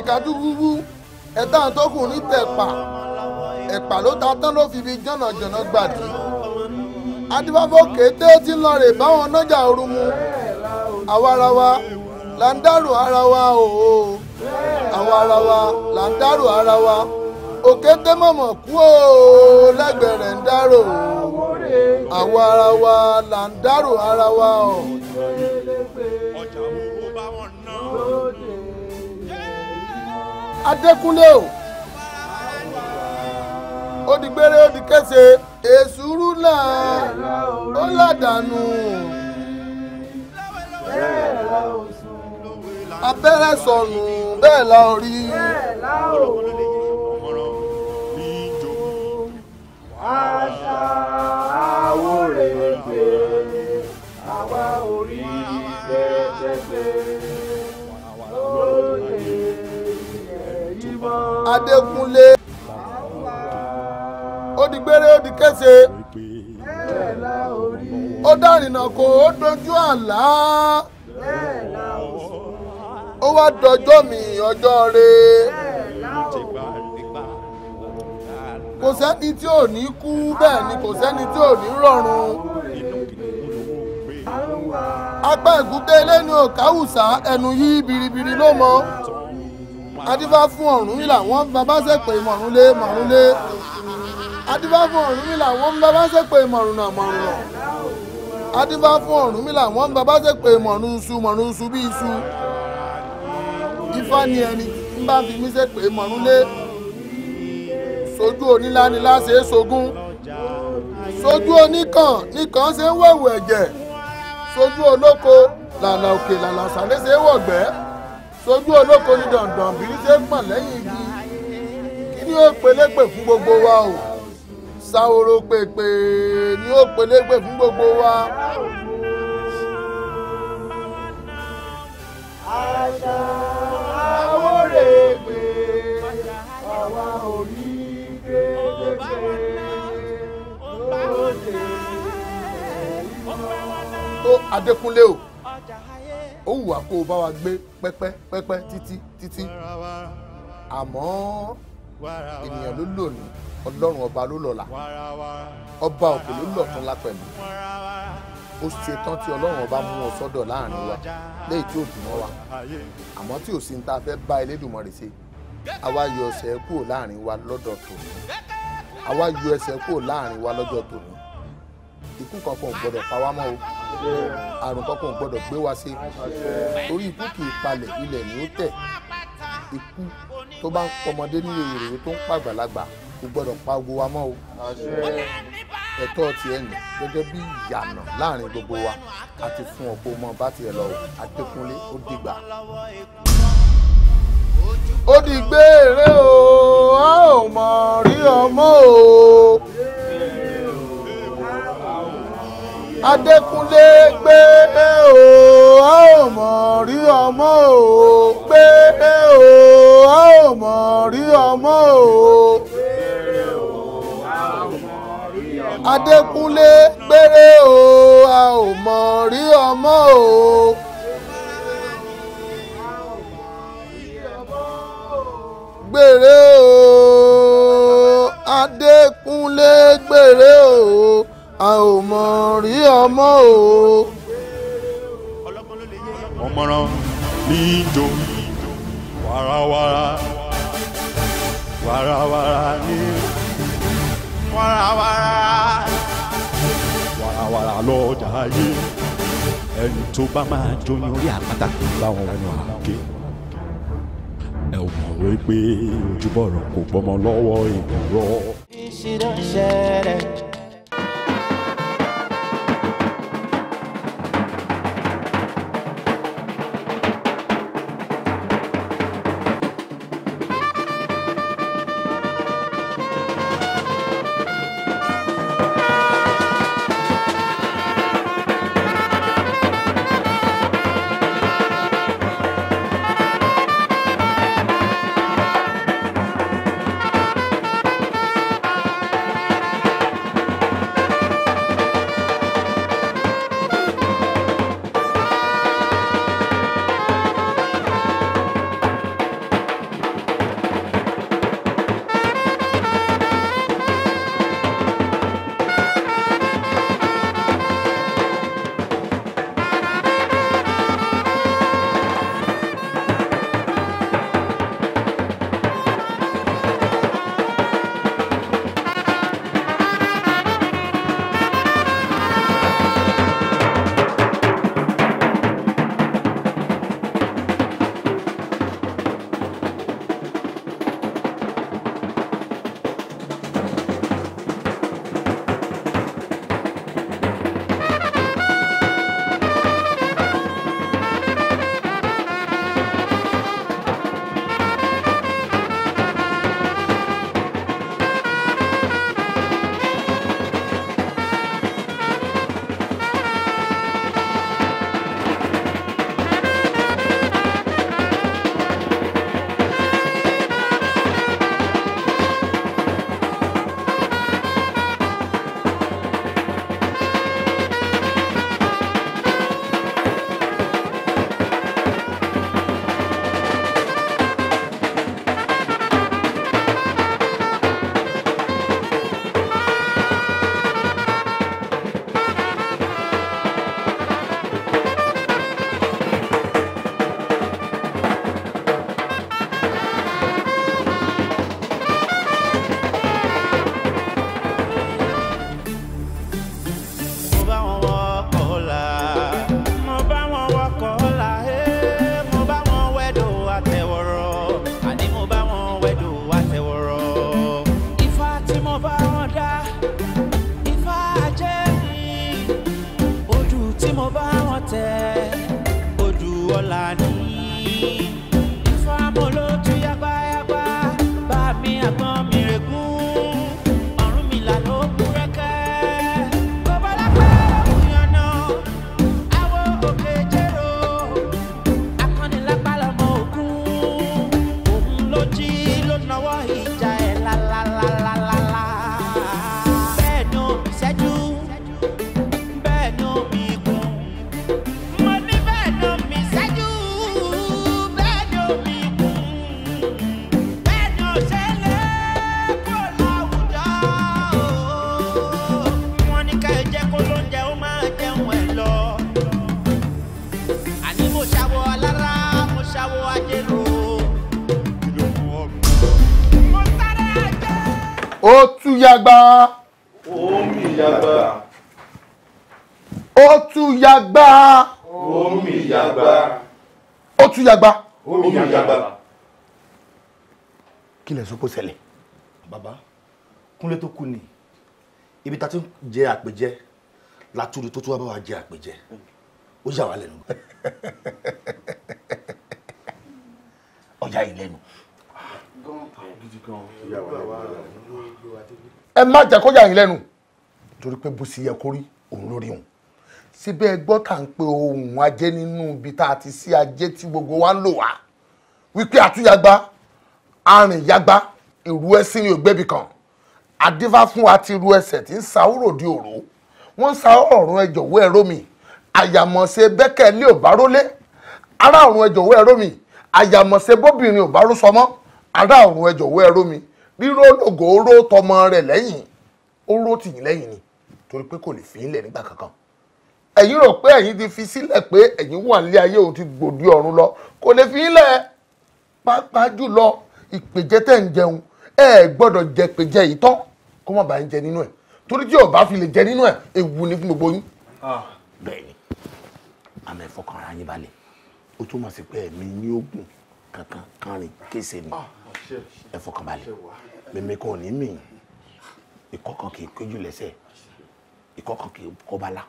S2: àríkájú wúwú ẹ̀tàn tókùnrin tẹ̀pà ẹ̀pà ló ta tán ló fi fi jọ̀nàjọ̀nà gbàdí. adibafo kété tí lọ rè báwọn nájà ooru mu àwa là ń dárò ara wa òò àwa là ń dárò ara wa òkété mọ̀mọ̀ kú òò lẹ́gbẹ̀rẹ̀ ń dárò àwa ara là ń dárò ara wa òò. adékúnlé o ó di gbére ó di kése náà ó ládàánú abẹ́rẹ́ sọnù bẹ́ẹ̀ la ò rí.
S3: àṣà àwòrán ìgbé
S8: àwa ò rí tẹ́tẹ́tẹ́.
S2: Adékúnlé odigbere odikese o ó di kése ó dárìnà kó ó dojú àlá ó wá dọjọ́ mi ọjọ́ re kò sẹ́ni tí ò ní kú bẹ́ẹ̀ ni kò sẹ́ni tí ò ní rọrùn. apá ẹ̀gúté lẹ́nu ọ̀káwùsá ẹnu yí biribiri ló mọ́. adífá fún Ọ̀rúnmìlà wọ́n bàbá ṣe pé mọ̀rúnlé mọ̀rúnlé adífá fún Ọ̀rúnmìlà wọ́n bàbá ṣe pé mọ̀rúnà mọ̀rúnà adífá fún Ọ̀rúnmìlà wọ́n bàbá ṣe pé mọ̀rúnṣu mọ̀rúnṣu bí iṣu ifá ni ẹni ń bá fi mí ṣe pé mọ̀rúnlé sojú onílánílá ṣe é sogún sojú oníkàn nìkan ṣe ń wẹ̀wù ẹ̀jẹ̀ sojú olóko làlà òkè làlà sàlẹ̀ ṣe é wọ̀gbẹ́ sojú olóko ní dandan bí ṣe ń pọ̀n lẹ́yìn igi kí ni ó pelégbè fún gbogbo wa o ṣàwòrò pèpè ni ó pelégbè fún gbogbo wa.
S8: àṣà
S3: àwòrègbè àwa ò rí gbẹgbẹgbẹ lóde ìlú. tó
S2: Adékúnlé o ó wù wá kó o bá wa gbé pẹ́pẹ́ pẹ́pẹ́ títí títí àmọ́ ènìyàn ló lónìí ọlọ́run ọba ló lọ́la ọba òkè ló lọ́tún la pẹ̀lú ó ṣe tán tí ọlọ́run ọba mú ọ sọ́dọ̀ láàrin wa léyìí tí ò dùn mọ́ wa àmọ́ tí ò sí ní ta fẹ́ bá Elédùmarè ṣe àwa yọ ẹsẹ̀ kúrò láàrin wa lọ́dọ̀ tòun àwa yọ ẹsẹ̀ kúrò láàrin wa lọ́dọ̀ tòun ikú kankan ò gbọdọ̀ pa wá mọ́ o àrùn kankan ò gbọdọ̀ gbé wá sí torí ikú kì í palẹ̀ ilẹ̀ ni ó tẹ̀ ikú tó bá ń pọmọdé nílé ìròyìn tó ń pàgbàlagbà kò gbọdọ̀ pa ogo wa mọ́ o ẹ̀tọ́ tiẹ̀ nì gẹ́gẹ́ bí ìyànà láàrin gbogbo wa àti fún ọ̀pọ̀ ọmọ bá tiẹ̀ lọ àtẹkùnlé ó dìgbà ó di gbére o a ò mọ̀ rí ọmọ o. Adékúnlé gbé e o a ò mọ̀ rí ọmọ o gbé e o a ò mọ̀ rí ọmọ o. Adékúnlé gbére o a ò mọ̀ rí ọmọ o. gbére e o Adékúnlé gbére o a ò mọ̀ rí ọmọ o.
S4: ọmọràn
S3: ní ìjò wàràwàrà wàràwàrà ní wàràwàrà wàràwàrà lọ́jà ayé
S2: ẹni tó bá máa jó orí àpáta láwọn ohun àáké ẹ ò mọ̀ wípé ojúbọ̀rọ̀ kò gbọ́mọ lọ́wọ́ ìgbọ̀rọ̀.
S3: ìṣirò ṣẹlẹ̀.
S2: yagba. omi mì yagba. ó tú yagba. ó mì yagba. ó tú yagba. ó mì yagba. kí lè sọ pé ó ṣẹlẹ̀. bàbá kúnlé tó kú ni ibi tá ti ń jẹ àpèjẹ látúndì tó tún wá bá wa jẹ àpèjẹ ó yà wá lẹ́nu. ẹ má jẹ́ kó yà yín lẹ́nu torí pé bó sì yẹ kó rí òun lórí òun síbẹ̀ ẹ gbọ́ tá à ń pe ohun ajé nínú ibi tá a ti sí ajé tí gbogbo wa ń lò wá wípé àtúnyàgbá arìnyàgbá ìrú ẹsìn ní ògbẹ́bì kan àdífá fún wa ti ru ẹsẹ̀ tí ń sa òrò di òrò wọ́n ń sa ọ̀run ẹjọ̀wọ́ ẹ̀rọ mi àyàmọ̀ṣe bẹ́kẹ̀ lé òbárólé ará ọ̀run ẹjọ̀wọ́ ẹ̀rọ mi àyàmọ̀ṣe bóbìnrin òbáró ará ọ̀run ẹjọ̀ wọ ẹrú mi ríró lògó ró tọmọ rẹ̀ lẹ́yìn ó ró tìyín lẹ́yìn ni torí pé kò lè fi ilẹ̀ nígbà kankan ẹ̀yin rò pé ẹ̀yin ti fi sílẹ̀ pé ẹ̀yin wà nílé ayé òun ti gbòdì ọ̀run lọ kò lè fi ilẹ̀ pàápàá jùlọ ìpèjẹ tẹ̀ ń jẹun ẹ gbọ́dọ̀ jẹ pèjẹ yìí tán kó má bàa ń jẹ nínú ẹ̀ torí tí ọba fi lè jẹ nínú ẹ̀ ewu ni fún gbogbo yín. Ah. bẹ́ẹ̀ ni àmọ́ ẹ̀fọ́ kan yín balẹ̀ ó túmọ̀ sí pé ẹ̀mí ní oògùn kankan kan kése ni. Ah ẹ fọkànbalẹ̀ mímí kò ní mì ìkọkàn kì í péjú lẹ́sẹ̀ ìkọkàn kì í kọbalá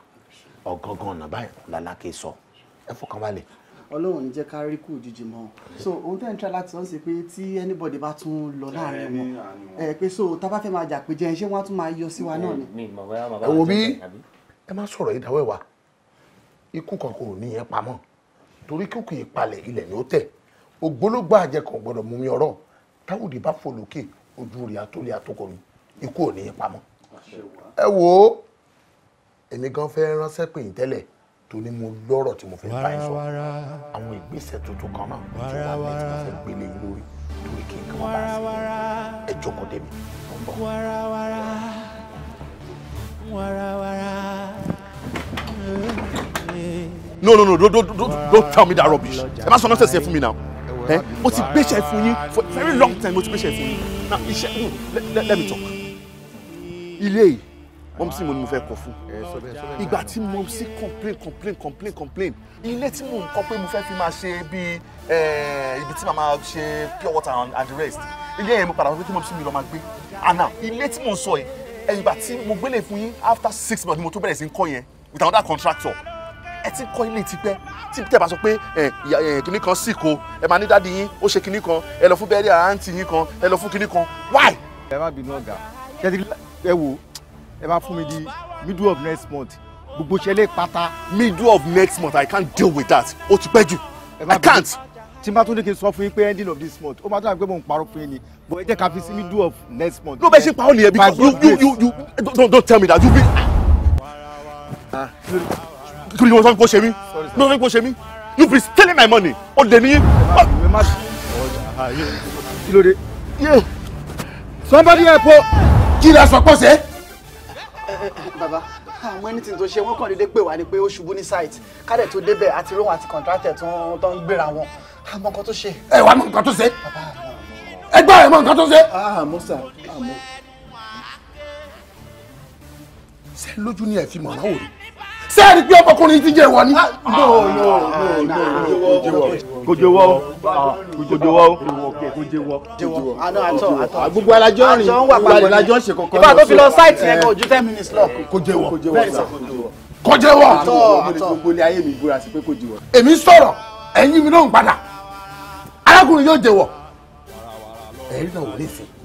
S2: ọ̀gángan ọ̀nà báyìí lálá kì í sọ ẹ fọkànbalẹ̀. ọlọ́run jẹ́ ká rí kù jíjì mọ́ so ohun tẹ́ ń tra láti sọ́n sí pé tí anybody bá tún lọ láàrin wọn ẹ pé so tá a bá fẹ́ máa jà pé jẹ́ iṣẹ́ wọn á tún máa yọ sí wa náà
S3: ni. ẹ wo bí
S2: ẹ má sọ̀rọ̀ yìí dáwọ́ ẹ̀ wá ikú kan kò ní yẹn pamọ́ torí kí òkè ìpalẹ̀ ilẹ̀ ni ó tẹ̀ ògbólógbò àjẹkàn gbọ́dọ̀ mú mi ọ̀rọ̀ táwòdì bá fò lókè ojú rẹ̀ àtòlẹ̀ àtòkọ̀rọ̀ ikú ò ní í pamọ́. ẹ wo èmi gan fẹ́ ránṣẹ́ pè yín tẹ́lẹ̀ tó ní mo lọ́rọ̀ tí mo fẹ́ bá yín sọ àwọn ìgbésẹ̀ tuntun kan náà tí wàá ní tí wọ́n fẹ́ gbélé yín lórí torí kí n kàn bá a sí
S3: ẹ jókòó dé mi
S2: no no no don't don't don't tell me that rubbish ẹ má sọ nonsense yẹn fún mi now ẹ eh? mo ti gbéṣẹ́ fún yín for very long time mo ti gbéṣẹ́ fún yín now iṣẹ́ hmm, let me talk ilé yìí mọ́mísí mo ni mo fẹ́ kọ fún ìgbà tí mọ́mísí complain complain complain complain ilé tí mo ń kọ́ pé mo fẹ́ fi máa ṣe bíi ibi tí màmá ṣe pure water and, and the rest ilé yẹn mo padà wọ́n pé kí mọ́mísí mi lọ máa gbé àná ilé tí mo ń sọ yìí ẹ̀yìn ìgbà tí mo gbélé fún yín after six months ni mo tó bẹ̀rẹ̀ sí ń kọ́ yẹn with another contractor ẹ ti kọ́ ilé tipẹ́ tí tẹ́ bá sọ pé kinní kan sì ko ẹ máa ní dáàdi yín ó ṣe kinní kan ẹ lọ fún bẹ́ẹ̀rì àǹtí yín kan ẹ lọ fún kinní kan why. ẹ má bínú ọ̀gá ẹ wò ẹ má fún mi di middle of next month gbogbo ṣẹlẹ̀ pátá. middle of next month i can't deal with that ó ti pẹ́ jù i can't. tí n bá tún ní kí n sọ fún yín pé ending of this month ó máa tún àgbẹ̀ mọ̀ ń parọ́ fún yín ni but ẹ jẹ́ ká fi sí middle of next month. ló bẹ́ẹ̀ ṣe ń parọ́ nìyẹn because you you you you don't, tell me that you be. Ah kí ni mo sọ kó ṣe mí mo sọ kó ṣe mí you be stealing my money o dè níyìn. kí ló dé. somebody help o. kí la sọ pọ̀ sẹ́. Eh, eh, bàbá àwọn anything tó ṣe wọ́n kàn déédéé pè wá ni pé ó ṣubú ní site kádẹ̀ tó débẹ̀ àti rohun àti contractor tó ń gbéra wọn àmọ́ nǹkan tó ṣe. ẹ wàá mọ nǹkan tó ṣe ẹ gbọ́ ẹ mọ nǹkan tó ṣe. àmọ́ ah, sà àmọ́. Ah, ṣé lójú ni ẹ fi mọ̀ náà wò rí ṣé ẹni pé ọkùnrin ti jẹ ìwọ ni. kò jẹ́wọ́ o kò jẹ́wọ́ o kò jẹ́wọ́ ah, ah, o. gbogbo alajọ rìn gbogbo alajọ ṣe kọkọ. ìbá tó fi lọ sáìtì yẹn eh, kò ju ten minutes lọ. kò jẹ́wọ́
S1: kò jẹ́wọ́. Ah,
S2: gbogbo ilé ayé mi búra sí pé kò jẹ́wọ́. èmi sọ̀rọ̀ ẹ̀yin mi náà ń padà arákùnrin yóò jẹ́wọ́ ẹ̀rí náà wọlé sí i.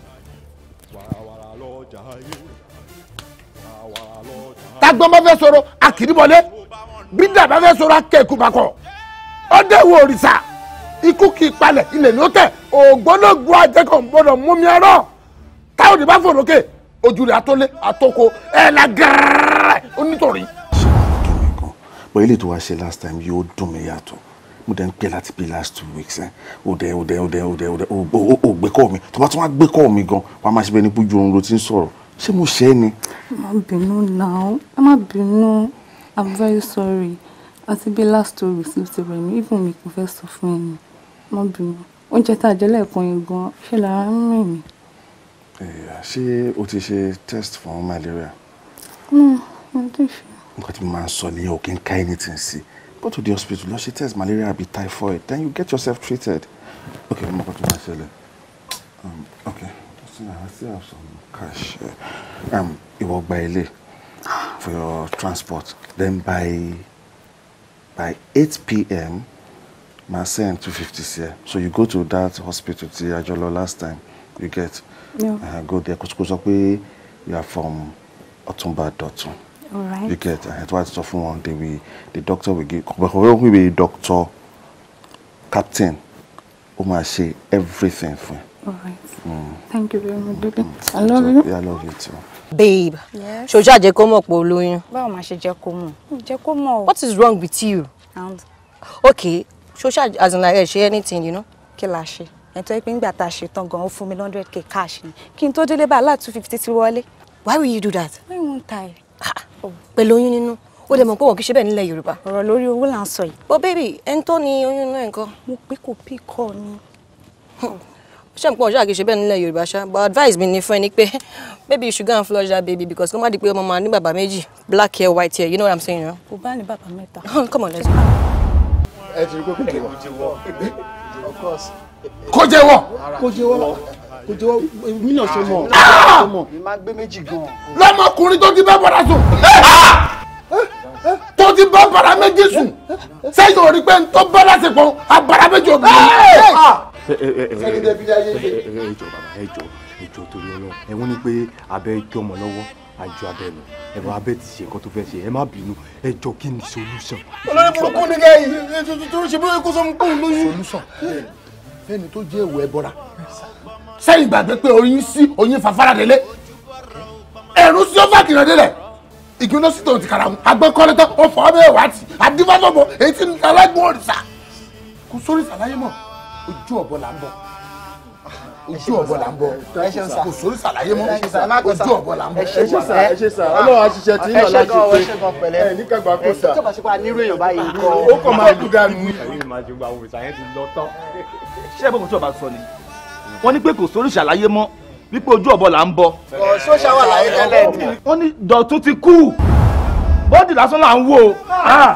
S2: tagbọ́n bá fẹ́ sọ̀rọ̀ akìrìbọ̀lé bídà bá fẹ́ sọ̀rọ̀ akẹ́kùbakọ̀ ọdẹ wo òrìṣà ikú kì í palẹ̀ ilẹ̀ ló tẹ̀ ògbólógbò ajẹ́kọ̀ gbọ́dọ̀ mú mi ọ̀rọ̀ táwọn ìbá fò lókè ojú rẹ̀ atọ́lé atọ́kọ ẹ̀ la gẹ́rẹ́rẹ́ onítorí. ṣé wàá dùn mí gan bọ́ ilé tó wá ṣe last time yóò dùn mí yàtọ̀ mo dẹ̀ ń pè láti pè last two weeks ẹ̀ eh? o dẹ̀ o dẹ̀ o dẹ̀ o dẹ̀ o gbé kọ́ mi tó bá tún wá gbé kọ́ mi gan wàá máa ṣe bẹ́ẹ̀ ní pójú oorun ló ti ń sọ̀rọ̀ ṣé mo ṣe é ni.
S7: má bínú now ẹ má bínú i'm very sorry àti bí last two weeks ló ti rẹ̀ mí even mi kò fẹ́ sọ fún ẹni má bínú oúnjẹ tá a jẹ lẹ́ẹ̀kan yẹn gan ṣé lára ń rìn mí.
S2: ṣé o ti ṣe test fún malaria. nǹkan tí mo máa ń sọ nìyẹn ò kí n ká anything sí go to the hospital lọ ṣe test malaria àbí typhoid then you get yourself treated. okay mo mọ̀ pé kí n máa ṣẹlẹ̀ um, okay i still have some. Gosh. Um, you walk by late for your transport. Then by by 8 p.m., my send 250 here. So you go to that hospital, to Ajolo last time. You get yeah. uh, go there. Because you are from Otumba Dotun. All right. You get uh, it was often one day we the doctor will give we be doctor captain. Ó máa ṣe everything
S6: fún. Mm.
S7: Thank you very much, mm.
S6: I love you. too. Babe. Yes. Ṣojú àjẹ́ kó mọ̀ pé olóyún. Báwo ma ṣe jẹ́ kó mọ̀? Jẹ́ kó mọ̀ What is wrong with you? And. Okay. Ṣojú as in like ṣe anything, you know? Kí la ṣe? Ẹ̀tọ́ ìpín
S5: ìgbà tá a ṣe tán gan-an ó mi hundred k cash ni. Kí n tó délé bá aláàtú fifty ti wọlé. Why will you do that?
S6: Why won't I? Oh. Pẹ̀lú oyún nínú ó dẹ̀ mọ̀ pé wọ́n kì í ṣe bẹ́ẹ̀ nílẹ̀ yorùbá. ọ̀rọ̀ lórí owó là ń sọ yìí. bọ́ bébì ẹni tó ni oyún náà nǹkan. mo pé kò pí ni. Hmm ṣé nǹkan ọ̀ṣà kìí ṣe bẹ́ẹ̀ nílẹ̀ yorùbá ṣá but advice mi ni fún ẹ ni pé maybe you should go and flush that baby because kó má di pé ọmọ máa ní bàbá méjì black hair white hair you know what i'm saying.
S2: kò bá ní bàbá mẹ́ta. come on let's go. ẹ ti rí kó kéde wọ kó jẹ wọ kó jẹ wọ kó jẹ wọ mí náà ṣe mọ. Ah! mi máa gbé méjì gan. lọmọkùnrin tó ti bẹ́ẹ̀ bọ́dà sùn tó ti bá bara méjì sùn sẹ́yìn ò rí pé ń tó bá láṣepọ̀ abara méjì òbí sẹ́kẹ̀dẹ̀ fi ayé ṣe. torí ọlọ ẹ wọ́n ní pé abẹ́ jọmọ lọ́wọ́ àjọ abẹ nù ẹ bá abẹ ti ṣe nǹkan tó fẹ́ ṣe ẹ má bínú ẹ kí ni solution. olórí burúkú ni kẹ́ ẹ tó ṣe bí kò sọmú kóun lóyún. solution fẹ́ni tó jẹ́ ìwọ ẹbọra sẹ́yìn gbàgbé pé oyin sí oyin fàfárà délé ẹ̀rù sí ó fàkìrọ̀ délẹ̀ ìgbóná sí tòun ti kàrà wọn agbẹ́kọ́lé tán ó fọ́ abẹ́ ẹ̀wá tì adífáfọ́mọ èyí tí alágbó òrìṣà kò sórí sàlàyé mọ́ ojú ọ̀bọ là ń bọ̀ ojú ọ̀bọ là ń bọ̀ kò sórí sàlàyé mọ́ ojú ọ̀bọ là ń bọ̀. ẹ ah. ṣe sà ẹ ṣe sà ọlọ́run àṣìṣe tí yín ọ̀la ṣe pé ẹ ní kẹgbà kó sà. tó bá ṣe
S6: pé a nírú èèyàn báyìí kọ́
S2: ó kọ́ máa dùn dànù. ṣé ẹ bọ́ kò tí ọba sọ ni wọ́n ní pé kò sórí sàlàyé mọ́ wípé ojú ọ̀bọ là ń bọ̀.
S8: sọ́ṣà wà láyé tẹ́lẹ̀.
S7: wọ́n ní dọ̀tún ti kú bọ́ọ̀dì lásán là ń wò ó.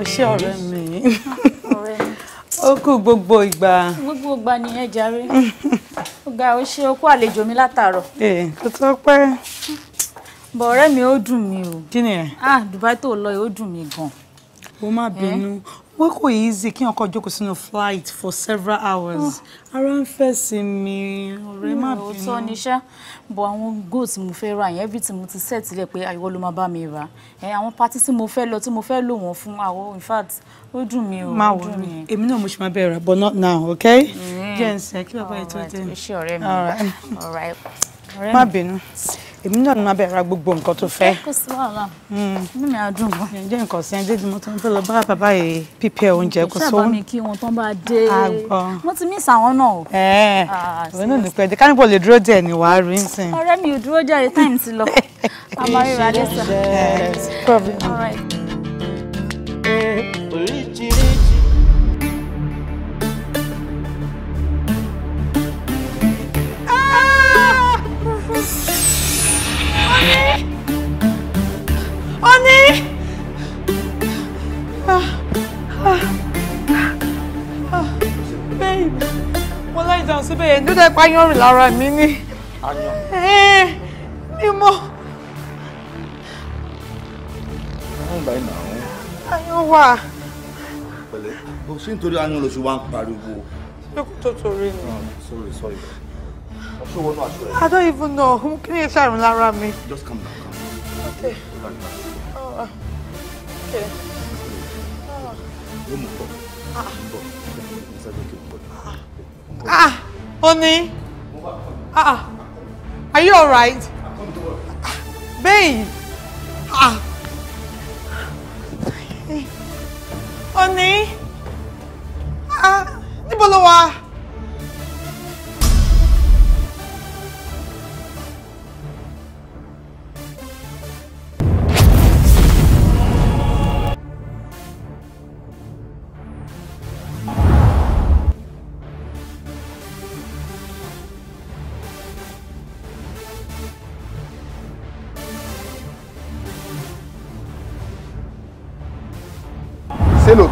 S7: ọṣẹ ọ̀rẹ́ mi mi ó kú gbogbo ìgbà.
S9: gbogbo ìgbà ni ẹ jàre ó ga ó ṣe okú àlejò mi látàárọ̀.
S7: ee kò tó pẹ́. bọ̀ ọ̀rẹ́ mi ó dùn mí o. kí ni ah Dubai tó lọ yìí ó dùn mí gan. ó má bínú eh? wọ́n kò easy kí ọkọ̀ jókòó sínú flight for several hours ah. ara ń fẹ́ sí mi ọ̀rẹ́ má hmm, bínú. òótọ́
S9: níṣẹ́ bọ̀ àwọn goal tí mo fẹ́ ra yẹn everything mo ti set sílẹ̀ pé àìwọ́ ah, ló máa bá mi rà eh, àwọn party tí mo fẹ́ lọ tí mo fẹ́ lò wọ́n fún àwọ̀ ah, oh, in fact ó dùn mí o ó dùn mí.
S7: èmi náà mo ṣe máa bẹ̀rẹ̀ but not now okay. Hmm. jẹ́ ǹsẹ̀ kí bàbá yìí tó dé. all right all right má bínú èmi náà ní abẹ́ ra gbogbo nǹkan tó fẹ́. kò sí wàhálà hmm. inú mi á dùn ǹjẹ́ nǹkan sí ẹjẹ́ ìdìmọ̀ tó ń fẹ́ lọ bá bàbá yìí pípẹ́ oúnjẹ kò sóhun. sábà mi
S9: kí wọn tán bá dé wọn ti miss àwọn náà. ẹ ẹ ah,
S7: òun náà jẹ́ kánípọ̀ ní wàá rí nsìn.
S9: ọ̀rẹ́ mi ò dúró jáde táìmù ti lọ
S3: Ani! Ah, ah,
S7: ah, babe, mo láì dáhùn síbẹ̀ yẹn tó dẹ̀ páyán rìn lára mi ni. Ayan. Ẹ́ẹ̀ ni mo.
S2: Ayan báyìí nà án. Ayan wà. Pẹ̀lẹ́, o ṣe nítorí ayan lóṣù
S7: Sorry, sorry. I don't even know. Kí ni ẹ ṣàrùn lára Just calm down, okay. Ah, honey. Ah, are you all right? Babe. Ah. Honey. Ah, níbo lo wà?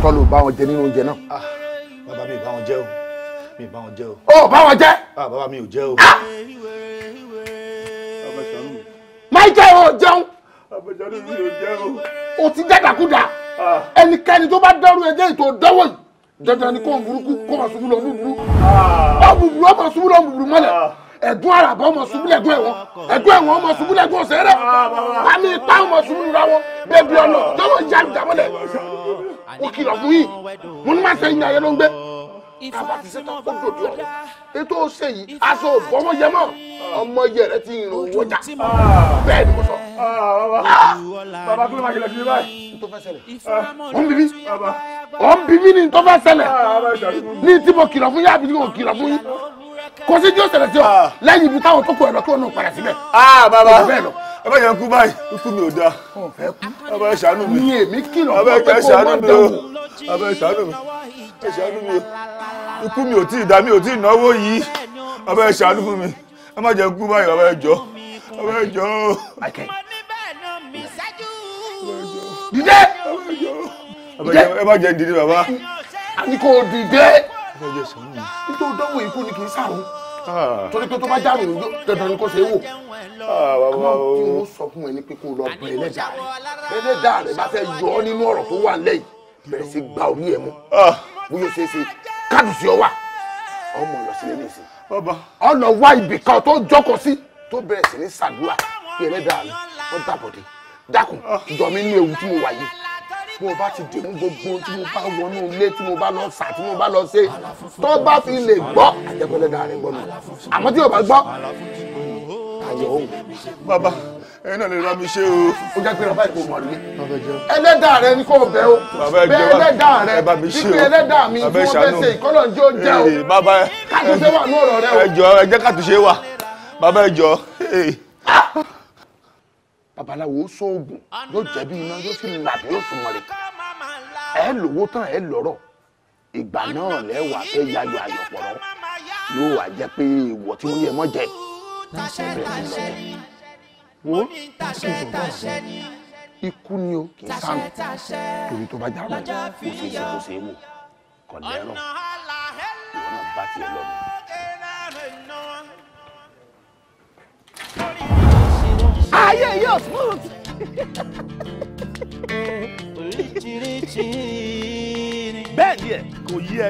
S2: kọ́ ló bá wọn jẹ nínú oúnjẹ náà. Ah, bàbá mi bá wọn jẹ o mi bá wọn jẹ o. ó bá wọn jẹ. Ah, bàbá mi ò jẹ o. Ah! máa jẹ o jẹun. àbẹ̀jáde mi ò jẹ o. o ti jẹ́ dàkúdà. ẹnikẹ́ni tó bá dọ́rù ẹjẹ́ ètò ìdánwò yìí dandan ni kò ń burúkú kó máa ṣubú lọ búburú. ó búburú ó máa ṣubú lọ búburú mọ́lẹ̀ ẹ̀dùn àràbà ọmọ ṣubú lẹ́gùn ẹ̀wọ̀n ẹ̀dùn ẹ̀wọ̀n ọmọ ṣubú lẹ́gùn ọ̀sẹ̀ rẹ̀ pàmì ipá ọmọ ṣubú lura wọn bẹ́ẹ̀ bí ọ̀nà yọ̀wọ̀ ìyá mo kìlọ̀ fún yìí mo ní má sẹ́yìn ayé ló ń gbé àbàtì sẹ́tà kó dòdò ọ̀rẹ́ ètò ọ̀sẹ̀ yìí aṣọ òbọ̀mọ̀ yẹ mọ́ ọmọ yẹ rẹ ti rìn owó jà ah, bẹ́ẹ̀ ni mo sọ. Baba, ah, kí ló máa ṣẹlẹ̀ sí báyìí. n tó fẹ́ ṣẹlẹ̀ ah, ọ̀ ń bíbí ọ̀ ń bíbí ni n tó fẹ́ ṣẹlẹ̀ ní tí mo kìlọ̀ fún yín àbí tí mo kìlọ̀ fún yín kò sí jọ́sẹ̀lẹ̀ sí ọ lẹ́yìn ibi táwọn tó kọ ẹ̀rọ kí wọ́n náà padà síbẹ̀ ẹ bá yẹn kú báyìí ikú mi ò dáa ẹ bá yẹn ṣàánú mi ni èmi kìlọ̀ fún pé kó má dáhùn ẹ bá yẹn ṣàánú mi ẹ ṣàánú mi ikú mi ò tí ì dá mi ò tí ì náwó yìí ẹ bá yẹn ṣàánú fún mi ẹ má jẹ́ kú báyìí ẹ bá yẹn jọ ẹ bá yẹn jọ o. dìde dìde ẹ má jẹ́ dìde bàbá. àní kò dìde nítorí dánwò ikú ni kì í sàrò. Ah. torí pé tó bá jáde lójú dandan ni kò ṣe é wò àmọ́ kí wọ́n sọ fún ẹni pé kó lọ bẹ ẹlẹ́dàá rẹ ẹlẹ́dàá rẹ bá fẹ́ yọ ọ́ nínú ọ̀rọ̀ tó wà lẹ́yìn bẹ̀rẹ̀ sí gba orí ẹ̀ mú ah. bóyá ṣe é ṣe kádùsí ọ wà ọmọ lọ sílé nìsín ọ̀nà wá ibì kan tó jókòó sí tó bẹ̀rẹ̀ sí ní sàdúrà pé ẹlẹ́dàá rẹ wọ́n dàbọ̀dé dákun ah. jọ mi nínú ewu tí mo wà yìí mo bá ti dùn gbogbo tí mo bá wọnú ilé tí mo bá lọ sà tí mo bá lọ ṣe tó bá fi lè gbọ́ àjẹpẹ́lẹ́ dára rẹ̀ gbọ́nù àmọ́ tí o bá gbọ́ ayọ̀ òun. bàbá ẹ̀yin náà lè rán mi ṣe o. ó jẹ́ pé bàbá ìkó mọ̀ ní. ẹlẹ́dàá rẹ ni kò bẹ́ o. bàbá ẹlẹ́dàá rẹ pípé ẹlẹ́dàá mi tí wọ́n ìkọ́lọ̀ ní ó jẹ́ o. kàtúnṣe wà ní ọ̀rọ̀ rẹ o. ẹ jọ ẹ jẹ́ kàtúnṣe wà bàbá ẹ jọ babaláwo sọ oògùn yóò jẹbi iná yóò sì làbí yóò sì mọlẹ ẹ lówó tán ẹ lọ́rọ̀ ìgbà náà lẹwà fẹ yayọ àyọpọrọ yóò wá jẹ pé ìwọ tí wọn yẹ mọ jẹ
S3: wo ikú ni o kì í sànù
S2: torí tó bá já lọ kó ṣe é ṣe kó ṣe é wò ìwọ náà bá tiẹ̀ lọ
S3: ayé yóò smooth.
S2: bẹ́ẹ̀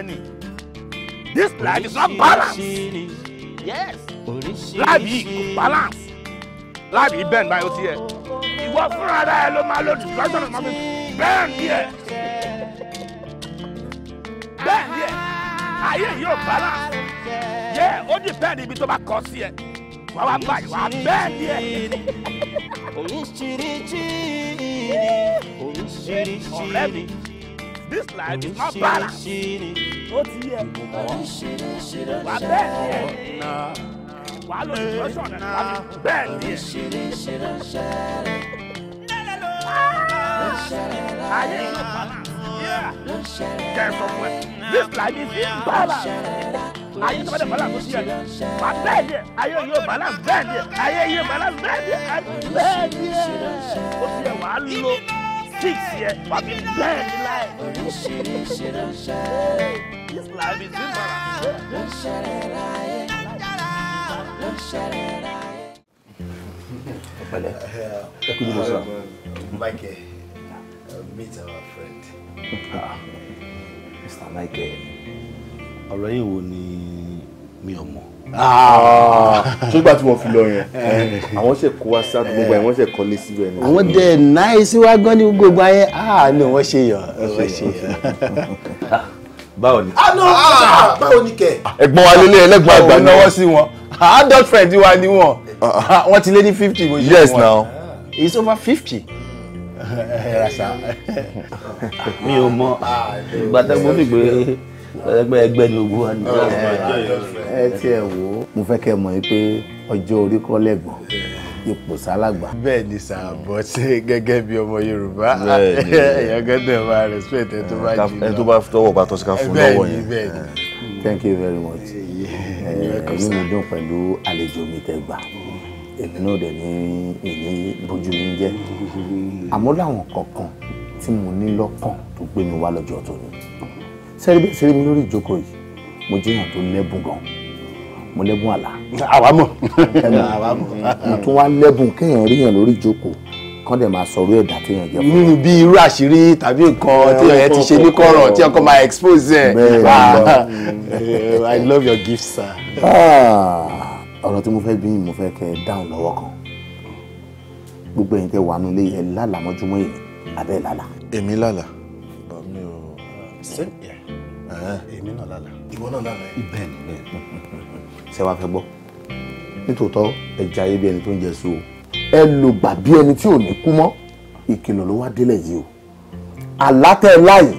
S2: ni ẹ kò
S3: this life is not balanced yes life is kò balance
S2: life yìí bẹ́ẹ̀ ni báyọ̀ sí It was fúnra rẹ ló my lord depression ọ̀nà mi bẹ́ẹ̀ ni ẹ bẹ́ẹ̀ ni ẹ ayé yóò balance
S3: Yeah, only depend ibi tó bá kọ sí ẹ wà wá báyìí wà bẹ́ẹ̀ ni ẹ. ọ̀rẹ́ mi this life is not balance. ó ti yẹ wà bẹ́ẹ̀ ni ẹ. wà á lọ ìtọ́jú ọ̀nà wà bẹ́ẹ̀ ni ẹ ayé kẹsàn fún ẹ this life is in balance ayé tó bá dé balance tó sí ẹ wà bẹ́ẹ̀ díẹ̀ ayé yóò balance bẹ́ẹ̀ díẹ̀ ayé yóò balance bẹ́ẹ̀ díẹ̀ bẹ́ẹ̀ díẹ̀ ó sì yẹ wà á lo six yẹ wà bí bẹ́ẹ̀ ní láì this life is in balance
S2: ọ̀pẹ̀lẹ́ ẹ kú jùlọ sọ. Michael uh, meet our friend. Ah, Mr. Mike, ọ̀rọ̀ yìí wo ni mi ò mọ̀. ṣùgbọ́n tí wọ́n fi lọ yẹn àwọn ṣe kó wá sí àdúgbò báyìí wọ́n ṣe kọ́ lé síbẹ̀ ni. àwọn dẹ̀ náà sí wá gbọ́n ní gbogbo ayé àánú wọ́n ṣe yọ wọ́n ṣe yọ. báwo ni. àánú báwo ni kẹ. ẹ̀gbọ́n wa lélẹ̀ ẹlẹ́gbọ́n àgbà náwó sí wọn adult friend wa ni wọn. Uh-uh. wọ́n ti lé ní fifty bó ṣe wọ́n yes now ah, it's over fifty mi ò mọ gbàtẹ́gbọ́n ah, mi pé ẹgbẹ́ ẹgbẹ́ ni ogun wa ni. Ah, ẹ ti ẹ wò ó mo fẹ́ kẹ́ mọ̀ yín pé ọjọ́ orí kọ́ lẹ́gbọ̀n ipò sálàgbà. bẹ́ẹ̀ ni sà bọ́ sí gẹ́gẹ́ bí ọmọ yorùbá èèyàn gẹ́gẹ́ máa respect ẹ tó bá jìnnà ẹ tó bá tọwọ́ bá tọ́sí ká fún lọ́wọ́ yẹn. bẹ́ẹ̀ ni bẹ́ẹ̀ ni. thank you very much ẹ̀yin eh, mi dùn pẹ̀lú àlejò mi tẹ́ gbà èmi náà dẹ̀ ní ìní bójú mi jẹ́ àmọ́ láwọn kọ̀ọ̀kan tí mo ní lọ́kàn tó gbé mi wá lọ́jọ́ tó ní sẹ́ríbẹ̀ sẹ́rí mi lórí ìjókòó yìí mo jẹ́ èèyàn tó lẹ́bùn gan mo lẹ́bùn àlá. àwa mọ̀ àwa mọ̀. mo tún wá lẹ́bùn kéèyàn rí yàn lórí ìjókòó kán dẹ̀ máa sọ̀rọ̀ ẹ̀dá tí yẹn jẹ́ fún mi. bí irú àṣírí tàbí nǹkan tí yẹn ti ṣe ní kọ̀rọ̀ tí ọkọ máa expose ẹ̀. Ah. I love your gift sir. Ah ọ̀rọ̀ tí mo fẹ́ bí mo fẹ́ kẹ́ ẹ dáhùn lọ́wọ́ kan gbogbo ẹ̀yin tẹ́ wà nù lé ẹ lálàá mọ́júmọ́ yìí abẹ́ lálà. èmi lálà mi ò. èmi náà lálà. ìwọ náà lálà. bẹ́ẹ̀ ni bẹ́ẹ̀ ṣé wàá fẹ́ gbọ́ nítòótọ́ ẹ jẹ ayé bí ẹni tó ń jẹ so ẹ lò gbà bí ẹni tí ò ní kú mọ́ ìkìlọ̀ ló wá délẹ̀ yìí o àlá tẹ́ ẹ láàyè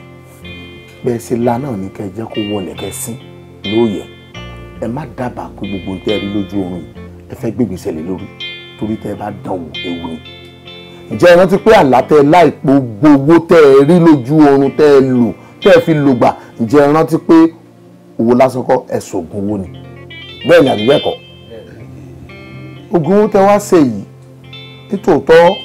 S2: bẹ́ẹ̀ ṣe la náà ní kẹ́ ẹ jẹ́ kó wọlé kẹ́ ẹ lóòyẹ̀ ẹ má dábàá kó gbogbo ohun tẹ́ ẹ rí lójú oorun ẹ fẹ́ gbégbèsè lé lórí torí tẹ́ ẹ bá dán wò ewu ni ǹjẹ́ ẹ rántí pé àlá tẹ́ ẹ láìpò gbogbo tẹ́ ẹ rí lójú oorun tẹ́ ẹ lò tẹ́ ẹ fi lògbà ǹjẹ́ ẹ rántí pé owó lásán kọ́ ẹ sògùn owó ni bẹ́ẹ̀ ni àbí bẹ́ẹ̀ kọ́ ogun owó tẹ́ wá ṣe yìí nítòótọ́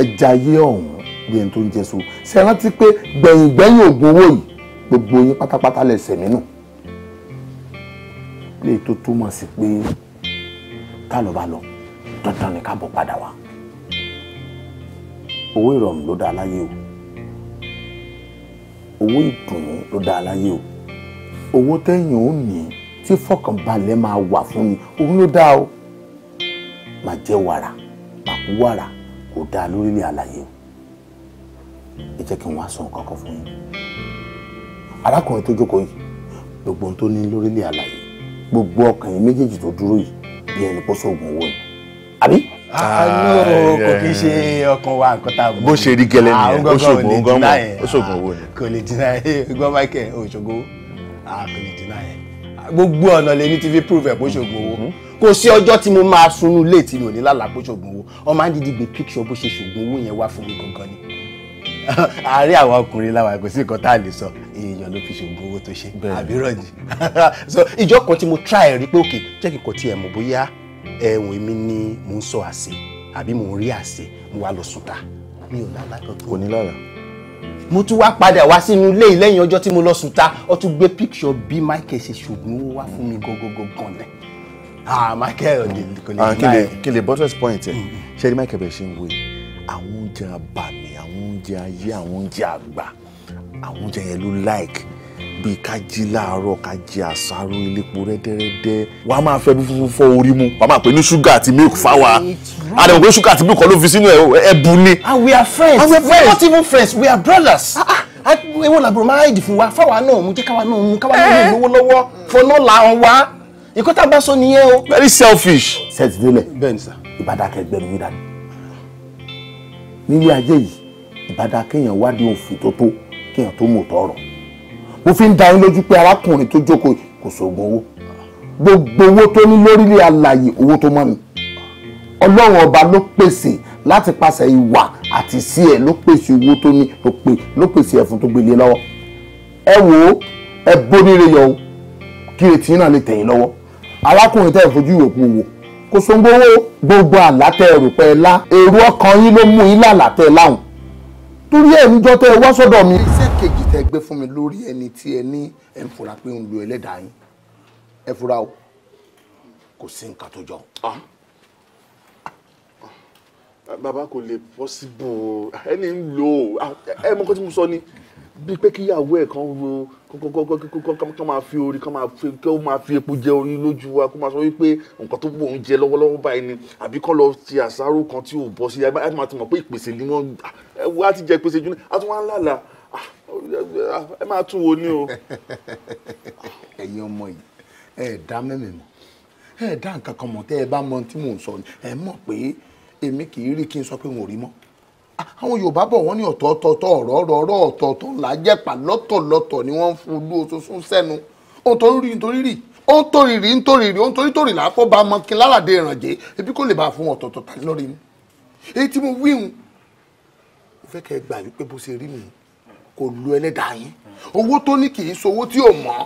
S2: ẹja ayé ọ̀hún bí ẹni tó ń jẹ so ṣe rántí pé gbẹ̀yìn gbẹ̀yìn ogun owó yìí gbogbo yín pátápátá lẹ̀ sẹ̀mí lè tó túmọ̀ sí pé tá lọ bá lọ dandan ni ká bọ̀ padà wá owó ìrọ̀rùn ló dáa láyé o owó ìdùnnú ló dáa láyé o owó tẹ́yìn ò ní tí fọkànbalẹ̀ máa wà fún mi òun ló dáa o máa jẹ́ wàrà máa kú wàrà kò dáa lórílẹ̀ àlàyé o ẹ jẹ́ kí n wá sọ nǹkan kan fún yín arákùnrin tó jókòó yìí gbogbo ohun tó ní lórílẹ̀ àlàyé gbogbo ọkàn yìí méjèèjì tó dúró yìí bí ẹni kó sóògùn owó ni àbí. àánú ah, kò kí ṣe ọkàn wa nǹkan tá a bọ̀. bó ṣe rí gẹ́lẹ́ ah, nìyẹn ó ṣògùn owó gan-an ó ṣògùn owó ni. Ah, kò lè dínà yẹn gbọ́ Michael òṣogbo kò lè dínà yẹn gbogbo ọ̀nà lè ní ti fi prove ẹ̀ bó ṣògùn owó mm-hmm. kò sí ọjọ́ tí mo máa sunú léètì mi ò ní lálàá bó ṣògùn owó ọmọ á dídí gbé picture bó ṣe ṣògùn owó yẹn wá fún mi gangan ni àárẹ̀ àwọn ọkùnrin làwọn kò sí nǹkan tá a lè sọ èèyàn ló fi ṣògùn owó tó ṣe àbírọ̀jì so ìjọ kan tí mo try rí pé òkè jẹ́ kí n kò tiẹ̀ mọ̀ bóyá ẹ̀wọ̀n mi ni mo ń sọ àṣẹ àbí mò ń rí àṣẹ mo wá lọ sùn ta mi ò lálá kankan. kò ní lára. mo tún wá padà wá sínú ilé ìlẹ́yìn ọjọ́ tí mo lọ sùn ta ó tún gbé picture bí Michael ṣe ṣògùn owó wá fún mi gangan náà ah Michael kò lè máa ah, kí lè buttress point ẹ mm-hmm. ṣe ni Michael bẹ ṣe ń wo àwọn oúnjẹ ayé àwọn oúnjẹ àgbà àwọn oúnjẹ yẹn ló like bíi ká jí láàárọ̀ ká jẹ àsáró elépo rẹ́dẹ́rẹ́dẹ́ wà á máa fẹ́ bí fúnfún fọ́ orí mu wà á máa pè ní ṣúgà àti milk fáwa àdàbò pé ṣúgà àti milk kọ́ sínú ẹ̀bù ni. and ah, we are friends and ah, we are friends we are not even friends we are brothers. Ah, ewo làbúrò máa ń dìfún wa fáwa náà mú jẹ́ káwa náà mú káwa náà lówó eh. lọ́wọ́ fọnà làwọn wa ìkó tá a bá sọ nìyẹn o. very selfish. sẹ́ẹ̀tì délẹ̀ ìbádàkẹ́gbẹ́ni yín dání nílé ajé yìí ìbádá kéèyàn wádìí òfin tó tó kéèyàn tó mọ̀ tọrọ mo fi ń da yín lójú pé arákùnrin tó jókòó kò sóògùn owó gbogbo owó tó ní lórílẹ̀ alààyè owó tó mọ́ ni ọlọ́run ọba ló pèsè láti pàṣẹ ìwà àti sí ẹ̀ ló pèsè owó tó ní ló pèsè ẹ̀fún tó gbélé e lọ́wọ́ ẹ wò ó ẹ bóníire yọ o kí etí náà lè tẹ̀yìn lọ́wọ́ arákùnrin tẹ́ fojú ìwé wò kò sóńgbówó gbogbo àlá tẹ́ rò pé ẹ lá èrò ọkàn yín ló mú yín lálàá tẹ́ láwùn torí ẹ̀ níjọ́ tẹ́ ẹ wá sọ́dọ̀ mi. iṣẹ́ kejì tẹ́ gbé fún mi lórí ẹni tí ẹ ní ẹ̀ ń fura pé ń lu ẹlẹ́dàá yín ẹ fura o kò sí nǹkan tó jọ. Ah. bàbá kò lè possible ẹni ń lò ó ah, ẹ mọ tí mo sọ ni bíi pé kíyàwó ẹ̀ kan ro kọ́ máa fi orí kọ́ máa fi epo jẹ orí lójú wa kó máa sọ wípé nǹkan tó bò ń jẹ lọ́wọ́lọ́wọ́ báyìí ni àbí kọ́ lọ ti àsáró kan tí ò bọ́ sí ẹ máa ti mọ̀ pé ìpèsè ni wọ́n wá ti jẹ ìpèsè jù ní àtúwọ́n á lálàá ah, ẹ máa tún wo ni o. ẹ̀yin ọmọ yìí ẹ dá mẹ́mìí mọ́ ẹ dá nǹkan kan mọ̀ tẹ́ ẹ bá mọ tí mò ń sọ ẹ mọ̀ pé èmi kì í rí kí n sọ pé n ò rí mọ́ àwọn yorùbá bọ̀ wọ́n ní ọ̀tọ̀ọ̀tọ̀ ọ̀rọ̀ ọ̀rọ̀ ọ̀tọ̀ọ̀tọ̀ ńlá jẹ́pà lọ́tọ̀lọ́tọ̀ ni wọ́n ń fún olú oṣooṣù sẹ́nu ohun tó ń rí nítorí rí ohun tó rí rí nítorí rí ohun tó rí tòrí làákọ́ bá mọ kí lálàdé ìrànjẹ́ ebi kò lè bá fún ọ̀tọ̀ọ̀tọ̀ tàbí lọ́rí mu èyí tí mo wíhun mo fẹ́ kẹ́ ẹ gbà wípé bó ṣe rí mi kò lu ẹlẹ́dàá yín owó tó ní kì í sowó tí ò mọ́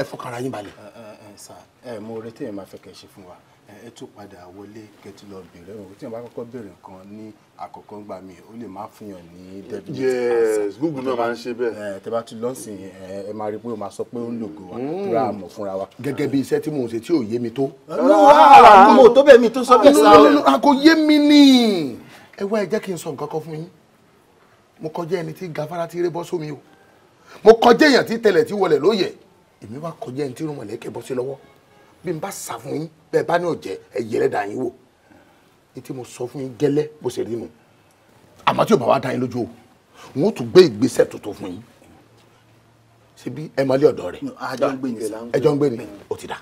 S2: ẹ fọkàrà yín balẹ̀. ẹ ẹ sà ẹ mo retí ẹ máa fẹ́ kẹ́ ṣe fún wa ẹ tún padà wọlé kẹtù lọ bèrè ọ̀hún tí wọn bá kọ́kọ́ bèrè nǹkan ní àkọ́kọ́ gbà mí ó lè má fihàn ní definite yes google náà máa ń ṣe bẹ́ẹ̀. ẹ tẹ bá ti lọ́sìn ẹ máa rí i pé o máa sọ pé ó ń lògùn wa tó mm. ra àmọ̀ fúnra wa. gẹ́gẹ́ bí iṣẹ́ tí mò ń ṣe tí ò yé mi tó. Ah. mo tó bẹ́ẹ̀ mi tó sọ bẹ́ẹ̀ ah. sáré. a kò yé mi ni ẹ wá ẹ jẹ́ kí n sọ nǹkan kan fún yín mo kọjá ẹni tí gafara ti ré bọ́ sómi o mo kọjá èèyàn tí tẹlẹ̀ tí wọlẹ̀ lóye èmi wá kọjá ẹni tí rúmọ̀lẹ́kẹ̀ bọ́ sí lọ́wọ́ bí n bá sà fún yín bẹ́ẹ̀ bá ní òjẹ́ ẹ yẹ ẹlẹ́dà yín wò ní tí mo sọ fún yín gẹ́lẹ́ bó ṣe rí nu àmọ́ tí ò bá wá dá yín lójú o wọn ó tún gbé ìgbésẹ̀ tuntun fún yín síbi ẹ máa lé ọ̀dọ́ rẹ̀ ẹjọ́ ń gbé ni ó ti dà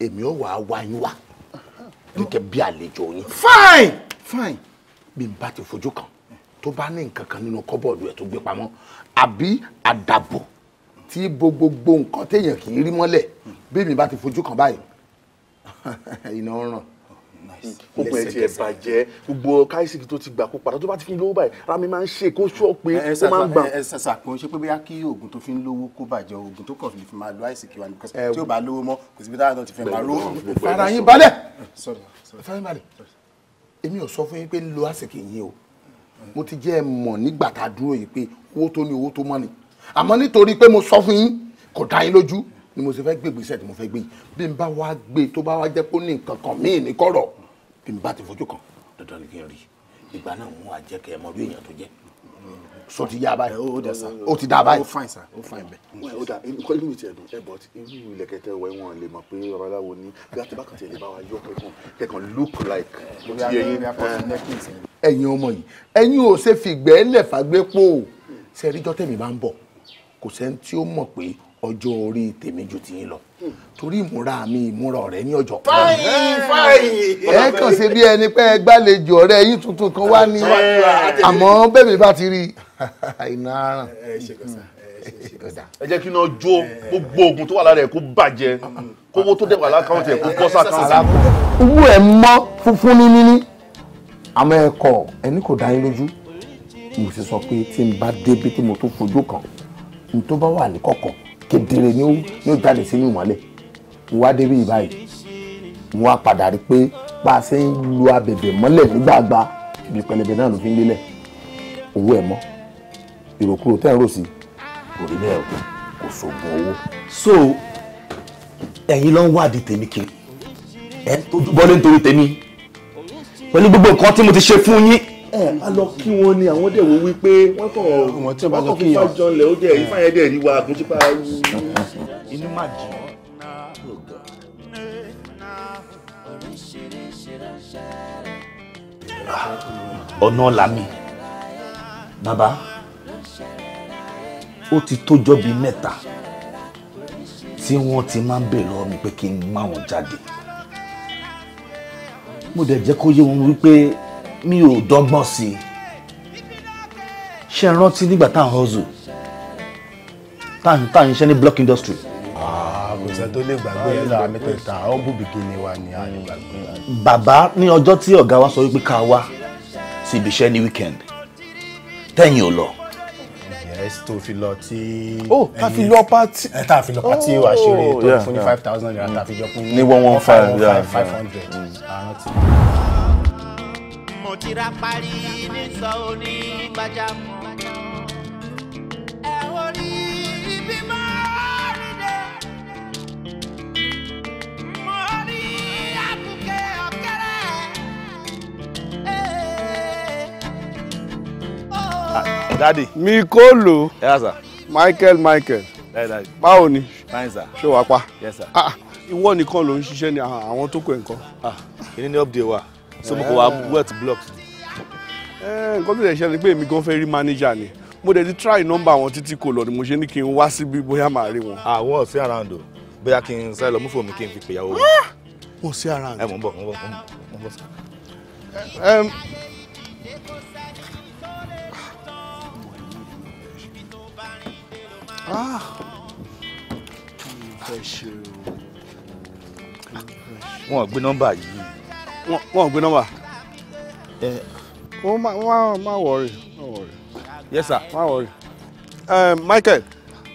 S2: èmi ò wá wá yín wá gẹ́gẹ́ bí àlejò yín. fine fine bí n bá ti fojú kan tó bá ní nǹkan kan nínú kọ́bọ̀dù ẹ̀ tó gbé pamọ́ àbí àdàbò tí bo gbogbo nǹkan téèyàn kì í rí mọ́lẹ̀ bí mi bá ti fojú kan báyìí iná ràn kókun ẹ ti ẹ bàjẹ́ gbogbo káyọ̀sìkì tó ti gbà kó padà tó bá ti fi lówó báyìí ra mi máa ń ṣe kó ṣọ́ pé eh, eh, ó máa ń gbà. ẹ eh, ṣàṣà kò ń ṣe pé bóyá kí oògùn tó fi ń lówó kó bàjẹ́ oògùn tó kàn fi lè fi máa lo àìsìkì wa nìkan tí ó bá lówó mọ́ kò sí bí táwọn náà ti fẹ́ máa ró. fara yín balẹ̀ fara yín balẹ̀ èmi ò sọ fún yín pé ń lo àìsìkì yìí o mo ti jẹ́ ẹ mọ̀ nígbà tá a dúró yìí pé owó tó ní owó tó mọ́ ni àmọ́ nítorí pé mo sọ fún yín kò dá yín lójú ni mo ṣe fẹ́ gbé gbèsè tí mo fẹ́ gbé yìí bí n bá wá gbé tó bá wá jẹ́ pé ní nǹkan kan míì ní kọ̀rọ̀ bí n bá ti fojú kan dandan ni kí n rí ìgbà náà mo wà jẹ́ kẹ́ ẹ mọ orí èèyàn tó jẹ́ sọ ti yá báyìí ó dà sá ó ti dà báyìí ó fàìn sá ó fàìn bẹ́ẹ̀. ó dà kọ́lé mi ti ẹ̀dùn ẹ̀ bọ́t irú ilẹ̀kẹ̀tẹ̀ wẹ̀ wọn lè mọ̀ pé babaláwo ni bí a ti bá kàn tiẹ̀ lè bá wa yọ kẹ́kàn kẹ́kàn look like mo ti yẹ yín. ẹ̀yin ọmọ yìí ẹ̀yin ò ṣe fìgbẹ́ lẹ̀ ṣe ẹ̀ríjọ́ tẹ̀mí bá ń bọ̀ kò sẹ́ni tí ó mọ̀ pé ọjọ́ orí tèmi ju tiyín lọ torí ìmúra mi ìmúra ọ̀rẹ́ ní ọjọ́ kan. fáyìn fáyìn. ẹ kàn ṣe bí ẹni pé ẹ gbàlejò ọ̀rẹ́ yín tuntun kan wá ní àmọ́ bẹ́ẹ̀mi bá ti rí iná aràn. ẹ jẹ́ kí iná jó gbogbo oògùn tó wà lára ẹ̀ kó bàjẹ́ kówó tó dẹ̀ wà lákàntì ẹ̀ kó bọ́ sàkántì. owó ẹ̀ mọ́ funfun ní níní àmọ́ ẹ kọ̀ ẹni kò dá yín lójú mo sì sọ pé tí n bá débi tí mo tó fojú kan n tó bá wà ní kọ̀kọ̀ kedere ni ó ní ó jáde sínú ìmọ́lẹ̀ mo wá débi ìbáyìí mo wá padà rí pé bá a lu abẹ̀bẹ̀ mọ́lẹ̀ nígbàgbà ibi pẹlẹbẹ náà ló fi ń lélẹ̀ owó ẹ̀ mọ́ ìròkúrò tẹ́ ń rò sí kò rí bẹ́ẹ̀ kò sóògùn owó. so ẹ̀yin ló ń wádìí tèmi kiri ẹ̀ ń tọ́jú bọ́lé nítorí tèmi pẹ̀lú gbogbo nǹkan tí mo ti ṣe fún yín ẹ a lọ kí wọn ni àwọn dẹ̀ wo wípé wọ́n kọ̀ wọ́n tí wọ́n bá lọ kí yàn jọ lẹ̀ ó dẹ̀ ifeanyi dẹ̀ rí wa inú má jì ọ̀nà làmì bàbá ó ti tójọ́ bíi mẹ́ta tí wọ́n ti máa ń bèèrè lọ́wọ́ mi pé kí n má wọn jáde mo dẹ̀ jẹ́ kó yé wọn wípé mi ò dọ́gbọ́n sí i ṣe rántí nígbà tá à ń hustle tá à ń ṣe ní block industry. Ah, kò sẹ́ tó lè gbàgbé yẹn náà mẹ́tẹ̀ẹ̀ta ọ́bù bìkínì wa ni a lè gbàgbé. bàbá ní ọjọ́ tí ọ̀gá wa sọ wípé ká wá sí ibi iṣẹ́ ní weekend tẹ̀yìn ò lọ yes tó fi lọ tí. ó oh, ká eh, fi lọ pati. ẹ oh, tá a fi lọ pati àṣírí tó fún ní five thousand naira tá a fi jọ fún ní one one five five
S4: hundred. Ah,
S3: mo ti ra parí nítọ́ onígbàjámọ̀. ẹ ò rí ibi máa rí dé. mo rí àkùkẹ́ ọ̀kẹ́rẹ́.
S2: dadi. mi kò lò. ẹ yà michael michael. ẹ Daddy. báwo ni. fine sir. ṣé wàá pa. yes sir. Ah, ìwọ nìkan ló ń ṣiṣẹ́ ní to tó kọ ẹ̀kọ́. Ah, kí ni update wa so mo kàn wá blocks. Eh, nǹkan tó lè ṣe ni pé èmi gan fẹ́ rí manager ni mo dẹ̀ ti try number. wọn títí kò lọ ni mo ṣe ní kí n wá síbí bóyá màá rí wọn. àwọn ah, ò sí around o bóyá kí n sáré lọ mú fòmù kí n fi pè yàwó. Ah! wọn ò around. ẹ eh, mọ̀ ń bọ̀ mọ̀ ń bọ̀ mọ̀ ń bọ̀. Ah!
S8: Kí ni fẹ́ ṣe
S2: Wọ́n gbé nọ́mbà yìí wọn ò gbé nọ́mbà. ẹ wọn má wọn má wọrí má wọrí. yes sir. má wọrí. ẹ Michael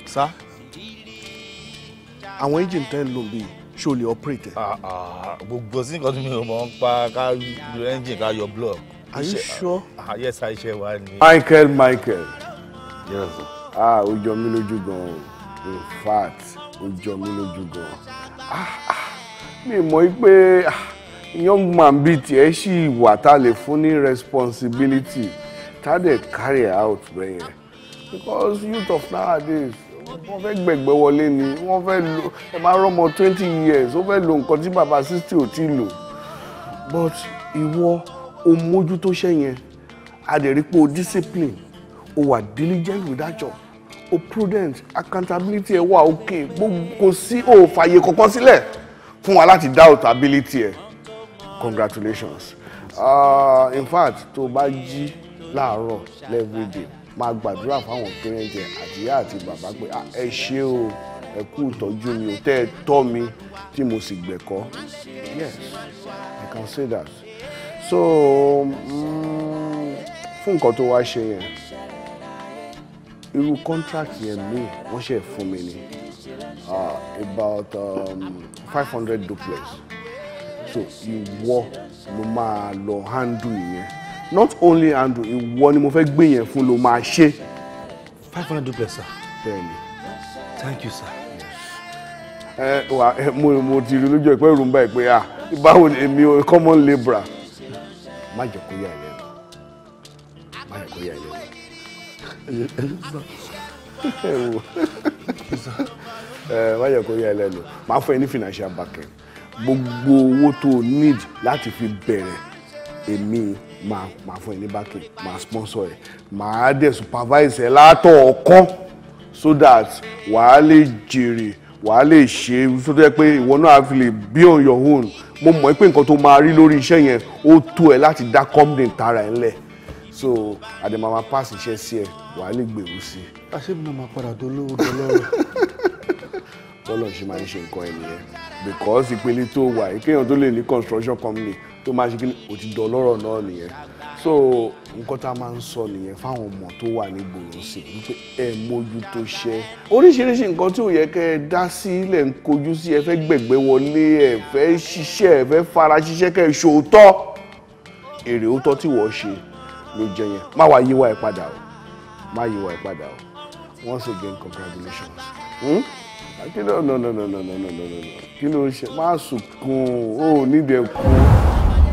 S2: sir àwọn engine tẹ́ ń lò bíi ṣó lè operate ẹ. Ah, ah, gbogbo sí nǹkan tó mi ò mọ̀ ń pa ká lo engine ká yọ block. are you sure. Ah, yes sir iṣẹ́ wa ni. Michael Michael. yes sir. ah ó jọ mí lójú gan-an in fact ó jọ mí lójú gan-an. mi mọ̀ pé. ah young man bíi tiẹ̀ ṣì wà tá lè fún ní responsibility tá a dẹ̀ carry out bẹ́ẹ̀ yẹn because youth of nowadays wọ́n fẹ́ gbẹ̀gbẹ́ wọlé ni wọ́n fẹ́ lo ẹ máa rọ́mọ twenty years ó fẹ́ lo nǹkan tí bàbá sixty ò tí lò but ìwọ o mójútó sẹ́yìn a dẹ̀ rí discipline o wà diligent with that job o prudent accountability ẹ wà okay kò sí òòfàyè kankan sílẹ̀ fún wa láti doubt ability ẹ. Eh congratulations uh, in fact tó bá jí láàárọ̀ every day máa gbàdúrà fáwọn parent ẹ àtìyá àti bàbá pé ah, ẹ ṣé o ẹ kú ìtọ́jú mi ò tẹ́ ẹ tọ́ mi tí mo sì gbẹ̀kọ́ yes i can say that so mm, fún nǹkan tó wá ṣe yẹn irú contract yẹn mi wọ́n ṣe fún mi ni uh, about um, five hundred duplex so ìwọ ló máa lọ handle ìyẹn not only handle ìwọ ni mo fẹ́ gbé yẹn fún ló máa ṣe. five hundred duplex sir. bẹ́ẹ̀ni. thank you sir. ẹ wà ẹ mo mo ti rí lójú ìpẹ́ ìrùn báyìí pé ah báwo ni èmi o common labourer má jẹ́ kó yà ilẹ̀ má jẹ́ kó yà ilẹ̀ ẹ wò ẹ má jẹ́ kó yà ilẹ̀ lò máa fọ ẹ ní financial backing gbogbo owó tó o need láti fi bẹ̀rẹ̀ èmi máa máa fún ẹ ní backing máa sponsor ẹ máa dẹ̀ supervise ẹ látọ̀ ọ̀kan so that wàá lè jèrè wàá lè ṣe tó jẹ́ pé ìwọ náà fi lè be on your own mo mọ̀ pé nǹkan tó máa rí lórí iṣẹ́ yẹn ó tó ẹ láti dá company tara ẹ̀ ńlẹ̀ so àdèmàmà pass iṣẹ́ sí ẹ wàá lè gbèrú sí i. àṣé mi náà máa padà dolówó dolówó. tọ́lọ̀ ṣe máa ń ṣe nǹkan ẹ̀ nìyẹn because ìpele tó wà kéèyàn tó lè ní construction company tó máa ṣe kí o ti dọ̀ lọ́rọ̀ náà nìyẹn so nǹkan tá a máa ń sọ nìyẹn fáwọn ọmọ tó wà ní gbòòrò sí wípé ẹ mójú tó ṣe oríṣiríṣi nǹkan tí ò yẹ kẹ́ ẹ dá sí ilẹ̀ ń kojú sí ẹ fẹ́ gbẹ̀gbẹ́ wọlé ẹ fẹ́ ṣiṣẹ́ ẹ fẹ́ fara ṣiṣẹ́ kẹ́ ẹ ṣòótọ́ èrè òótọ́ tí wọ́n ṣe ló jẹ yẹn má wàá yíwá ẹ padà o má yíwá ẹ padà o once again congratulations. Hmm? kí ló no no no no kí ló ṣe má sunkún o ò nídìí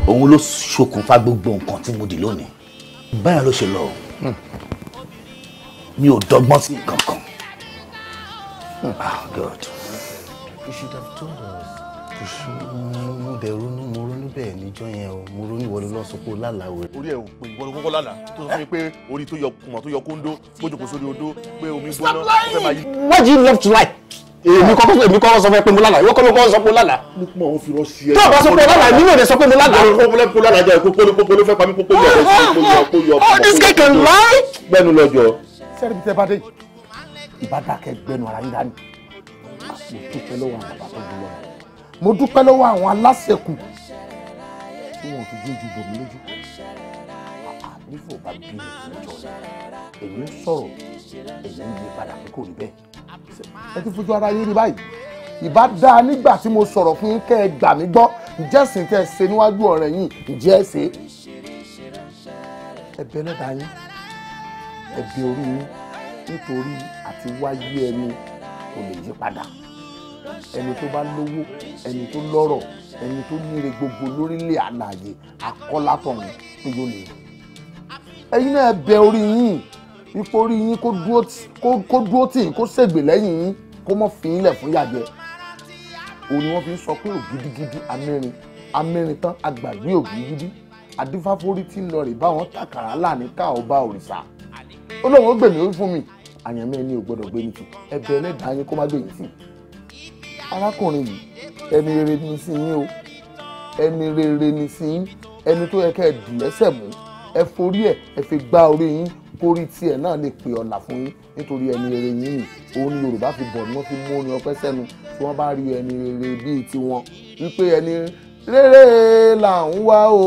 S2: òun ló ṣokùnfà gbogbo nǹkan tí mo dì lónìí báyọ̀ ló ṣe lọ hmm. mi ò dọ́gbọ́n sí nǹkan kan. you should have told us. mo bẹ̀rù ní mo ronú bẹ́ẹ̀ níjọ́ yẹn o mo ronú ìwọlé lọ́sọ̀ pé lálàá o. orí ẹ̀ ò pé ìwọ kọ́kọ́ lálàá tó sọ fún mi pé orí tó yọ kùmọ̀ tó yọ kóńdó gbójúkó sórí odó pé omi gbóná ó fẹ́ máa do you love to like? èmi kọ́kọ́ èmi kọ́kọ́ sọ fẹ́ pé mo lálàá ìwọ kọ́ ló kọ́kọ́ sọ pé mo lálàá. nípa àwọn fi rọ́ọ̀sì ẹ̀. tó o bá sọ pé o lálàá èmi náà sọ pé mo lálàá. ọ̀rọ̀ kọ́kọ́ lẹ́kọ́ lálàá jẹ́ kókó ló kókó ló fẹ́ pa kókó yọ kókó yọ kókó yọ. oh this guy can lie. gbẹnu lọjọ. sẹ́ni bí tẹ́ ìbádàkẹ́ gbẹnu ara yín dání. mo dúpẹ́ lọ́wọ́ àwọn bàbá tó tí wọn ò fi bò mí lójú. ànífò bá bí ẹ ti fojú ara yín rí báyìí ìbá dáa nígbà tí mo sọ̀rọ̀ fún yín kẹ́ ẹ gbà mí gbọ́ ǹjẹ́ ẹ̀sìn tẹ́ ẹ ṣe níwájú ọ̀rẹ́ yín ǹjẹ́ ẹ ṣe ẹ̀bẹ̀ lẹ́dàá yín ẹ̀bẹ̀ orí yín nítorí àti wáyé ẹni kò lè yí padà ẹni tó bá lówó ẹni tó lọ́rọ̀ ẹni tó níre gbogbo lórílẹ̀ àlàyé akọ́látọ̀run pé yóò lè rí ẹ̀yin náà ẹ̀bẹ̀ orí yín ipò orí yín kó dúró tì yín kó ṣègbè lẹ́yìn yín kó mọ̀ fi yín fún yàjẹ́ òun ni fi ń sọ pé ògidìgidì amẹ́rin amẹ́rin tán agbàgbé ògidìgidì adífáforí tí ń lọ rè bá wọn tàkàrà láàánú ká ọba òrìṣà ó lóun ó gbèmí ó fún mi àyànmí ẹni ò gbọdọ̀ gbé mi tì ẹ̀bẹ̀ ẹlẹ́dàá yín kó má gbé yín tì arákùnrin yìí ẹni rere ni sí yín o ẹni rere ni sí yín ẹni tó yẹ ká ẹ dì lẹ́sẹ̀ mú ẹ forí ẹ ẹ fi gbá orí yín kórí tiẹ̀ náà lè pè ọ̀nà fún yín nítorí ẹni rere yìnyín òun ni yorùbá fi bọ̀ ni wọ́n fi mú orin ọpẹ́ sẹ́nu tí wọ́n bá rí ẹni rere bíi tiwọn wípé ẹni rere là ń wá o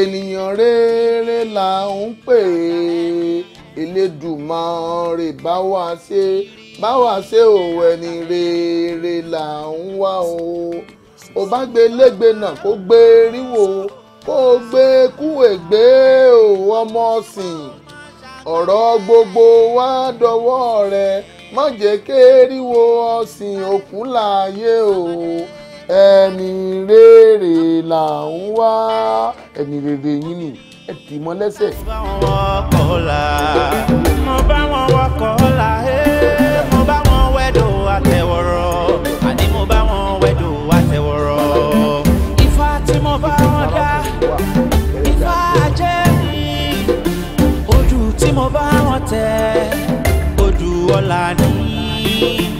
S2: ènìyàn rere là ń pè é Elédùmarè bá wa ṣe bá wa ṣe o ẹni rere là ń wá o ò bá gbé lẹ́gbẹ̀ẹ́ náà kó gbé ríwò o kó o gbé kú ègbé o ọmọ sìn ọ̀rọ̀ gbogbo wá dọwọ́ rẹ má jẹ́ kéríwo ọ̀sìn òkú láàyè o ẹni rere là ń wá ẹni rere yín ni ẹ tì mọ́ lẹ́sẹ̀. mo bá wọn wọkọ̀ la mo bá
S3: wọn wọkọ̀ la eh. mo bá wọn wẹ̀dọ̀ àtẹ̀wọ̀rọ̀. tẹ odù ọ̀la ní.